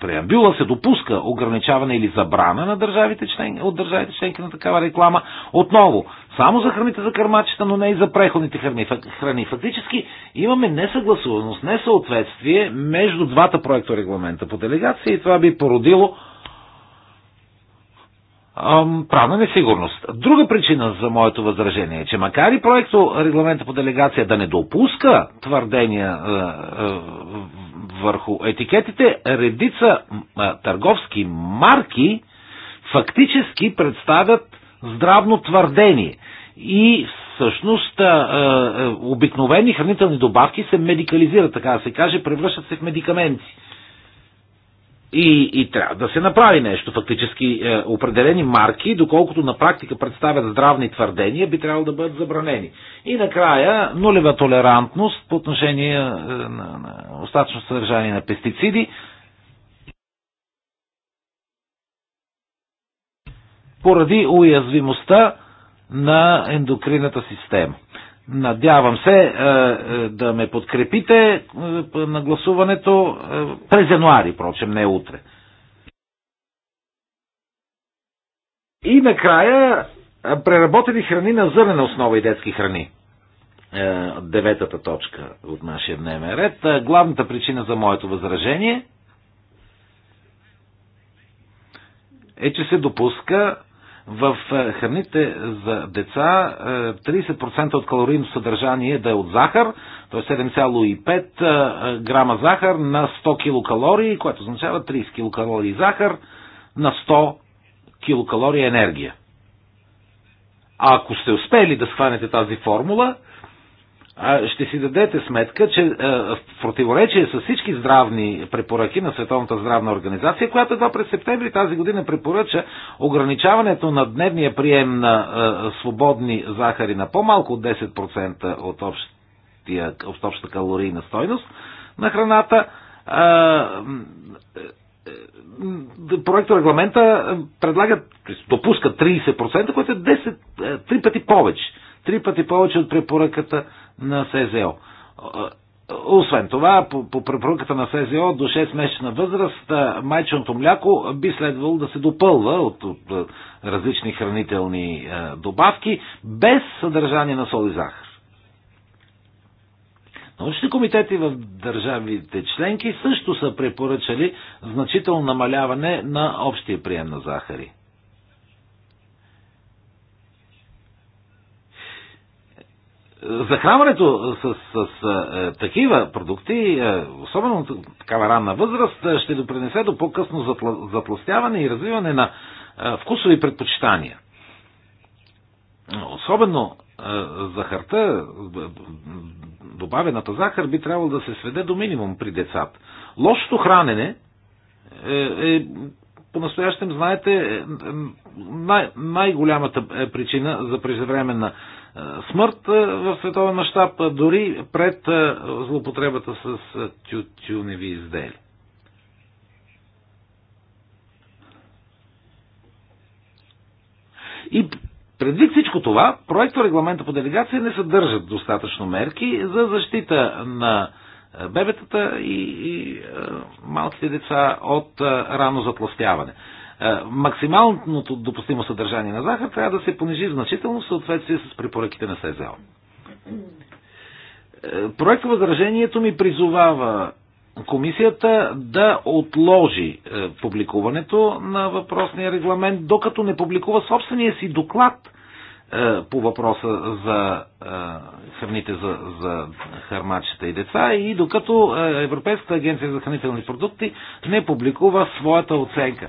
преамбюла се допуска ограничаване или забрана на държавите член, от държавите членки на такава реклама. Отново, само за храните за кърмачета, но не и за преходните храни. храни. Фактически имаме несъгласуваност, несъответствие между двата проекта регламента по делегация и това би породило правна несигурност. Друга причина за моето възражение е, че макар и проекто регламента по делегация да не допуска твърдения е, е, върху етикетите, редица е, търговски марки фактически представят здравно твърдение. И всъщност е, е, обикновени хранителни добавки се медикализират, така да се каже, превръщат се в медикаменти. И, и трябва да се направи нещо. Фактически е, определени марки, доколкото на практика представят здравни твърдения, би трябвало да бъдат забранени. И накрая нулева толерантност по отношение е, на, на остатъчно съдържание на пестициди. Поради уязвимостта на ендокринната система. Надявам се е, е, да ме подкрепите е, на гласуването през януари, прочем, не утре. И накрая преработени храни на зърнена основа и детски храни. Деветата точка от нашия дневен ред. Главната причина за моето възражение е, че се допуска в е, храните за деца 30% е, от калорийно съдържание да е от захар, т.е. 7,5 е, грама захар на 100 килокалории, което означава 30 килокалории захар на 100 килокалории енергия. А ако сте успели да схванете тази формула, ще си дадете сметка, че в противоречие с всички здравни препоръки на Световната здравна организация, която едва през септември тази година препоръча ограничаването на дневния прием на свободни захари на по-малко от 10% от общия, от общата калорийна стойност на храната, проекто регламента предлага, допуска 30%, което е 10, 3 пъти повече три пъти повече от препоръката на СЗО. Освен това, по, по препоръката на СЗО до 6 месечна възраст майченото мляко би следвало да се допълва от, от различни хранителни е, добавки без съдържание на сол и захар. Научни комитети в държавите членки също са препоръчали значително намаляване на общия прием на захари. захранването с, с, с е, с такива продукти, особено особено такава ранна възраст, е, ще допринесе до по-късно затла, затластяване и развиване на е, вкусови предпочитания. Особено захарта, добавената захар би трябвало да се сведе до минимум при децата. Лошото хранене е, е по-настоящем, знаете, най- най-голямата причина за преждевременна е, смърт е, в световен мащаб, е, дори пред злопотребата с тютюневи изделия. И Предвид всичко това, проекто регламента по делегация не съдържат достатъчно мерки за защита на бебетата и, и малките деца от рано затластяване. Е, максималното допустимо съдържание на захар трябва да се понижи значително в съответствие с препоръките на СЗО. Е, Проект възражението ми призовава комисията да отложи е, публикуването на въпросния регламент, докато не публикува собствения си доклад по въпроса за храните за, за хармачета и деца и докато Европейската агенция за хранителни продукти не публикува своята оценка.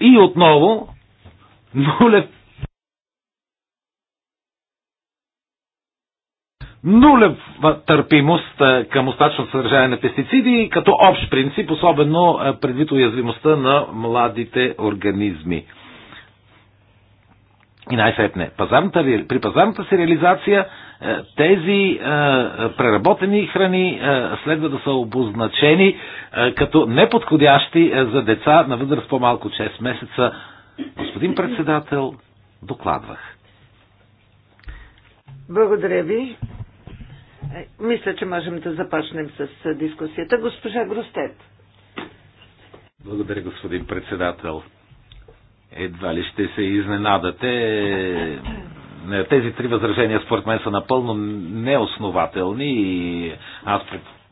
И отново, нулев нулева търпимост към остатъчно съдържание на пестициди като общ принцип, особено предвид уязвимостта на младите организми. И най-сетне, при пазарната си реализация е, тези е, преработени храни е, следва да са обозначени като неподходящи за деца на възраст по-малко 6 месеца. Господин председател, докладвах. Благодаря ви. Мисля, че можем да започнем с дискусията. Госпожа Гростет. Благодаря, господин председател. Едва ли ще се изненадате. Е, тези три възражения според мен са напълно неоснователни и аз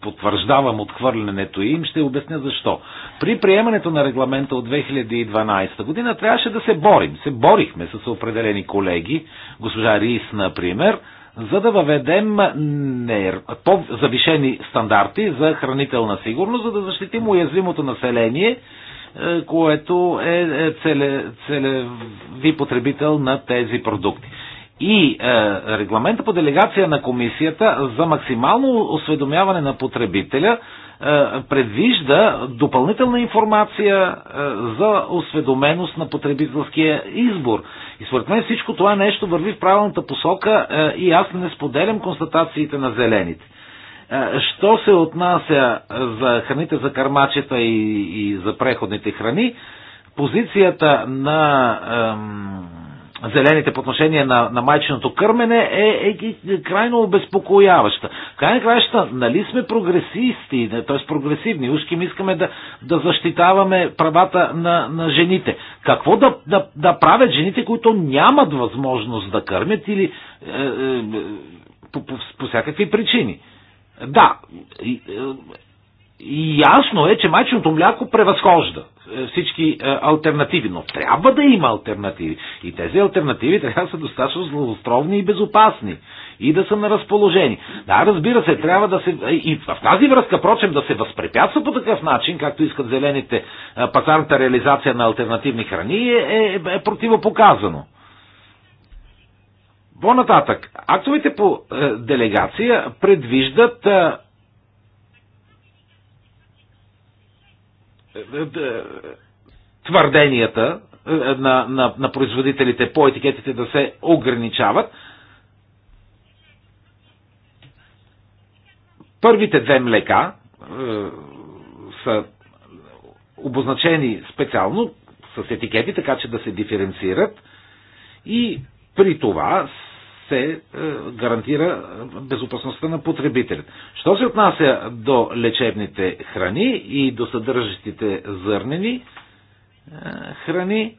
потвърждавам отхвърлянето им, ще обясня защо. При приемането на регламента от 2012 година трябваше да се борим. Се борихме с определени колеги, госпожа Рис, например, за да въведем по-завишени стандарти за хранителна сигурност, за да защитим уязвимото население е, което е, е целе, целеви потребител на тези продукти. И е, регламента по делегация на комисията за максимално осведомяване на потребителя е, предвижда допълнителна информация за осведоменост на потребителския избор. И според мен всичко това нещо върви в правилната посока и аз не споделям констатациите на зелените. Е, що се отнася за храните за кармачета и, и за преходните храни, позицията на ем, зелените по отношение на, на майчиното кърмене е, е, е крайно обезпокояваща. Крайна краща, нали сме прогресисти, т.е. прогресивни, ушки ми искаме да, да защитаваме правата на, на жените. Какво да, да, да правят жените, които нямат възможност да кърмят или е, е, по, по, по всякакви причини? Да, и ясно е, че майчиното мляко превъзхожда е, всички е, альтернативи, но трябва да има альтернативи. И тези альтернативи трябва да са достатъчно злоустровни и безопасни. И да са на разположение. Да, разбира се, трябва да се. Е, и в тази връзка, прочем, да се възпрепятства по такъв начин, както искат зелените, пазарната реализация на альтернативни храни е, е, е противопоказано. По-нататък, актовете по е, делегация предвиждат е, е, твърденията на, на, на производителите по етикетите да се ограничават. Първите две млека е, са обозначени специално с етикети, така че да се диференцират. И при това се е, гарантира безопасността на потребителите. Що се отнася до лечебните храни и до съдържащите зърнени е, храни,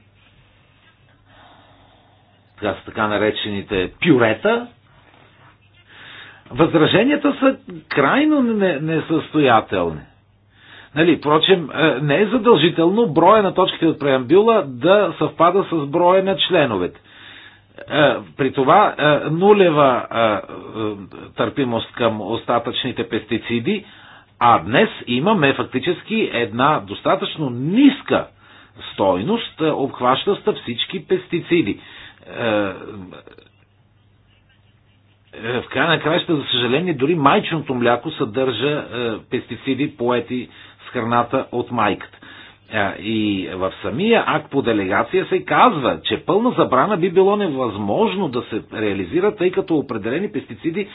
така, са така наречените пюрета, възраженията са крайно несъстоятелни. Нали, впрочем, е, не е задължително броя на точките от преамбюла да съвпада с броя на членовете. Е, при това е, нулева е, търпимост към остатъчните пестициди, а днес имаме фактически една достатъчно ниска стойност, обхващаща всички пестициди. В края на краища, за съжаление, дори майчното мляко съдържа пестициди, поети с храната от майката. И в самия акт по делегация се казва, че пълна забрана би било невъзможно да се реализира, тъй като определени пестициди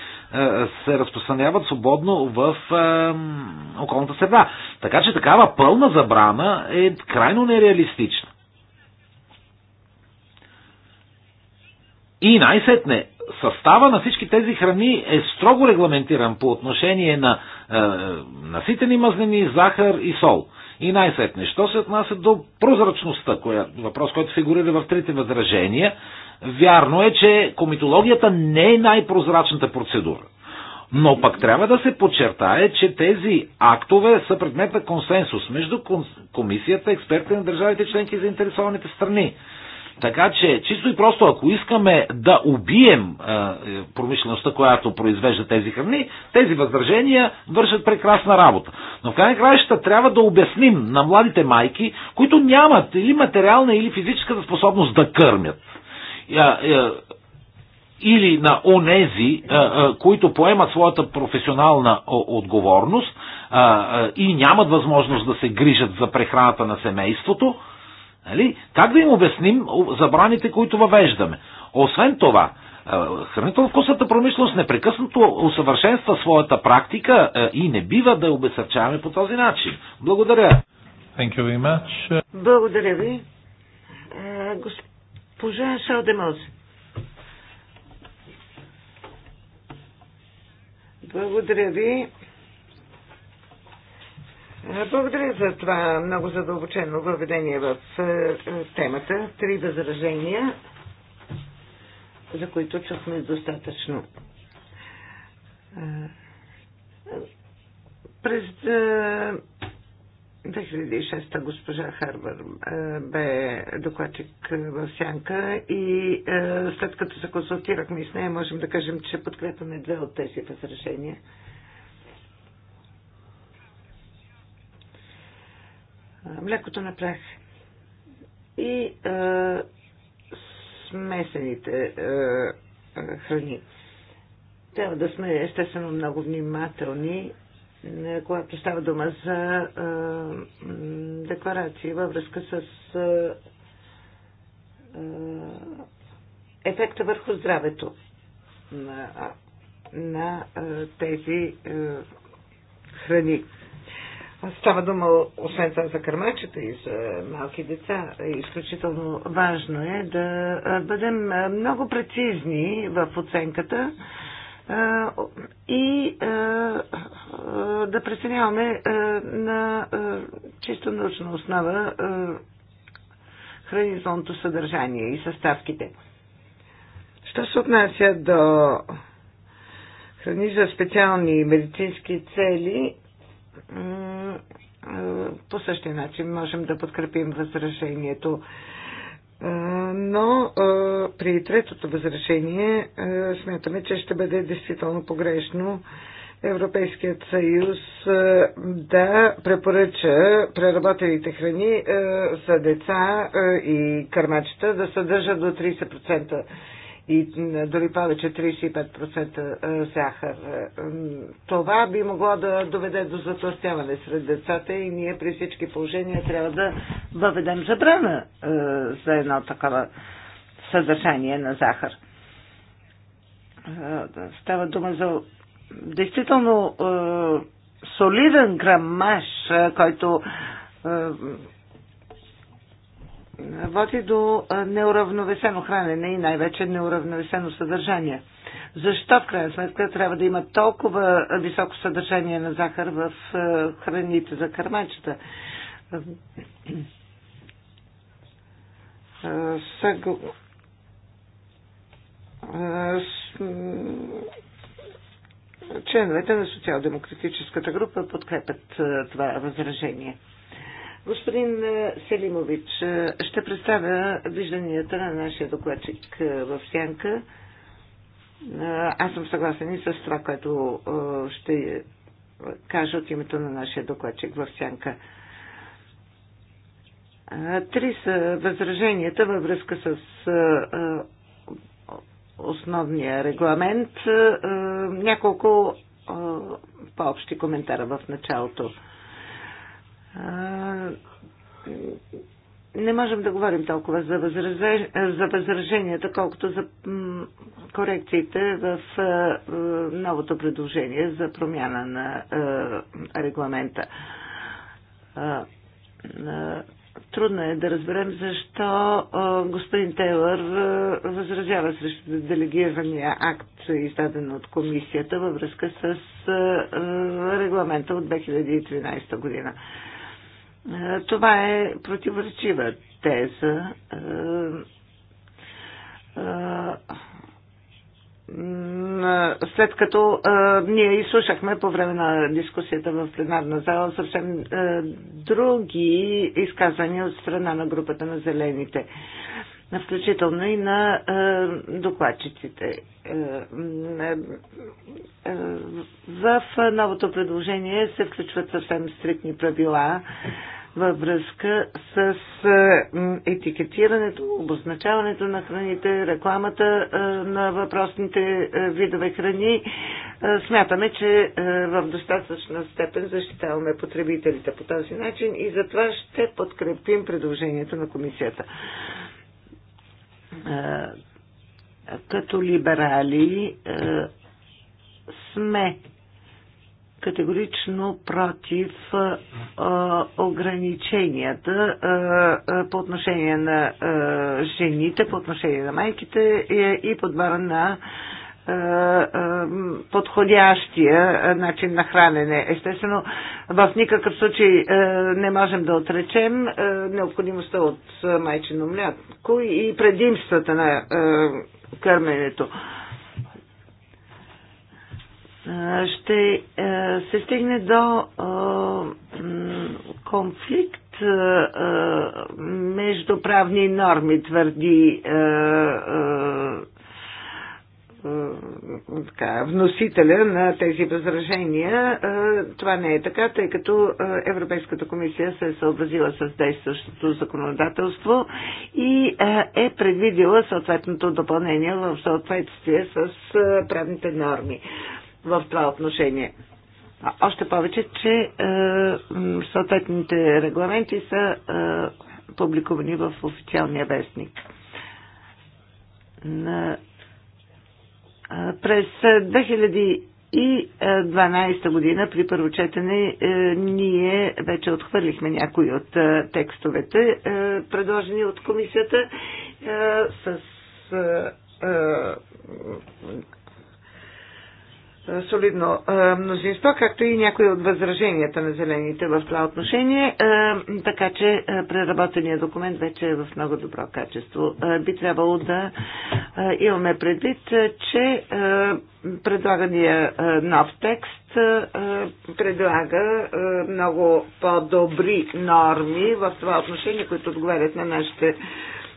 се разпространяват свободно в околната среда. Така че такава пълна забрана е крайно нереалистична. И най-сетне, състава на всички тези храни е строго регламентиран по отношение на е, наситени мазнини, захар и сол. И най-сетне, що се отнася до прозрачността, коя, въпрос, който фигурира в трите възражения, вярно е, че комитологията не е най-прозрачната процедура. Но пък трябва да се подчертае, че тези актове са предмет на консенсус между комисията, експертите на държавите членки и заинтересованите страни. Така че, чисто и просто, ако искаме да убием е, промишлеността, която произвежда тези храни, тези възражения вършат прекрасна работа. Но в крайна краища трябва да обясним на младите майки, които нямат или материална, или физическата способност да кърмят е, или на онези, които поемат своята професионална отговорност и нямат възможност да се грижат за прехраната на семейството, Нали? Как да им обясним забраните, които въвеждаме? Освен това, е, хранително-вкусната промишленост непрекъснато усъвършенства своята практика е, и не бива да обесърчаваме по този начин. Благодаря. Thank you very much. Благодаря ви. Е, госпожа Шалдемоз. Благодаря ви. Благодаря за това много задълбочено въведение в е, е, темата. Три възражения, за които чухме достатъчно. Е, през 2006 та госпожа Харбър бе докладчик в Сянка и след като се консултирахме с нея, можем да кажем, че подкрепяме две от тези възражения. млекото на прах и а, смесените а, а, храни. Трябва да сме естествено много внимателни, когато става дума за а, декларации във връзка с а, а, ефекта върху здравето на, на а, тези а, храни. Става дума, освен това, за кърмачета и за малки деца. Изключително важно е да бъдем много прецизни в оценката и да преценяваме на чисто научна основа хранителното съдържание и съставките. Що се отнася до храни за специални медицински цели, по същия начин можем да подкрепим възражението. Но при третото възражение смятаме, че ще бъде действително погрешно Европейският съюз да препоръча преработените храни за деца и кърмачета да съдържат до 30% и дори повече 35% захар. Е, е, това би могло да доведе до затластяване сред децата и ние при всички положения трябва да въведем забрана е, за едно такова съдържание на захар. Става дума за действително солиден грамаж, който води до неуравновесено хранене и най-вече неуравновесено съдържание. Защо в крайна сметка трябва да има толкова високо съдържание на захар в храните за кърмачета? Членовете на социал-демократическата група подкрепят това възражение. Господин е, Селимович, е, ще представя вижданията на нашия докладчик е, в Сянка. Аз съм съгласен и с това, което ще кажа от името на нашия докладчик в Сянка. Три са възраженията във връзка с основния регламент. Няколко по-общи коментара в началото не можем да говорим толкова за, възраже, за възраженията, колкото за корекциите в новото предложение за промяна на регламента. Трудно е да разберем защо господин Тейлър възразява срещу делегирания акт, издаден от комисията във връзка с регламента от 2013 година. Е, това е противоречива теза. Е, е, след като ние изслушахме по време на дискусията в пленарна зала съвсем други изказвания от страна на групата на зелените включително и на е, докладчиците. Е, е, е, в новото предложение се включват съвсем стрикни правила във връзка с е, етикетирането, обозначаването на храните, рекламата е, на въпросните видове храни. Смятаме, че в достатъчна степен защитаваме потребителите по този начин и затова ще подкрепим предложението на комисията като либерали сме категорично против ограниченията по отношение на жените, по отношение на майките и, и подбора на е, е, подходящия начин на хранене. Естествено, в никакъв случай е, не можем да отречем необходимостта от майчино мляко и предимствата на кърменето. Ще се стигне до конфликт между правни норми, твърди така, вносителя на тези възражения. Това не е така, тъй като Европейската комисия се е съобразила с действащото законодателство и е предвидила съответното допълнение в съответствие с правните норми в това отношение. Още повече, че съответните регламенти са публикувани в официалния вестник. На през 2012 година при първо четене е, ние вече отхвърлихме някои от е, текстовете, е, предложени от комисията с е, солидно е, мнозинство, както и някои от възраженията на зелените в това отношение, е, така че преработеният документ вече е в много добро качество. Би трябвало да имаме предвид, че предлагания нов текст предлага много по-добри норми в това отношение, които отговарят на нашите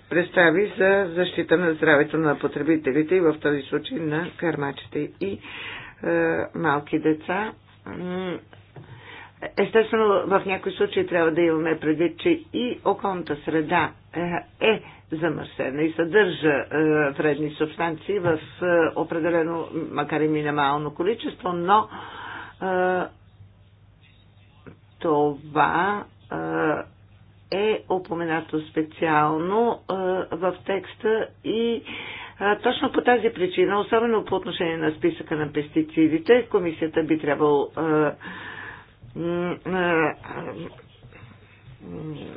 представи за защита на здравето на потребителите и в този случай на кармачите и е, малки деца. Естествено, в някои случаи трябва да имаме предвид, че и околната среда е, е замърсена и съдържа е, вредни субстанции в определено, макар и минимално количество, но това е упоменато специално в текста и точно по тази причина, особено по отношение на списъка на пестицидите, комисията би трябвало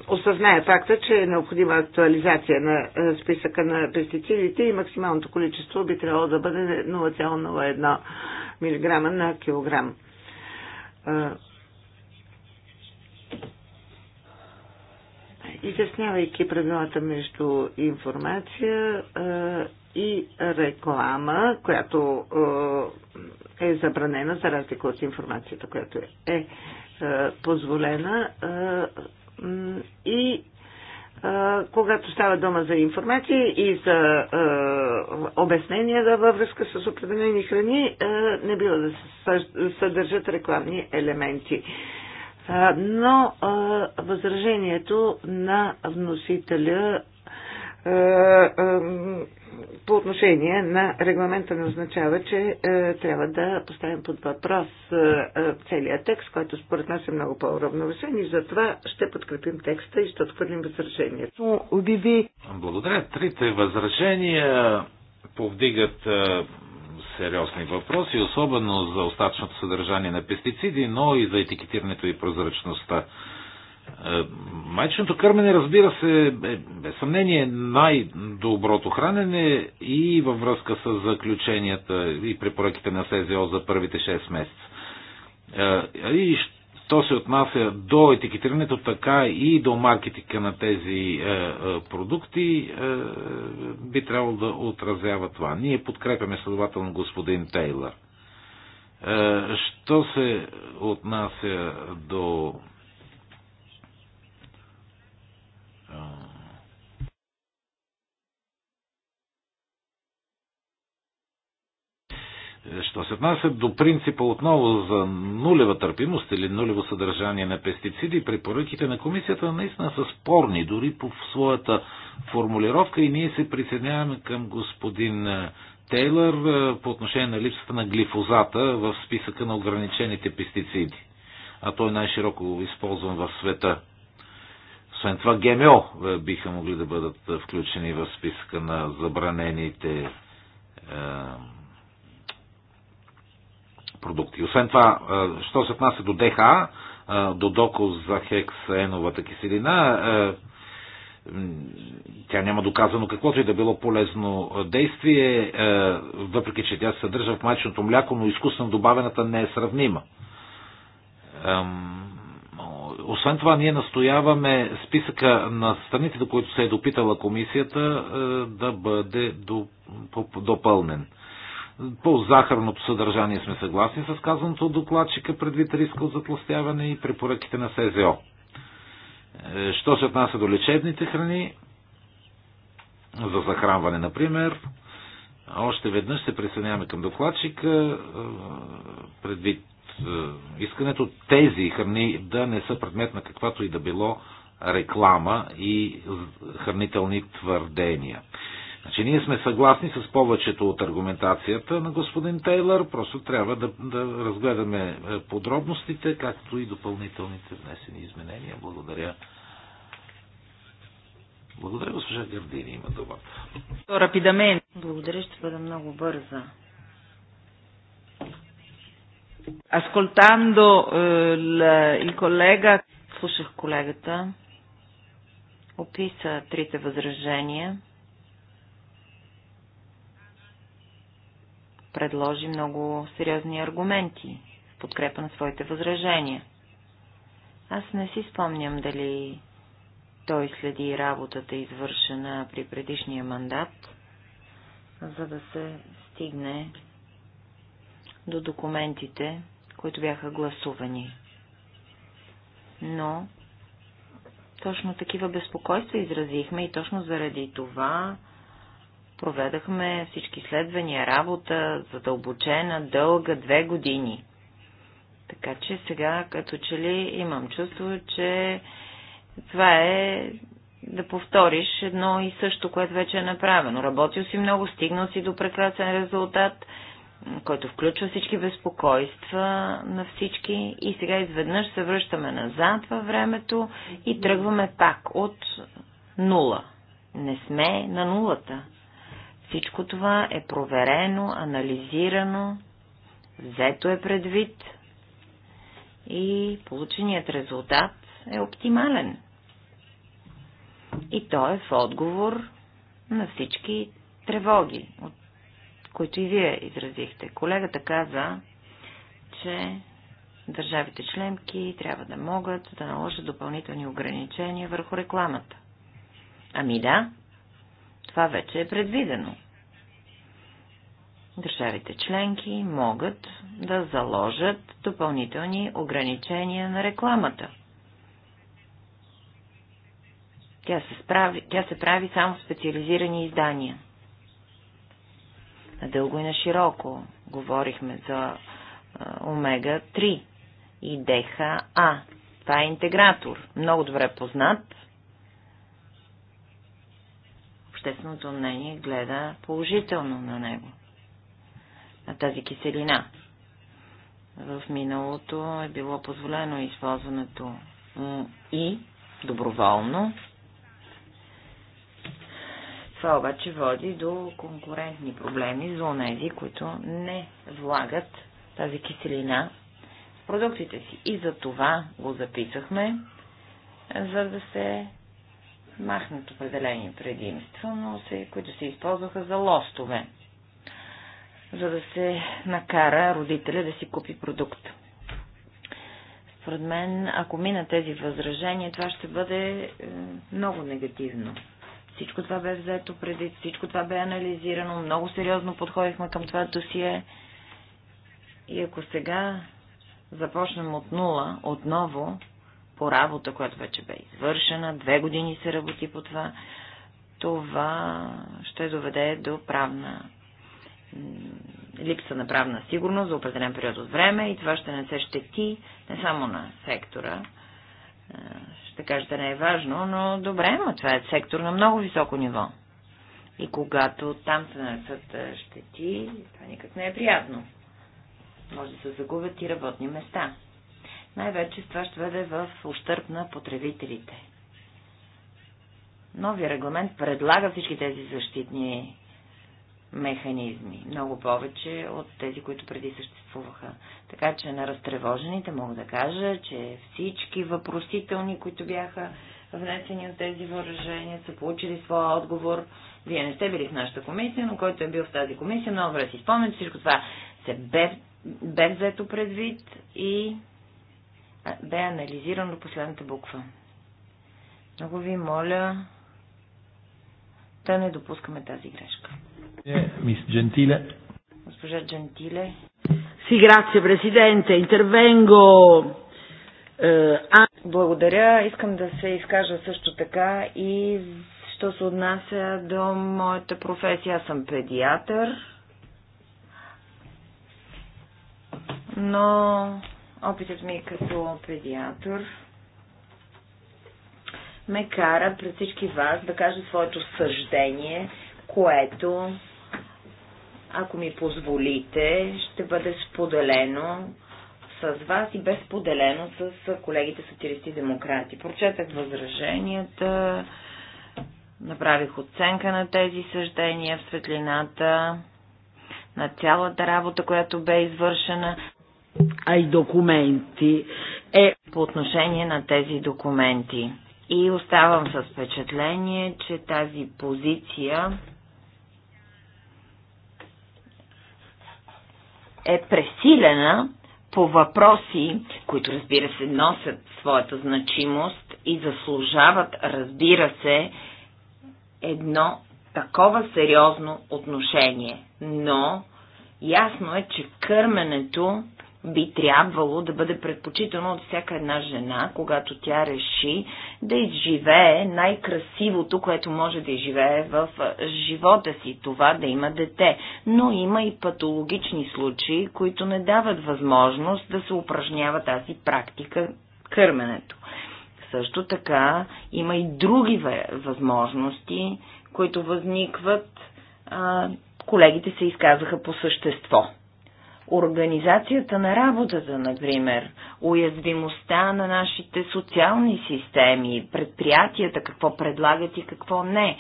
осъзнае факта, че е необходима актуализация на списъка на пестицидите и максималното количество би трябвало да бъде 0,01 мг на килограм. изяснявайки правилата между информация и реклама, която е забранена за разлика от информацията, която е позволена и когато става дума за информация и за а, обяснения във връзка с определени храни, а, не бива да се съдържат рекламни елементи. А, но възражението на вносителя по отношение на регламента не означава, че трябва да поставим под въпрос целият текст, който според нас е много по равновесен и затова ще подкрепим текста и ще отхвърлим възражението. Благодаря. Трите възражения повдигат сериозни въпроси, особено за остатъчното съдържание на пестициди, но и за етикетирането и прозрачността. Е, Майченото кърмене, разбира се, е, без съмнение най-доброто хранене и във връзка с заключенията и препоръките на СЗО за първите 6 месеца. Е, и ще. То се отнася до етикетирането, така и до маркетинга на тези е, е, продукти е, би трябвало да отразява това. Ние подкрепяме следователно господин Тейлър. Що се отнася до Що се отнася до принципа отново за нулева търпимост или нулево съдържание на пестициди, препоръките на комисията наистина са спорни, дори по своята формулировка и ние се присъединяваме към господин Тейлър по отношение на липсата на глифозата в списъка на ограничените пестициди. А той е най-широко използван в света. Освен това ГМО биха могли да бъдат включени в списъка на забранените е продукти. Освен това, що се отнася до ДХА, до докос за хексеновата киселина, тя няма доказано каквото и да било полезно действие, въпреки че тя се съдържа в майчното мляко, но изкуствено добавената не е сравнима. Освен това, ние настояваме списъка на страните, до които се е допитала комисията, да бъде допълнен. По захарното съдържание сме съгласни с казаното от докладчика предвид риска от затластяване и препоръките на СЗО. Е, що се отнася до лечебните храни, за захранване, например, още веднъж се присъединяваме към докладчика е, предвид е, искането тези храни да не са предмет на каквато и да било реклама и хранителни твърдения. Значи ние сме съгласни с повечето от аргументацията на господин Тейлър, просто трябва да, да разгледаме е, подробностите, както и допълнителните внесени изменения. Благодаря. Благодаря, госпожа Гърдини има думата. Рапидамент. Благодаря, ще бъда много бърза. Асколтандо и колега, слушах колегата, описа трите възражения предложи много сериозни аргументи в подкрепа на своите възражения. Аз не си спомням дали той следи работата, извършена при предишния мандат, за да се стигне до документите, които бяха гласувани. Но точно такива безпокойства изразихме и точно заради това Проведахме всички следвания, работа, задълбочена, дълга, две години. Така че сега, като че ли, имам чувство, че това е да повториш едно и също, което вече е направено. Работил си много, стигнал си до прекрасен резултат, който включва всички безпокойства на всички и сега изведнъж се връщаме назад във времето и тръгваме пак от нула. Не сме на нулата. Всичко това е проверено, анализирано, взето е предвид и полученият резултат е оптимален. И то е в отговор на всички тревоги, от които и вие изразихте. Колегата каза, че държавите членки трябва да могат да наложат допълнителни ограничения върху рекламата. Ами да, това вече е предвидено. Държавите членки могат да заложат допълнителни ограничения на рекламата. Тя се, справи, тя се прави само в специализирани издания. На дълго и на широко говорихме за омега-3 и ДХА. Това е интегратор, много добре познат общественото мнение гледа положително на него, на тази киселина. В миналото е било позволено използването и доброволно. Това обаче води до конкурентни проблеми за онези, които не влагат тази киселина в продуктите си. И за това го записахме, за да се махнат определени предимства, но се, които се използваха за лостове, за да се накара родителя да си купи продукт. Според мен, ако мина тези възражения, това ще бъде е, много негативно. Всичко това бе взето преди, всичко това бе анализирано, много сериозно подходихме към това досие. И ако сега започнем от нула, отново, по работа, която вече бе извършена. Две години се работи по това. Това ще доведе до правна липса на правна сигурност за определен период от време и това ще не се щети не само на сектора. Ще кажете, не е важно, но добре, но това е сектор на много високо ниво. И когато там се нанесат щети, това никак не е приятно. Може да се загубят и работни места най-вече това ще бъде в ущърп на потребителите. Новия регламент предлага всички тези защитни механизми, много повече от тези, които преди съществуваха. Така че на разтревожените мога да кажа, че всички въпросителни, които бяха внесени от тези въоръжения, са получили своя отговор. Вие не сте били в нашата комисия, но който е бил в тази комисия, много добре си спомням, всичко това се бе, бе взето предвид и бе анализирано до последната буква. Много ви моля да не допускаме тази грешка. Мис Джентиле. Госпожа Джентиле. Си, грация, президенте. Интервенго. Е, Благодаря. Искам да се изкажа също така и що се отнася до моята професия. Аз съм педиатър, но Опитът ми е като педиатър ме кара пред всички вас да кажа своето съждение, което, ако ми позволите, ще бъде споделено с вас и без споделено с колегите сатиристи демократи. Прочетах възраженията, направих оценка на тези съждения в светлината на цялата работа, която бе извършена. Ай, документи е по отношение на тези документи. И оставам с впечатление, че тази позиция е пресилена по въпроси, които разбира се носят своята значимост и заслужават, разбира се, едно такова сериозно отношение. Но ясно е, че кърменето би трябвало да бъде предпочитано от всяка една жена, когато тя реши да изживее най-красивото, което може да изживее в живота си, това да има дете. Но има и патологични случаи, които не дават възможност да се упражнява тази практика кърменето. Също така има и други възможности, които възникват. колегите се изказаха по същество. Организацията на работата, например, уязвимостта на нашите социални системи, предприятията, какво предлагат и какво не,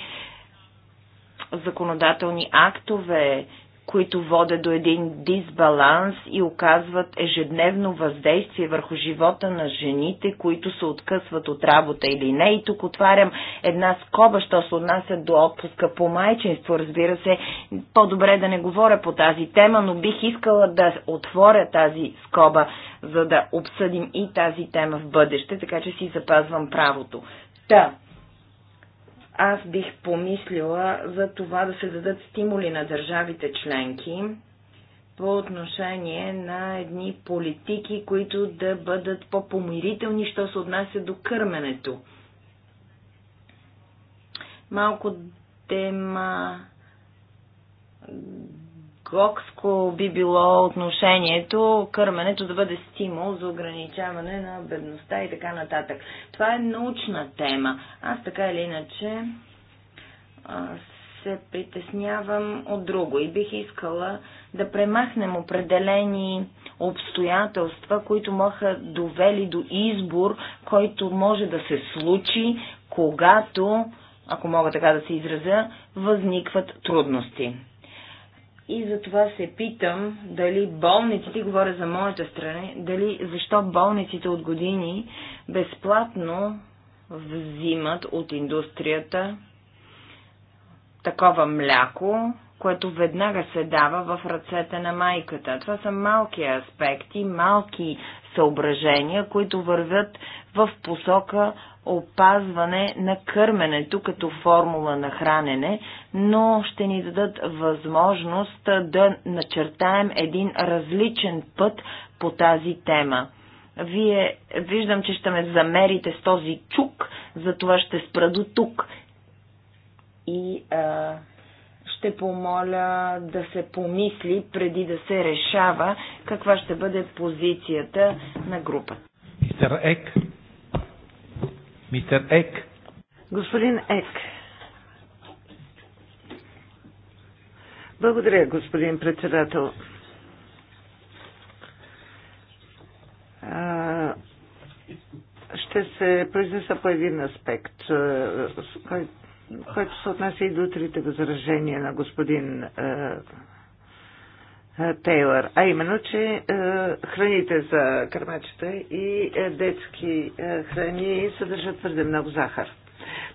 законодателни актове, които водят до един дисбаланс и оказват ежедневно въздействие върху живота на жените, които се откъсват от работа или не. И тук отварям една скоба, що се отнася до отпуска по майчинство. Разбира се, по-добре да не говоря по тази тема, но бих искала да отворя тази скоба, за да обсъдим и тази тема в бъдеще, така че си запазвам правото. Та, да аз бих помислила за това да се дадат стимули на държавите членки по отношение на едни политики, които да бъдат по-помирителни, що се отнася до кърменето. Малко тема скокско би било отношението, кърменето да бъде стимул за ограничаване на бедността и така нататък. Това е научна тема. Аз така или иначе се притеснявам от друго и бих искала да премахнем определени обстоятелства, които маха довели до избор, който може да се случи, когато, ако мога така да се изразя, възникват трудности. И затова се питам дали болниците, говоря за моята страна, дали защо болниците от години безплатно взимат от индустрията такова мляко, което веднага се дава в ръцете на майката. Това са малки аспекти, малки съображения, които вървят в посока опазване на кърменето като формула на хранене, но ще ни дадат възможност да начертаем един различен път по тази тема. Вие виждам, че ще ме замерите с този чук, затова ще спра до тук. И а, ще помоля да се помисли преди да се решава каква ще бъде позицията на групата. Мистер Ек. Мистер Ек. Господин Ек. Благодаря, господин председател. ще се произнеса по един аспект, което се отнася и до трите възражения на господин е, е, Тейлър, а именно, че е, храните за кърмачета и е, детски е, храни съдържат твърде много захар.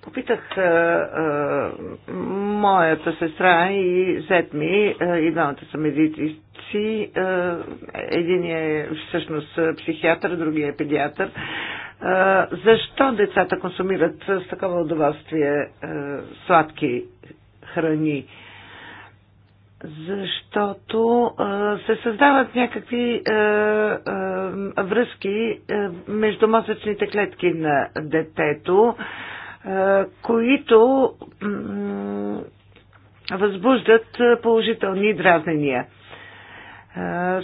Попитах е, е, моята сестра и зет ми, е, и двамата са медици, е, единият е всъщност психиатър, другия е педиатър. Е, защо децата консумират с такова удоволствие сладки храни. Защото се създават някакви връзки между мозъчните клетки на детето, които възбуждат положителни дразнения.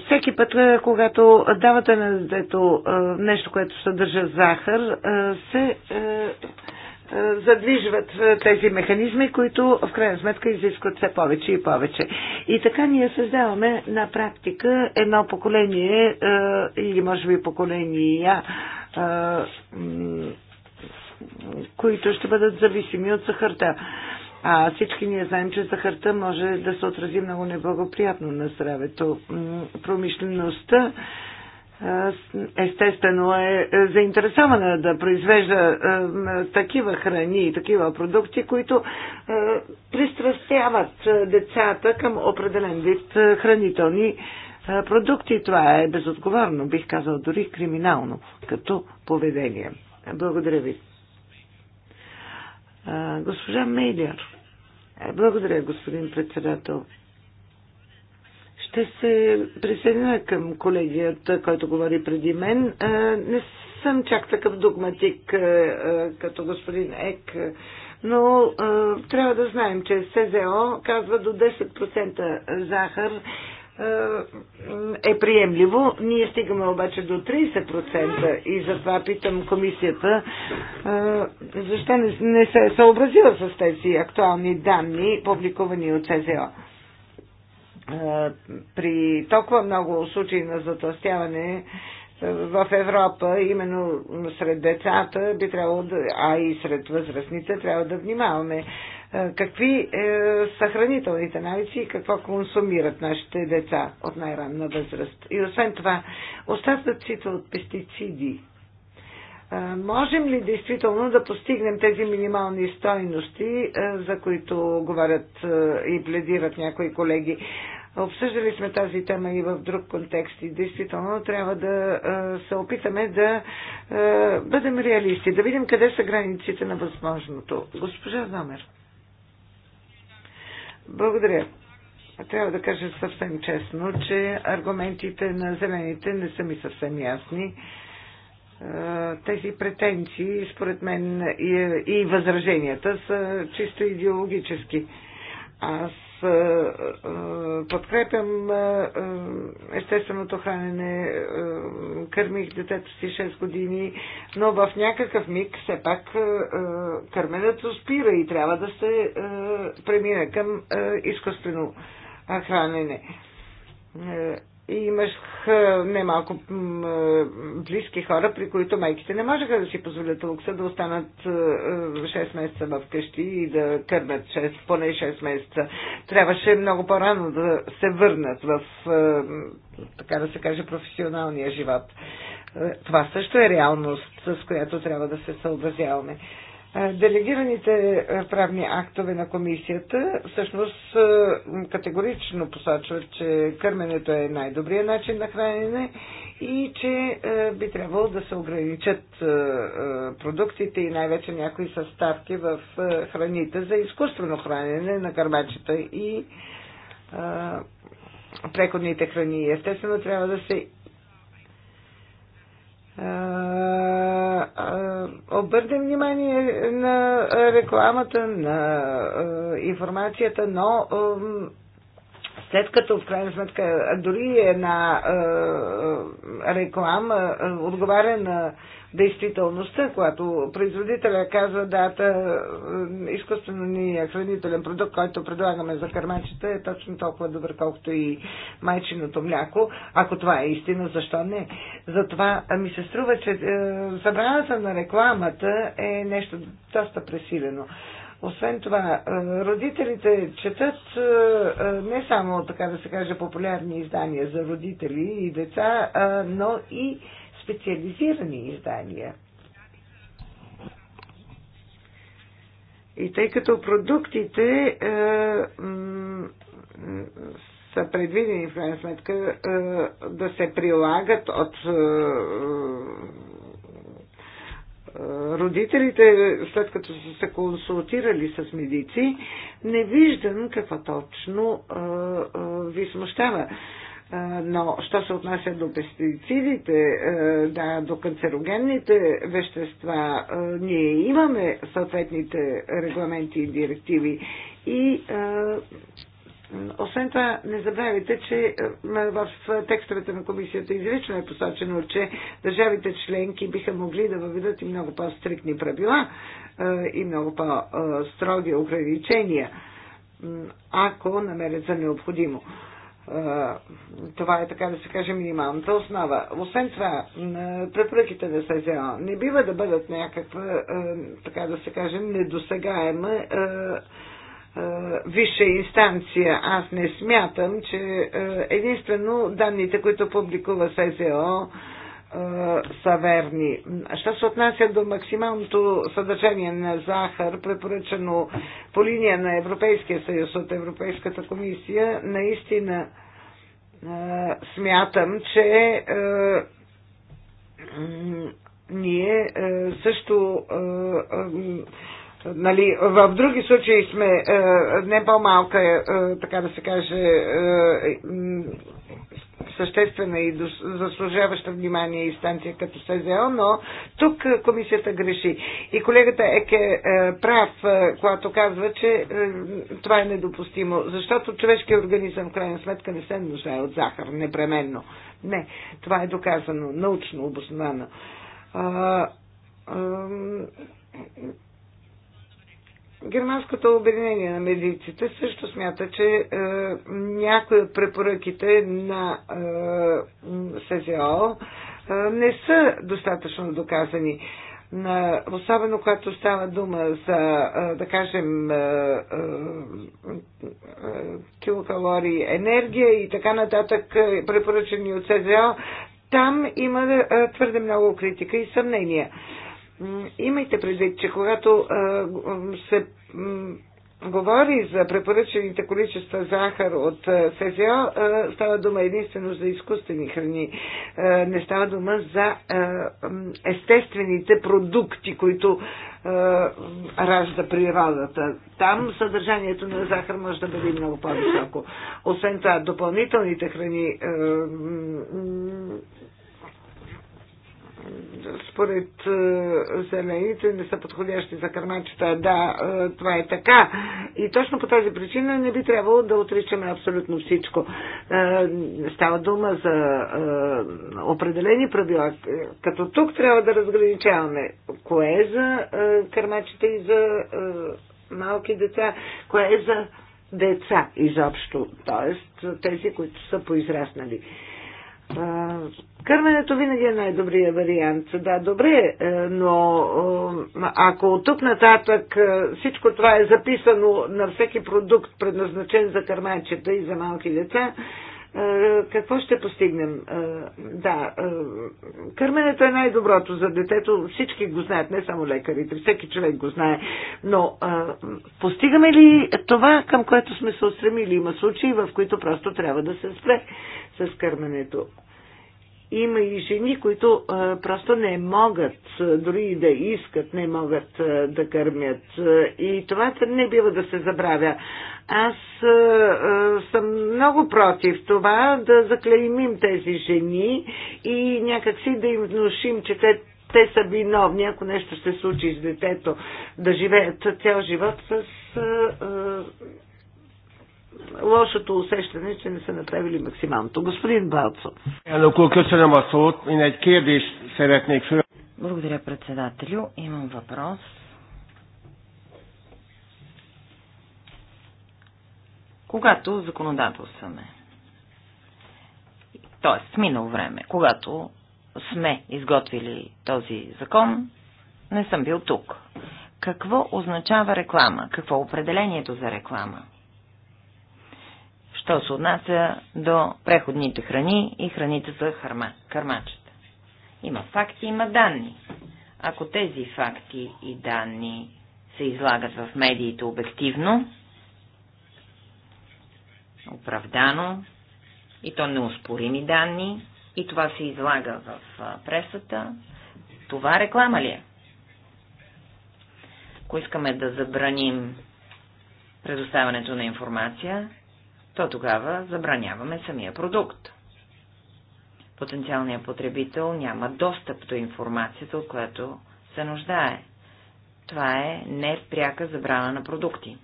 Всеки път, е, когато давате на детето нещо, което съдържа захар, се задвижват тези механизми, които в крайна сметка изискват все повече и повече. И така ние създаваме на практика едно поколение или може би поколения, които ще бъдат зависими от захарта. А всички ние знаем, че захарта може да се отрази много неблагоприятно на здравето. Промишлеността естествено е, е заинтересована да произвежда такива храни и такива продукти, които пристрастяват децата към определен вид хранителни продукти. Това е безотговорно, бих казал дори криминално като поведение. Благодаря ви. Госпожа Мейлер. Е, благодаря, господин председател. Ще се присъединя към колегията, който говори преди мен. Не съм чак такъв догматик като господин Ек, но трябва да знаем, че СЗО казва до 10% захар е приемливо. Ние стигаме обаче до 30% и затова питам комисията защо не се е съобразила с тези актуални данни, публикувани от СЗО. При толкова много случаи на затластяване в Европа, именно сред децата, би трябвало да, а и сред възрастните, трябва да внимаваме е, какви е, са хранителните навици и какво консумират нашите деца от най-ранна възраст. И освен това, остатъците от пестициди. Е, можем ли действително да постигнем тези минимални стойности, за които говорят и пледират някои колеги? Обсъждали сме тази тема и в друг контекст и действително трябва да се опитаме да бъдем реалисти, да видим къде са границите на възможното. Госпожа Номер. Благодаря. Трябва да кажа съвсем честно, че аргументите на зелените не са ми съвсем ясни. Тези претенции, според мен, и възраженията са чисто идеологически. Аз е, е, подкрепям е, естественото хранене, кърмих детето си 6 години, но в някакъв миг все пак кърменето спира и трябва да се премине към изкуствено хранене и имах немалко е, близки хора, при които майките не можеха да си позволят лукса да останат 6 е, е, месеца в къщи и да кърнат 6, поне 6 месеца. Трябваше много по-рано да се върнат в, така да се каже, професионалния живот. Това също е реалност, с която трябва да се съобразяваме. Е, делегираните е, правни актове на комисията всъщност е, категорично посочват, че кърменето е най-добрият начин на хранене и че би трябвало да се ограничат продуктите и най-вече някои съставки в храните за изкуствено хранене на кърмачета и преходните храни. Естествено трябва да се обърнем внимание на рекламата, на информацията, но след като в крайна сметка дори една реклама отговаря на действителността, когато производителя казва дата, изкуствено е хранителен продукт, който предлагаме за кърмачета е точно толкова добър, колкото и майчиното мляко. Ако това е истина, защо не? Затова ми се струва, че е, забраната на рекламата е нещо доста пресилено. Освен това, е, родителите четат е, не само, така да се каже, популярни издания за родители и деца, но и специализирани издания. И тъй като продуктите е, са предвидени в крайна сметка е, да се прилагат от е, е, родителите, след като са се консултирали с медици, не виждам какво точно е, е, ви смущава. Но, що се отнася до пестицидите, да, до канцерогенните вещества, ние имаме съответните регламенти и директиви. И освен това, не забравяйте, че в текстовете на комисията изрично е посочено, че държавите членки биха могли да въведат и много по-стрикни правила и много по-строги ограничения, ако намерят за необходимо. Това е така да се каже минималната основа. Освен това, препоръките на взема не бива да бъдат някаква, така да се каже, недосегаема висша инстанция. Аз не смятам, че единствено данните, които публикува СЗО, са верни. Що се отнася до максималното съдържание на захар, препоръчено по линия на Европейския съюз от Европейската комисия, наистина смятам, че ние също нали, в други случаи сме не по-малка, така да се каже, съществена и заслужаваща внимание инстанция като СЗО, но тук комисията греши. И колегата Ек е прав, е, когато казва, че е, това е недопустимо, защото човешкият организъм в крайна сметка не се нуждае от захар непременно. Не, това е доказано, научно обосновано Германското обединение на медиците също смята, че е, някои от препоръките на е, СЗО е, не са достатъчно доказани. На, особено когато става дума за, е, да кажем, е, е, килокалории, енергия и така нататък, препоръчени от СЗО, там има твърде много критика и съмнения. Имайте предвид, че когато се говори за препоръчените количества захар от СЗО, става дума единствено за изкуствени храни. Не става дума за естествените продукти, които ражда природата. Там съдържанието на захар може да бъде много по-високо. Освен това, допълнителните храни според зелените не са подходящи за кърмачета. Да, е, това е така. И точно по тази причина не би трябвало да отричаме абсолютно всичко. Е, става дума за е, определени правила. Като тук трябва да разграничаваме кое е за кърмачета и за малки деца, кое е за деца изобщо, т.е. тези, които са поизраснали Кърменето винаги е най-добрия вариант. Да, добре, е, но е, ако от тук нататък е, всичко това е записано на всеки продукт, предназначен за кърменчета и за малки деца, какво ще постигнем? Да, кърменето е най-доброто за детето. Всички го знаят, не само лекарите, всеки човек го знае. Но постигаме ли това, към което сме се устремили? Има случаи, в които просто трябва да се спре с кърменето. Има и жени, които просто не могат, дори и да искат, не могат да кърмят. И това не бива да се забравя. Аз съм много против това да заклеймим тези жени и някакси да им внушим, че те те са виновни, ако нещо се случи с детето, да живеят цял живот с а, а, лошото усещане, че не са направили максималното. Господин Балцов. Благодаря, председателю. Имам въпрос. Когато законодателстваме, т.е. минало време, когато сме изготвили този закон, не съм бил тук. Какво означава реклама? Какво е определението за реклама? Що се отнася до преходните храни и храните за харма, кърмачета. Има факти, има данни. Ако тези факти и данни се излагат в медиите обективно, оправдано, и то неоспорими данни, и това се излага в пресата, това реклама ли е? Ако искаме да забраним предоставянето на информация, то тогава забраняваме самия продукт. Потенциалният потребител няма достъп до информацията, от която се нуждае. Това е непряка забрана на продукти.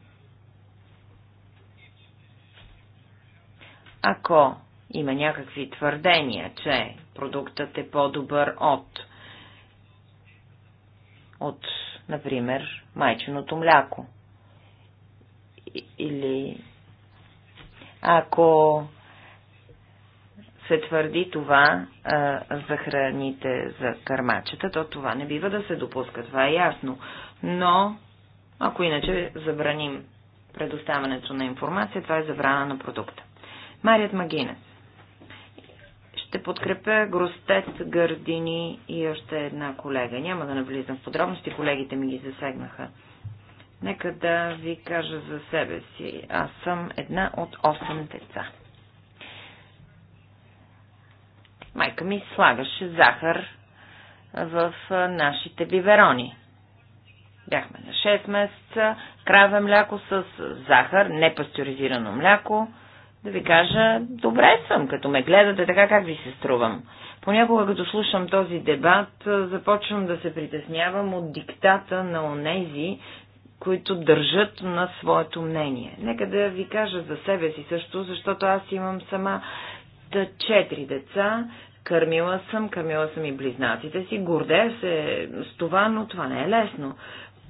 Ако има някакви твърдения, че продуктът е по-добър от, от, например, майченото мляко или ако се твърди това а, за храните, за кърмачета, то това не бива да се допуска, това е ясно. Но, ако иначе забраним предоставянето на информация, това е забрана на продукта. Марият Магинес. Ще подкрепя Гростет, Гърдини и още една колега. Няма да навлизам в подробности, колегите ми ги засегнаха Нека да ви кажа за себе си. Аз съм една от 8 деца. Майка ми слагаше захар в нашите биверони. Бяхме на 6 месеца, краве мляко с захар, не пастеризирано мляко. Да ви кажа, добре съм, като ме гледате така, как ви се струвам. Понякога, като слушам този дебат, започвам да се притеснявам от диктата на онези, които държат на своето мнение. Нека да ви кажа за себе си също, защото аз имам сама четири деца, кърмила съм, кърмила съм и близнаците си, гордея се с това, но това не е лесно.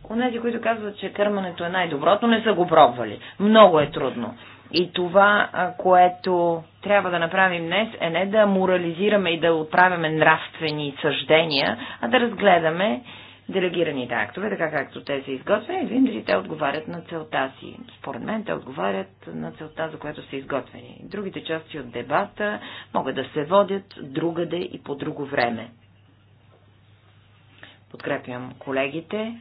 Онези, които казват, че кърмането е най-доброто, не са го пробвали. Много е трудно. И това, което трябва да направим днес, е не да морализираме и да отправяме нравствени съждения, а да разгледаме делегираните актове, така както те са изготвени, винаги видим дали те отговарят на целта си. Според мен те отговарят на целта, за която са изготвени. Другите части от дебата могат да се водят другаде и по друго време. Подкрепям колегите,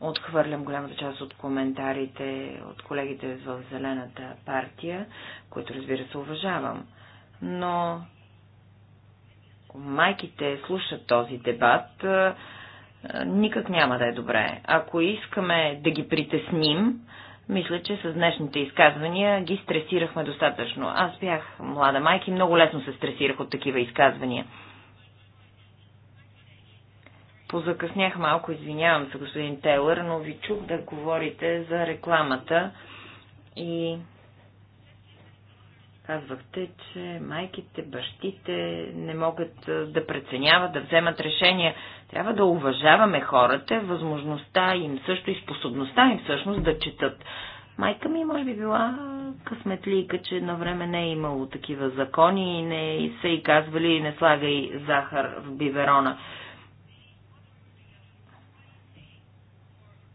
отхвърлям голямата част от коментарите от колегите в Зелената партия, които разбира се уважавам. Но майките слушат този дебат, е, никак няма да е добре. Ако искаме да ги притесним, мисля, че с днешните изказвания ги стресирахме достатъчно. Аз бях млада майка и много лесно се стресирах от такива изказвания. Позакъснях малко, извинявам се, господин Тейлър, но ви чух да говорите за рекламата и Казвахте, че майките, бащите не могат да преценяват, да вземат решения. Трябва да уважаваме хората, възможността им също и способността им всъщност да четат. Майка ми може би била късметлийка, че на време не е имало такива закони и не са и казвали не слагай захар в биверона.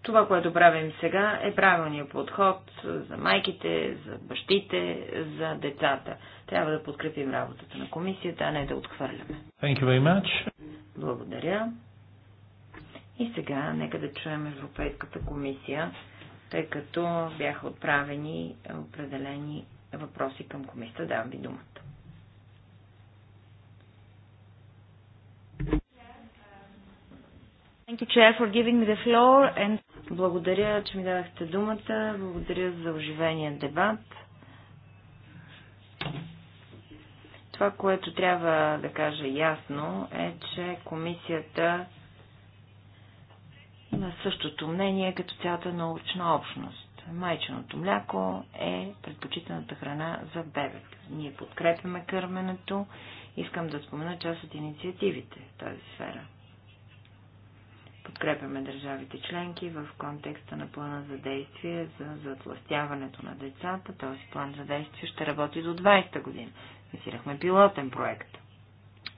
Това, което правим сега, е правилният подход за майките, за бащите, за децата. Трябва да подкрепим работата на комисията, а не да отхвърляме. Thank you very much. Благодаря. И сега нека да чуем Европейската комисия, тъй като бяха отправени определени въпроси към комисията. Давам ви думата. Thank you, Chair, for giving me the floor and благодаря, че ми дадахте думата. Благодаря за оживения дебат. Това, което трябва да кажа ясно е, че комисията има същото мнение като цялата научна общност. Майченото мляко е предпочитаната храна за бебета. Ние подкрепяме кърменето. Искам да спомена част от инициативите в тази сфера. Подкрепяме държавите членки в контекста на плана за действие за затластяването на децата. Този план за действие ще работи до 20-та година. Финансирахме пилотен проект,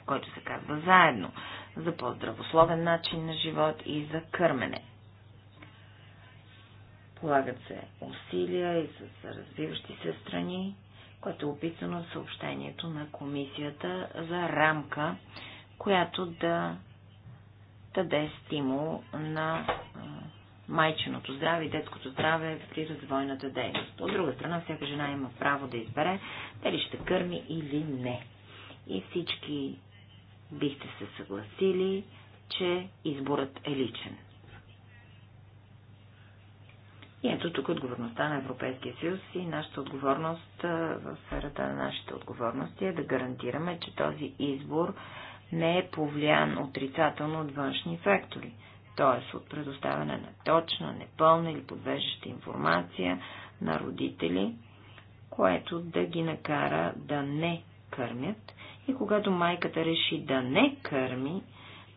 който се казва заедно за по-здравословен начин на живот и за кърмене. Полагат се усилия и с развиващи се страни, което е описано в съобщението на комисията за рамка, която да да даде стимул на майченото здраве и детското здраве при развойната дейност. От друга страна, всяка жена има право да избере дали ще кърми или не. И всички бихте се съгласили, че изборът е личен. И ето тук отговорността на Европейския съюз и нашата отговорност в сферата на нашите отговорности е да гарантираме, че този избор не е повлиян отрицателно от външни фактори, т.е. от предоставяне на точна, непълна или подвеждаща информация на родители, което да ги накара да не кърмят и когато майката реши да не кърми,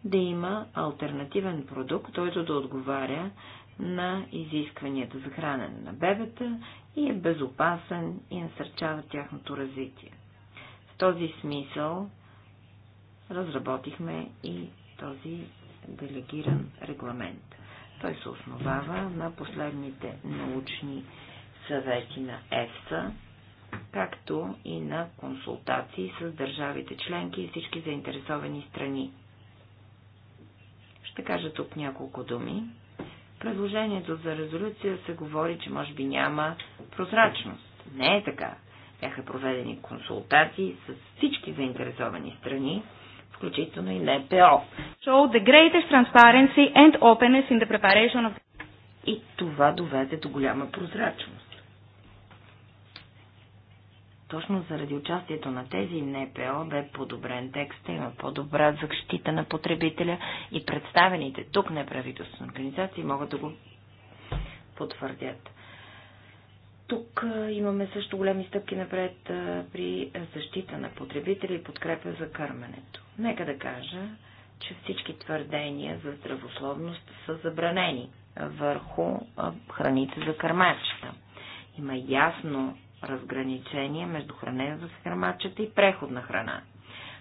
да има альтернативен продукт, който да отговаря на изискванията за хранене на бебета и е безопасен и насърчава тяхното развитие. В този смисъл разработихме и този делегиран регламент. Той се основава на последните научни съвети на ЕФСА, както и на консултации с държавите членки и всички заинтересовани страни. Ще кажа тук няколко думи. Предложението за резолюция се говори, че може би няма прозрачност. Не е така. Бяха проведени консултации с всички заинтересовани страни включително и НПО. Show the greatest transparency and openness in the preparation of... И това доведе до голяма прозрачност. Точно заради участието на тези НПО бе подобрен текст, има по-добра защита на потребителя и представените тук неправителствени организации могат да го потвърдят. Тук имаме също големи стъпки напред при защита на потребители и подкрепа за кърменето. Нека да кажа, че всички твърдения за здравословност са забранени върху храните за кърмачета. Има ясно разграничение между хранене за кърмачета и преходна храна.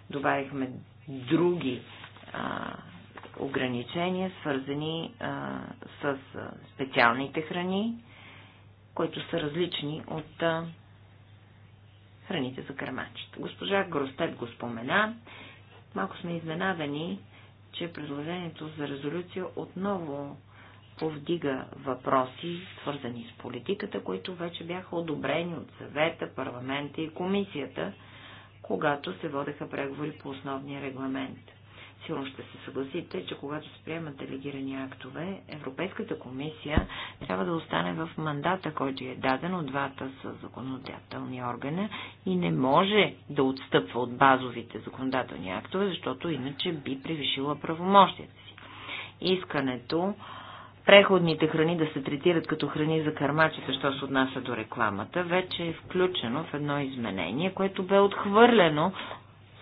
Добавихме други а, ограничения, свързани а, с специалните храни, които са различни от а, храните за кърмачета. Госпожа Гростет го спомена. Малко сме изненадани, че предложението за резолюция отново повдига въпроси, свързани с политиката, които вече бяха одобрени от съвета, парламента и комисията, когато се водеха преговори по основния регламент. Сигурно ще се съгласите, че когато се приемат делегирани актове, Европейската комисия трябва да остане в мандата, който е даден от двата са законодателни органа и не може да отстъпва от базовите законодателни актове, защото иначе би превишила правомощията си. Искането преходните храни да се третират като храни за кърмачета, що се отнася до рекламата, вече е включено в едно изменение, което бе отхвърлено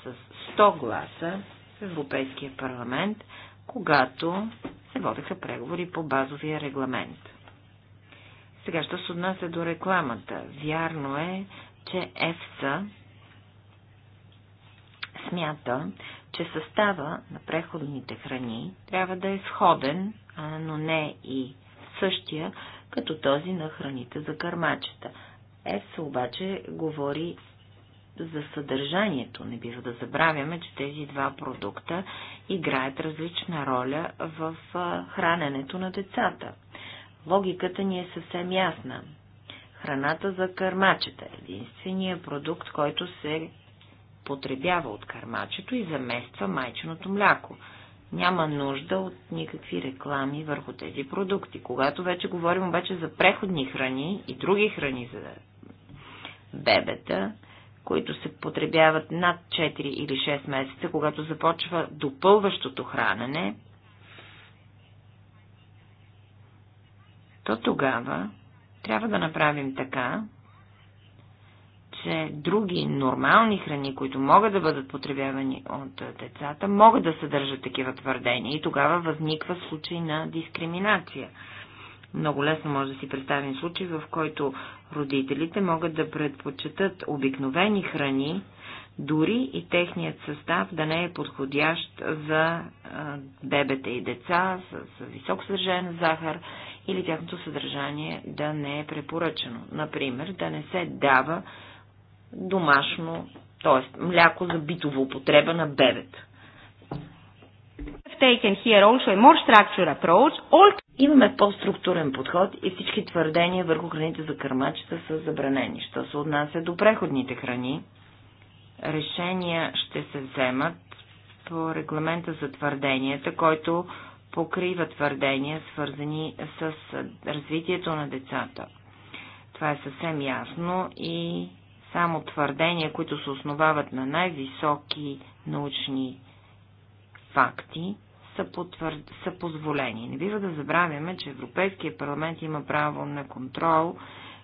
с 100 гласа в Европейския парламент, когато се водеха преговори по базовия регламент. Сега, що се отнася до рекламата? Вярно е, че ЕФСА смята, че състава на преходните храни трябва да е сходен, но не и същия, като този на храните за кърмачета. ЕФСА обаче говори за съдържанието. Не бива да забравяме, че тези два продукта играят различна роля в храненето на децата. Логиката ни е съвсем ясна. Храната за кърмачета е единствения продукт, който се потребява от кърмачето и замества майченото мляко. Няма нужда от никакви реклами върху тези продукти. Когато вече говорим обаче за преходни храни и други храни за бебета, които се потребяват над 4 или 6 месеца, когато започва допълващото хранене, то тогава трябва да направим така, че други нормални храни, които могат да бъдат потребявани от децата, могат да съдържат такива твърдения и тогава възниква случай на дискриминация – много лесно може да си представим случай, в който родителите могат да предпочитат обикновени храни, дори и техният състав да не е подходящ за бебета и деца с, с висок съдържание захар или тяхното съдържание да не е препоръчено. Например, да не се дава домашно, т.е. мляко за битово употреба на бебет. Taken here also a more structured approach. All Имаме по-структурен подход и всички твърдения върху храните за кърмачета са забранени. Що се отнася до преходните храни, решения ще се вземат по регламента за твърденията, който покрива твърдения, свързани с развитието на децата. Това е съвсем ясно и само твърдения, които се основават на най-високи научни факти, са, потвър... са позволени. Не бива да забравяме, че Европейския парламент има право на контрол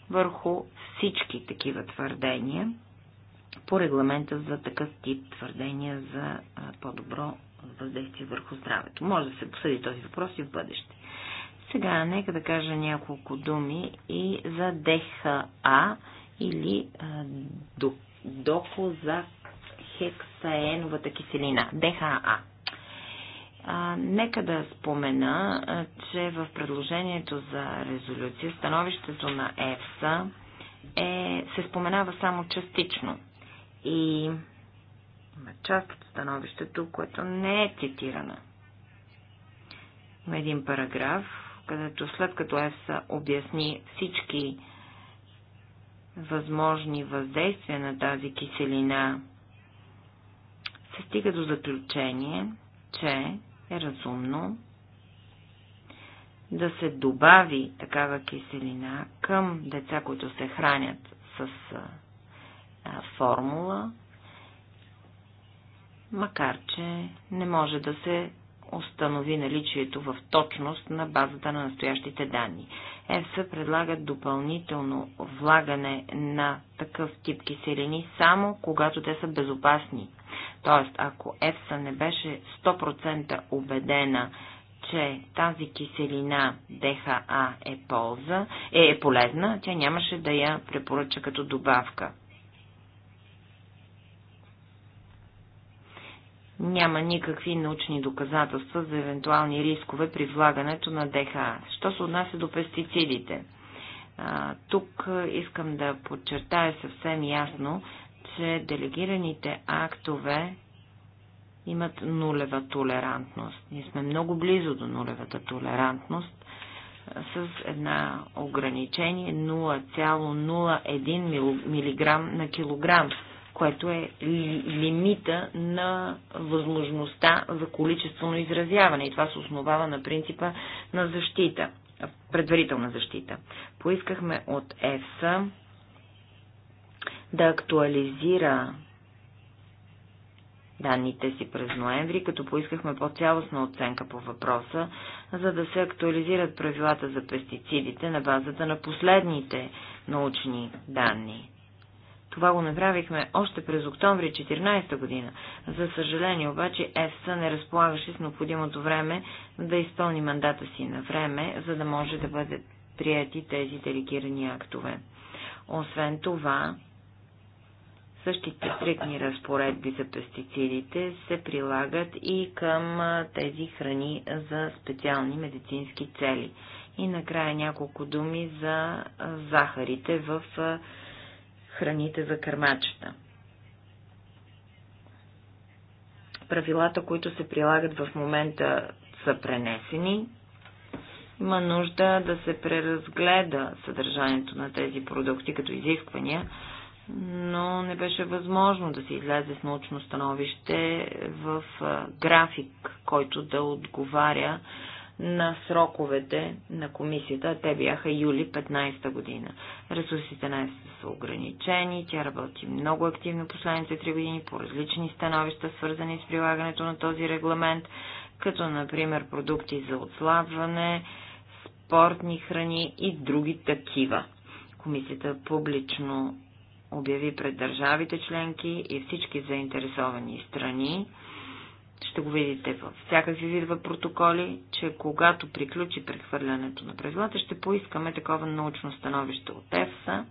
върху всички такива твърдения по регламента за такъв тип твърдения за по-добро въздействие върху здравето. Може да се посъди този въпрос и в бъдеще. Сега нека да кажа няколко думи и за ДХА или а, доко за хексаеновата киселина. ДХА. А, нека да спомена, а, че в предложението за резолюция становището на ЕФСА е, се споменава само частично. И има част от становището, което не е цитирана. Има един параграф, където след като ЕФСА обясни всички възможни въздействия на тази киселина, се стига до заключение, че е разумно да се добави такава киселина към деца, които се хранят с а, формула, макар че не може да се установи наличието в точност на базата на настоящите данни. ЕФСА предлага допълнително влагане на такъв тип киселини само когато те са безопасни. Тоест, ако ЕФСА не беше 100% убедена, че тази киселина ДХА е, полза, е, е полезна, тя нямаше да я препоръча като добавка. Няма никакви научни доказателства за евентуални рискове при влагането на ДХА. Що се отнася до пестицидите? А, тук искам да подчертая съвсем ясно, че делегираните актове имат нулева толерантност. Ние сме много близо до нулевата толерантност с една ограничение 0,01 мг на килограм, което е лимита на възможността за количествено изразяване. И това се основава на принципа на защита, предварителна защита. Поискахме от ЕСА да актуализира данните си през ноември, като поискахме по-цялостна оценка по въпроса, за да се актуализират правилата за пестицидите на базата на последните научни данни. Това го направихме още през октомври 2014 година. За съжаление обаче ЕФСА не разполагаше с необходимото време да изпълни мандата си на време, за да може да бъдат прияти тези делегирани актове. Освен това, Същите стрикни разпоредби за пестицидите се прилагат и към тези храни за специални медицински цели. И накрая няколко думи за захарите в храните за кърмачета. Правилата, които се прилагат в момента, са пренесени. Има нужда да се преразгледа съдържанието на тези продукти като изисквания, но не беше възможно да се излезе с научно становище в график, който да отговаря на сроковете на комисията. Те бяха юли 15 година. Ресурсите на ЕС са ограничени. Тя работи много активно последните три години по различни становища, свързани с прилагането на този регламент, като например продукти за отслабване, спортни храни и други такива. Комисията публично обяви пред държавите членки и всички заинтересовани страни. Ще го видите във всякакви видове протоколи, че когато приключи прехвърлянето на правилата, ще поискаме такова научно становище от ЕФСА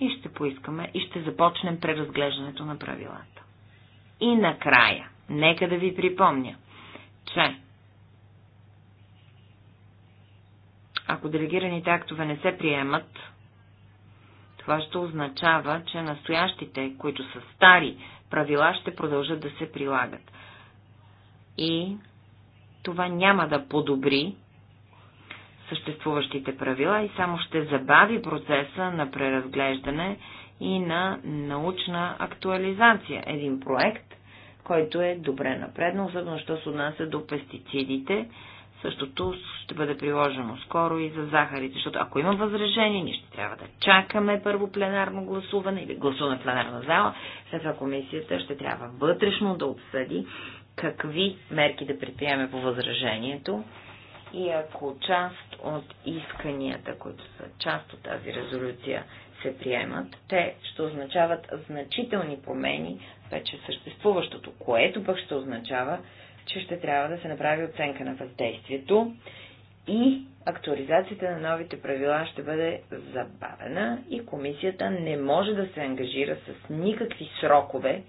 и ще поискаме и ще започнем преразглеждането на правилата. И накрая, нека да ви припомня, че ако делегираните актове не се приемат, това ще означава, че настоящите, които са стари правила, ще продължат да се прилагат. И това няма да подобри съществуващите правила и само ще забави процеса на преразглеждане и на научна актуализация. Един проект, който е добре напреднал, особено що се отнася до пестицидите Същото ще бъде приложено скоро и за захарите, защото ако има възражение, ние ще трябва да чакаме първо пленарно гласуване или гласуване в пленарна зала, след това комисията ще трябва вътрешно да обсъди какви мерки да предприеме по възражението и ако част от исканията, които са част от тази резолюция, се приемат, те ще означават значителни промени вече съществуващото, което пък ще означава, че ще трябва да се направи оценка на въздействието и актуализацията на новите правила ще бъде забавена и комисията не може да се ангажира с никакви срокове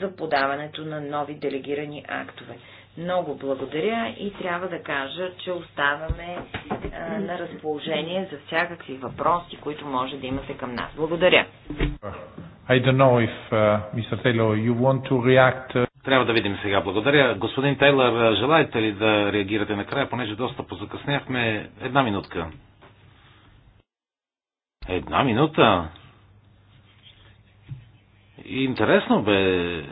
за подаването на нови делегирани актове. Много благодаря и трябва да кажа, че оставаме а, на разположение за всякакви въпроси, които може да имате към нас. Благодаря. I don't know if, uh, Mr. Taylor, you want to react uh, трябва да видим сега. Благодаря. Господин Тейлър, желаете ли да реагирате накрая, понеже доста позакъсняхме? Една минутка. Една минута? Интересно бе е,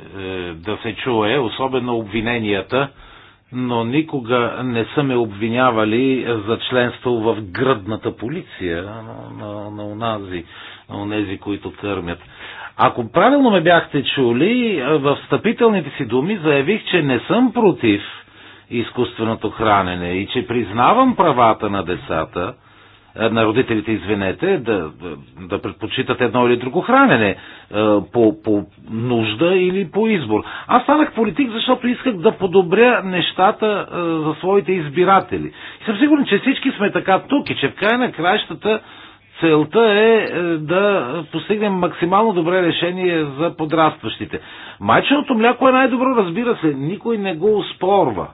да се чуе, особено обвиненията, но никога не са ме обвинявали за членство в гръдната полиция на, на, на унази, на унези, които кърмят. Ако правилно ме бяхте чули, в встъпителните си думи заявих, че не съм против изкуственото хранене и че признавам правата на децата, на родителите, извинете, да, да предпочитат едно или друго хранене по, по нужда или по избор. Аз станах политик, защото исках да подобря нещата за своите избиратели. И съм сигурен, че всички сме така тук и че в край на краищата целта е, е да постигнем максимално добре решение за подрастващите. Майченото мляко е най-добро, разбира се, никой не го успорва.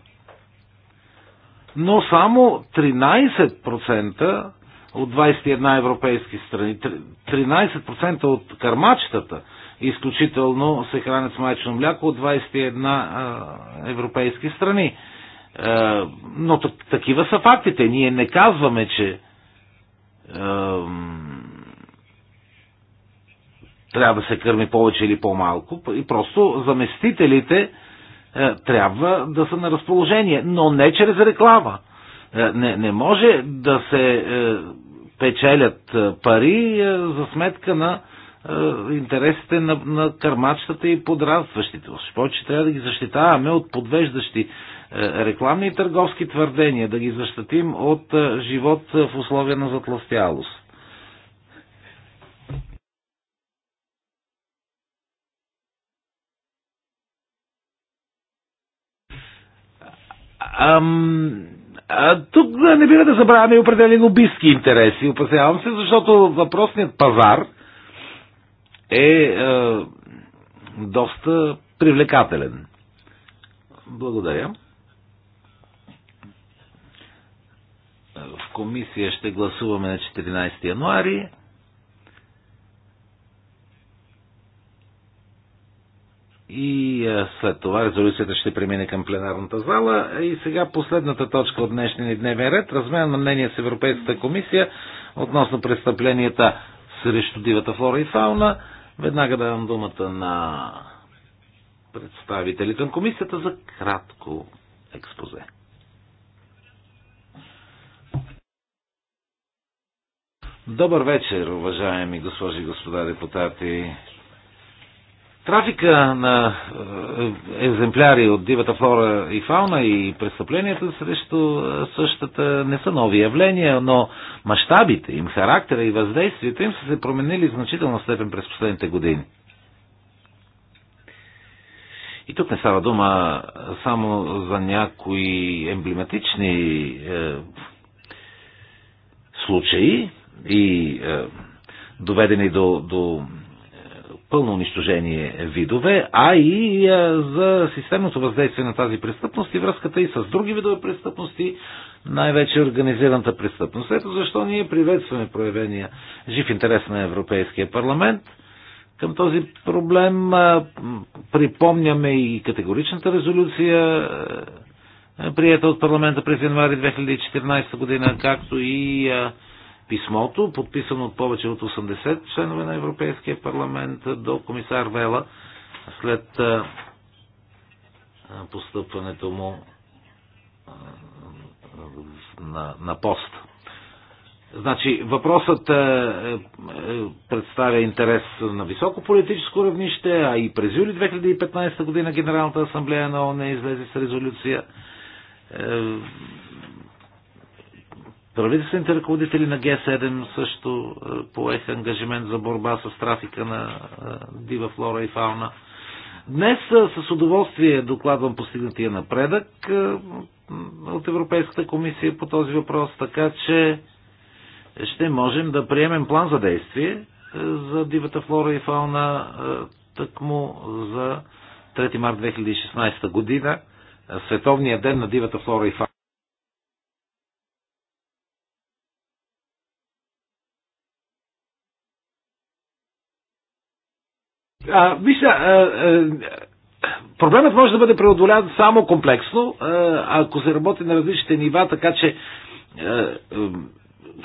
Но само 13% от 21 европейски страни, 13% от кърмачетата изключително се хранят с майчено мляко от 21 европейски страни. Е, но такива са фактите. Ние не казваме, че трябва да се кърми повече или по-малко. И просто заместителите е, трябва да са на разположение, но не чрез реклама. Е, не, не може да се е, печелят пари за сметка на интересите на, на кърмачетата и подрастващите. Повече трябва да ги защитаваме от подвеждащи е, рекламни и търговски твърдения, да ги защитим от е, живот е, в условия на затластялост. Ам, а, тук не бива да забравяме определени лобистки интереси, опасявам се, защото въпросният пазар е, е доста привлекателен. Благодаря. В комисия ще гласуваме на 14 януари. И след това резолюцията ще премине към пленарната зала. И сега последната точка от днешния ни дневен ред. Размен на мнение с Европейската комисия относно престъпленията срещу дивата флора и фауна. Веднага давам думата на представителите на комисията за кратко експозе. Добър вечер, уважаеми госпожи и господа депутати. Трафика на е, екземпляри от дивата флора и фауна и престъпленията срещу е, същата не са нови явления, но мащабите им, характера и въздействието им са се променили в значителна степен през последните години. И тук не става дума само за някои емблематични е, случаи, и е, доведени до, до е, пълно унищожение видове, а и е, за системното въздействие на тази престъпност и връзката и с други видове престъпности, най-вече организираната престъпност. Ето защо ние приветстваме проявения жив интерес на Европейския парламент към този проблем. Припомняме и категоричната резолюция, прията от парламента през януари 2014 година, както и писмото, подписано от повече от 80 членове на Европейския парламент до комисар Вела след постъпването му на, на пост. Значи, въпросът е, е, представя интерес на високо политическо равнище, а и през юли 2015 година Генералната асамблея на ОНЕ излезе с резолюция е, Правителствените ръководители на Г7 също е, поеха ангажимент за борба с трафика на е, дива флора и фауна. Днес е, с удоволствие докладвам постигнатия напредък от Европейската комисия по този въпрос, така че ще можем да приемем план за действие за дивата флора и фауна тъкмо за 3 март 2016 година, Световния ден на дивата флора и фауна. А, мисля, а, а, проблемът може да бъде преодолян само комплексно, а, ако се работи на различните нива, така че а,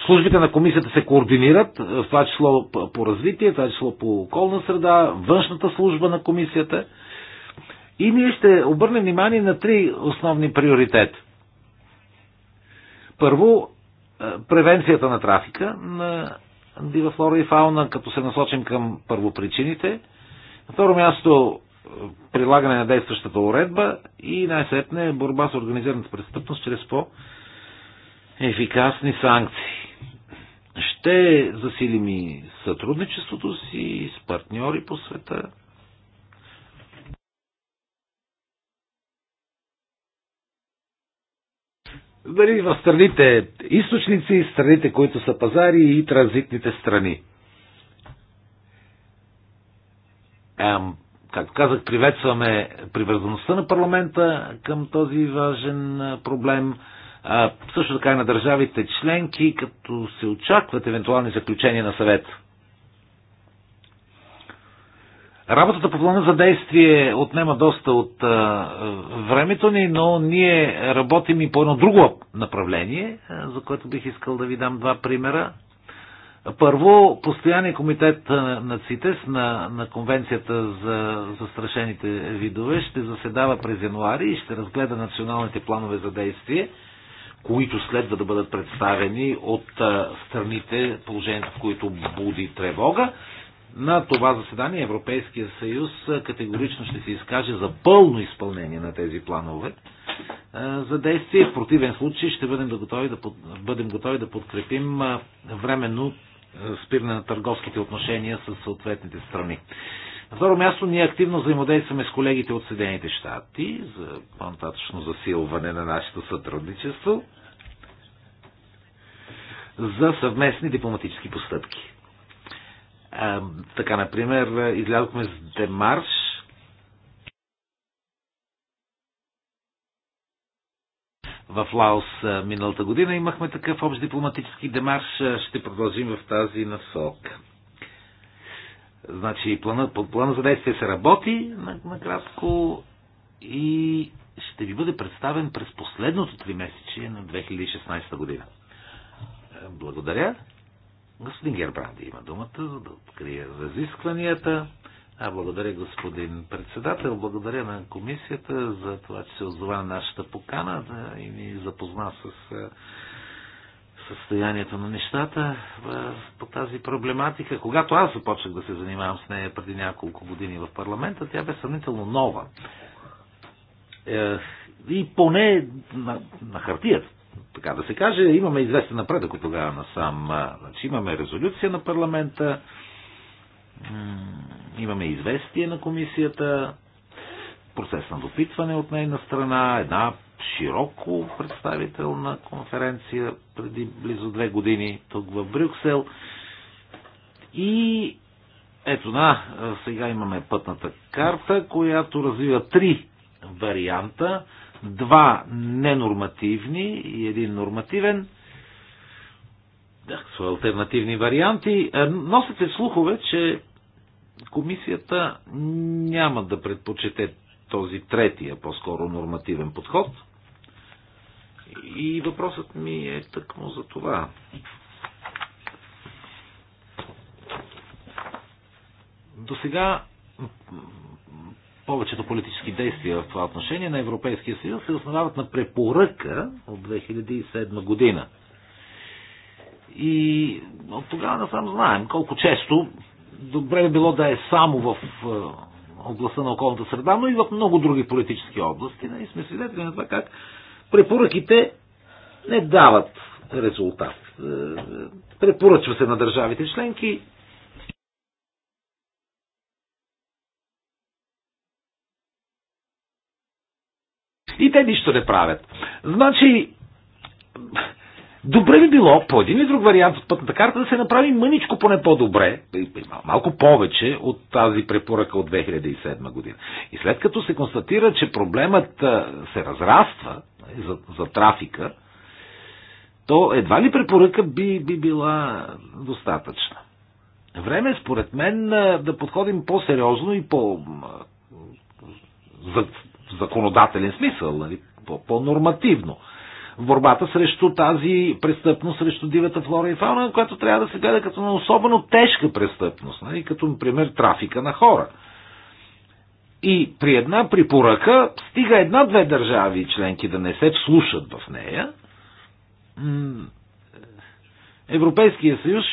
службите на комисията се координират, в това число по развитие, в това число по околна среда, външната служба на комисията. И ние ще обърнем внимание на три основни приоритета. Първо, превенцията на трафика на дива флора и фауна, като се насочим към първопричините – на второ място е, прилагане на действащата уредба и най-сетне борба с организираната престъпност чрез по-ефикасни санкции. Ще засилим и сътрудничеството си с партньори по света. Дали в страните източници, страните, които са пазари и транзитните страни. Както казах, приветстваме привързаността на парламента към този важен проблем. Също така и на държавите членки, като се очакват евентуални заключения на съвет. Работата по плана за действие отнема доста от а, времето ни, но ние работим и по едно друго направление, за което бих искал да ви дам два примера. Първо, постоянен комитет на ЦИТЕС на, на Конвенцията за застрашените видове ще заседава през януари и ще разгледа националните планове за действие, които следва да бъдат представени от страните, положението в които буди тревога. На това заседание Европейския съюз категорично ще се изкаже за пълно изпълнение на тези планове за действие. В противен случай ще бъдем готови да, бъдем готови да подкрепим временно спиране на търговските отношения с съответните страни. На второ място ние активно взаимодействаме с колегите от Съединените щати за по-нататъчно засилване на нашето сътрудничество за съвместни дипломатически постъпки. Така, например, излязохме с демарш в Лаос миналата година. Имахме такъв общ дипломатически демарш. Ще продължим в тази насок. Значи плана, плана за действие се работи накратко и ще ви бъде представен през последното три месече на 2016 година. Благодаря. Господин Гербранди има думата, за да открие разискванията. А, благодаря, господин председател. Благодаря на комисията за това, че се отзова на нашата покана да, и ни запозна с е, състоянието на нещата е, по тази проблематика. Когато аз започнах да се занимавам с нея преди няколко години в парламента, тя бе съмнително нова. Е, и поне на, на хартията, така да се каже, имаме известен напредък от тогава насам. Значи имаме резолюция на парламента, Имаме известие на комисията, процес на допитване от нейна страна, една широко представителна конференция преди близо две години тук в Брюксел. И ето на, сега имаме пътната карта, която развива три варианта. Два ненормативни и един нормативен са альтернативни варианти. Е, носят се слухове, че комисията няма да предпочете този третия, по-скоро нормативен подход. И въпросът ми е тъкмо за това. До сега повечето политически действия в това отношение на Европейския съюз се основават на препоръка от 2007 година – и от тогава да сам знаем колко често добре би било да е само в е, областта на околната среда, но и в много други политически области. И нали, сме свидетели на това как препоръките не дават резултат. Е, е, препоръчва се на държавите членки и те нищо не правят. Значи, Добре би било по един и друг вариант от пътната карта да се направи мъничко поне по-добре, малко повече от тази препоръка от 2007 година. И след като се констатира, че проблемът се разраства нали, за, за трафика, то едва ли препоръка би, би била достатъчна. Време е, според мен, да подходим по-сериозно и по законодателен смисъл, нали, -по в борбата срещу тази престъпност, срещу дивата флора и фауна, която трябва да се гледа като на особено тежка престъпност, нали? като, например, трафика на хора. И при една припоръка стига една-две държави членки да не се вслушат в нея, Европейския съюз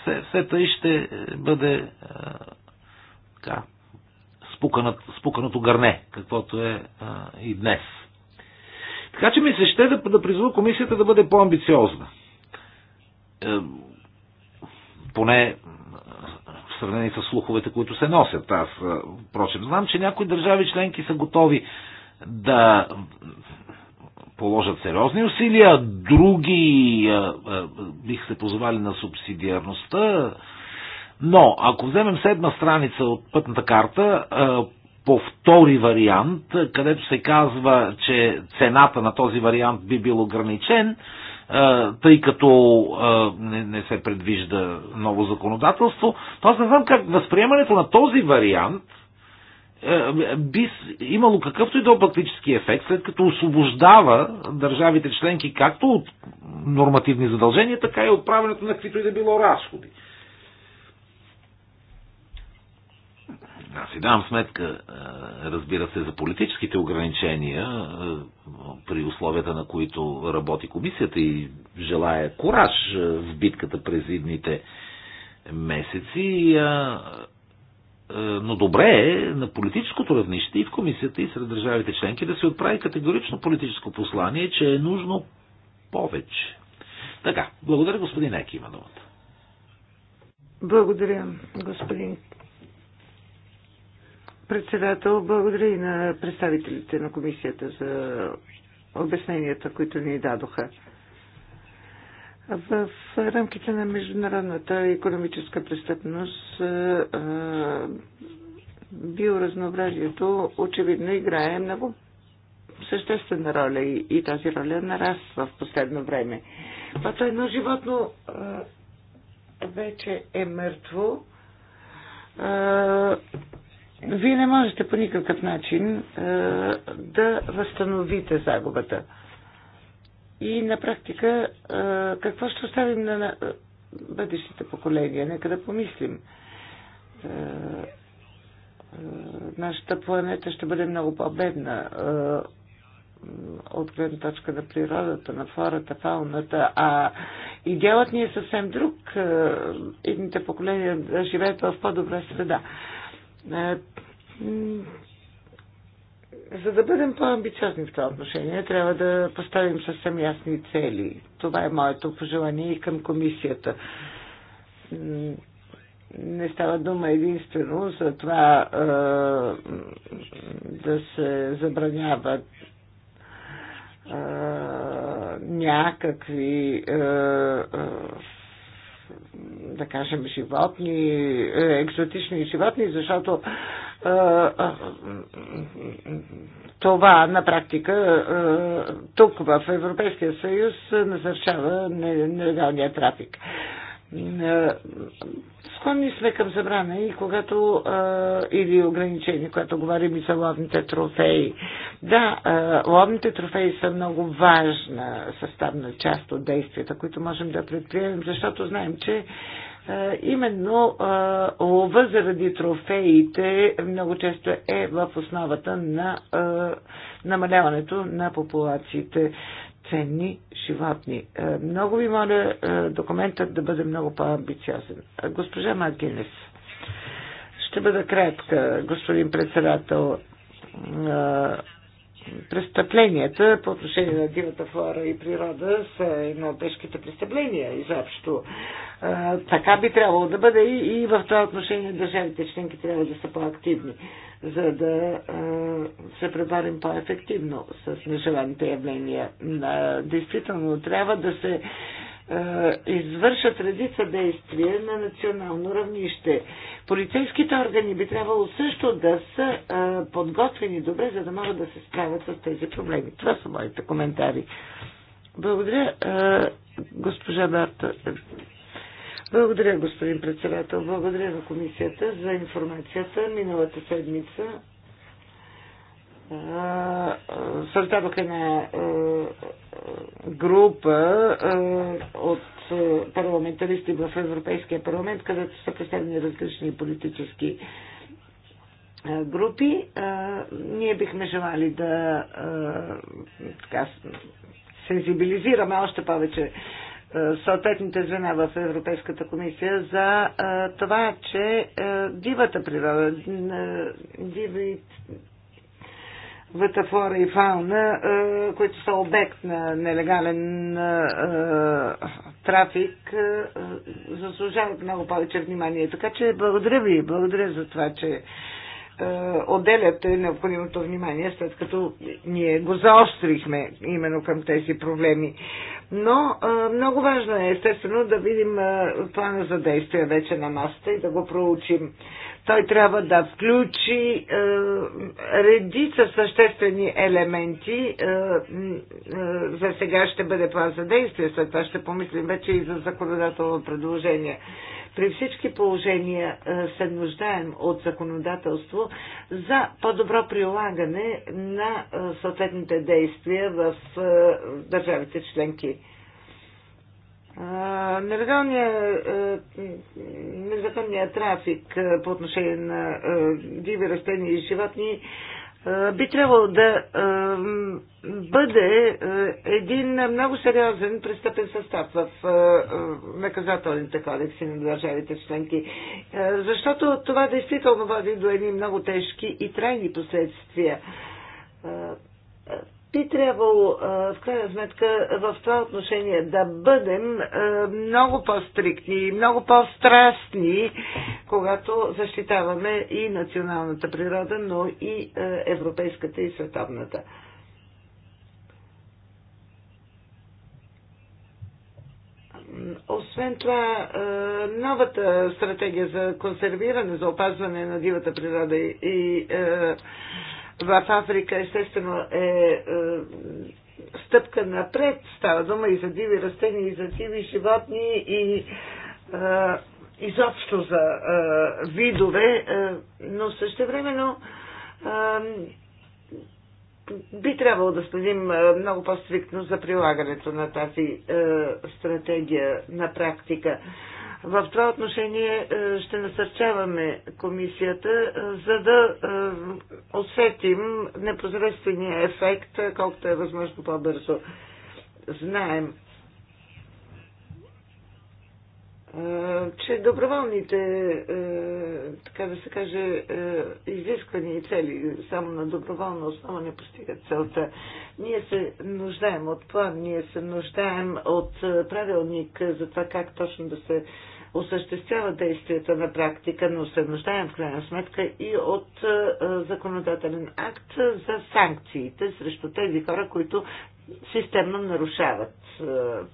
все, все тъй ще бъде така, спуканат, спуканото гърне, каквото е, е и днес. Така че ми се ще да, да призова комисията да бъде по-амбициозна. Е, поне е, в сравнение с слуховете, които се носят. Аз, е, впрочем, знам, че някои държави членки са готови да положат сериозни усилия, други е, е, бих се позвали на субсидиарността. Но, ако вземем седма страница от пътната карта, е, по втори вариант, където се казва, че цената на този вариант би бил ограничен, е, тъй като е, не се предвижда ново законодателство. То аз не знам как възприемането на този вариант е, би имало какъвто и до практически ефект, след като освобождава държавите членки както от нормативни задължения, така и от правенето на каквито и да било разходи. аз си давам сметка, разбира се, за политическите ограничения, при условията на които работи комисията и желая кораж в битката през идните месеци, но добре е на политическото равнище и в комисията и сред държавите членки да се отправи категорично политическо послание, че е нужно повече. Така, благодаря господин Еки има думата. Благодаря, господин председател, благодаря и на представителите на комисията за обясненията, които ни дадоха. В рамките на международната економическа престъпност биоразнообразието очевидно играе много съществена роля и, и тази роля нараства в последно време. Когато едно животно а, вече е мъртво, а, вие не можете по никакъв начин а, е, да възстановите загубата. И на практика, а, е, какво ще оставим на, на е, бъдещите поколения? Нека да помислим. а, нашата планета ще бъде много по-бедна от гледна точка на природата, на флората, фауната, а идеалът ни е съвсем друг. Едните поколения живеят в по-добра среда. Е, за да бъдем по-амбициозни в това отношение, трябва да поставим съвсем ясни цели. Това е моето пожелание и към комисията. Не става дума единствено за това е, да се забраняват е, някакви е, е да кажем, животни, е, екзотични животни, защото е, е, това на практика тук в Европейския съюз насърчава нелегалния трафик. Е, склонни сме към забрана и когато а, е, или ограничени, когато говорим и за ловните трофеи. Да, а, е, ловните трофеи са много важна съставна част от действията, които можем да предприемем, защото знаем, че а, именно а, лова заради трофеите много често е в основата на а, намаляването на популациите ценни животни. Е, много ви моля е, документът да бъде много по-амбициозен. Е, госпожа Магинес. Ще бъда кратка, господин председател. Престъпленията по отношение на дивата флора и природа са едно от тежките престъпления изобщо. Така би трябвало да бъде и в това отношение държавите членки трябва да са по-активни за да се преборим по-ефективно с нежеланите явления. Действително трябва да се извършат редица действия на национално равнище. Полицейските органи би трябвало също да са подготвени добре, за да могат да се справят с тези проблеми. Това са моите коментари. Благодаря, госпожа Барта. Благодаря, господин председател. Благодаря на комисията за информацията. Миналата седмица създадох една група от парламентаристи в Европейския парламент, където са представени различни политически групи. Ние бихме желали да така, сензибилизираме още повече е, съответните звена в Европейската комисия за е, това, че е, дивата природа, диви флора и фауна, които са обект на нелегален трафик, заслужават много повече внимание. Така че благодаря ви, благодаря за това, че е, отделят необходимото внимание, след като ние го заострихме именно към тези проблеми. Но е, много важно е, естествено, да видим е, плана за действие вече на масата и да го проучим. Той трябва да включи редица съществени елементи. За сега ще бъде план за действие, след това ще помислим вече и за законодателно предложение. При всички положения е, се нуждаем от законодателство за по-добро прилагане на е, съответните действия в е, държавите членки. незаконният трафик по отношение на диви растения и животни би трябвало да бъде един много сериозен престъпен състав в наказателните кодекси на държавите членки. Защото това действително води до едни много тежки и трайни последствия би трябвало в крайна сметка в това отношение да бъдем много по-стриктни, много по-страстни, когато защитаваме и националната природа, но и европейската и световната. Освен това, новата стратегия за консервиране, за опазване на дивата природа и в Африка естествено е, е стъпка напред. Става дума и за диви растения, и за диви животни, и е, изобщо за е, видове, е, но същевременно е, би трябвало да следим е, много по-стриктно за прилагането на тази е, стратегия на практика. В това отношение е, ще насърчаваме комисията, е, за да усетим е, непосредствения ефект, колкото е възможно по-бързо. Знаем, че доброволните, така да се каже, изисквания и цели само на доброволна основа не постигат целта. Ние се нуждаем от план, ние се нуждаем от правилник за това как точно да се осъществява действията на практика, но се нуждаем в крайна сметка и от законодателен акт за санкциите срещу тези хора, които системно нарушават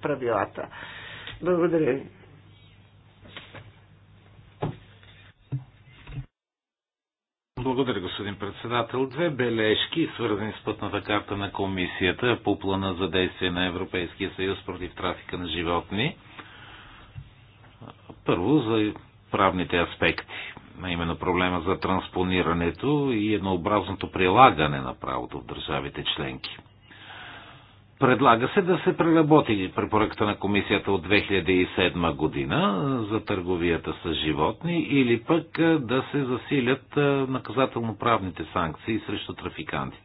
правилата. Благодаря ви. Благодаря, господин председател. Две бележки, свързани с пътната карта на комисията по плана за действие на Европейския съюз против трафика на животни. Първо за правните аспекти, а именно проблема за транспонирането и еднообразното прилагане на правото в държавите членки. Предлага се да се преработи препоръката на комисията от 2007 година за търговията с животни или пък да се засилят наказателно-правните санкции срещу трафикантите.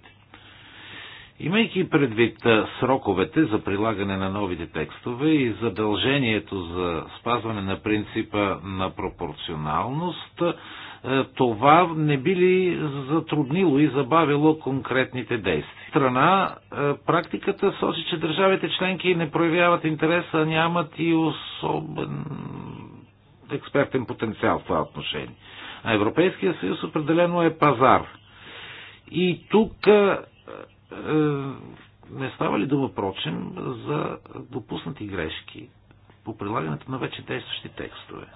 Имайки предвид сроковете за прилагане на новите текстове и задължението за спазване на принципа на пропорционалност, това не би ли затруднило и забавило конкретните действия? страна, е, практиката сочи, че държавите членки не проявяват интереса, нямат и особен експертен потенциал в това отношение. А Европейския съюз определено е пазар. И тук е, е, не става ли дума, прочим, за допуснати грешки по прилагането на вече действащи текстове?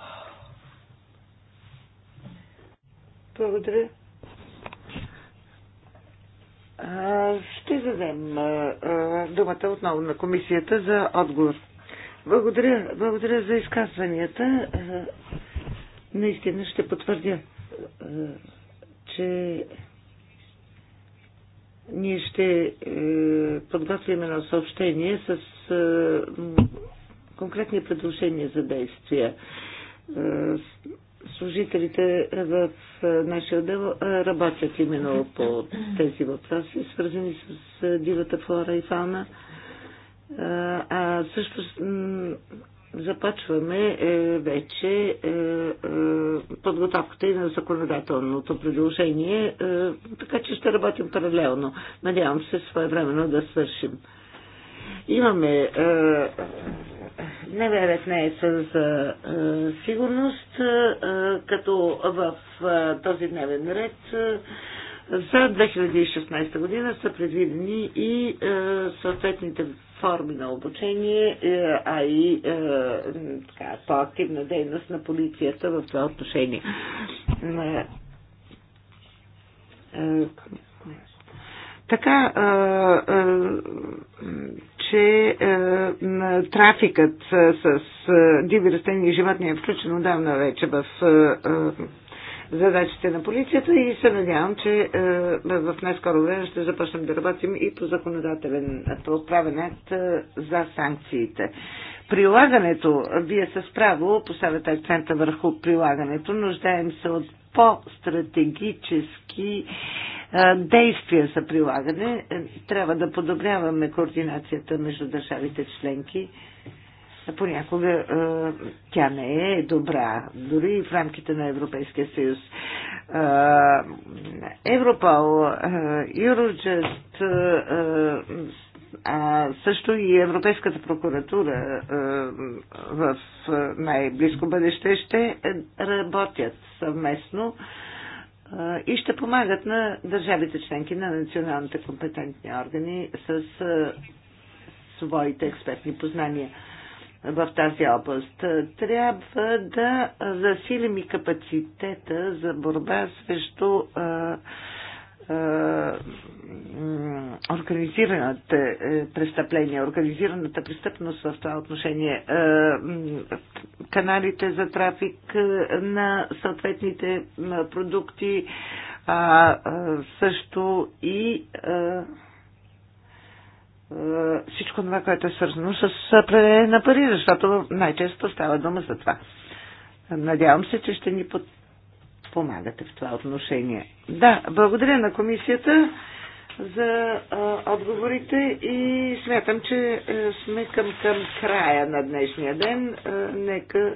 Благодаря. Ще задем думата отново на комисията за отговор. Благодаря, благодаря за изказванията. Наистина ще потвърдя, че ние ще е, подготвим едно съобщение с е, конкретни предложения за действия е, служителите в е, нашия отдел е, работят именно по тези въпроси, свързани с е, дивата флора и фауна. А също започваме вече подготовката и на законодателното предложение, така че ще работим паралелно. Надявам се своевременно да свършим. Имаме е, дневен ред за е, е, сигурност, е, като в е, този дневен ред е, за 2016 година са предвидени и е, съответните форми на обучение, е, а и е, така, по-активна дейност на полицията в това отношение. Е, е, така, че е, трафикът е, с е, диви растения и животни е включен отдавна вече в задачите на полицията и се надявам, че в най-скоро време ще започнем да работим и по законодателен е, за санкциите. Прилагането, вие с право поставяте акцента върху прилагането, нуждаем се от по-стратегически действия за прилагане. Е, трябва да подобряваме координацията между държавите членки. Понякога тя не е добра, дори и в рамките на Европейския съюз. Европол, Юроджест, а също и Европейската прокуратура в най-близко бъдеще ще работят съвместно и ще помагат на държавите членки на националните компетентни органи с своите експертни познания в тази област. Трябва да засилим и капацитета за борба срещу е, организираните е, престъпления, организираната престъпност в това отношение, е, каналите за трафик на съответните продукти, а също и всичко това, което е свързано с определение на пари, защото най-често става дума за това. Надявам се, че ще ни под помагате в това отношение. Да, благодаря на комисията за а, отговорите и смятам, че а, сме към, към края на днешния ден. А, нека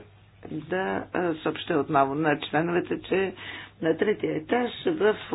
да а, съобща отново на членовете, че на третия етаж в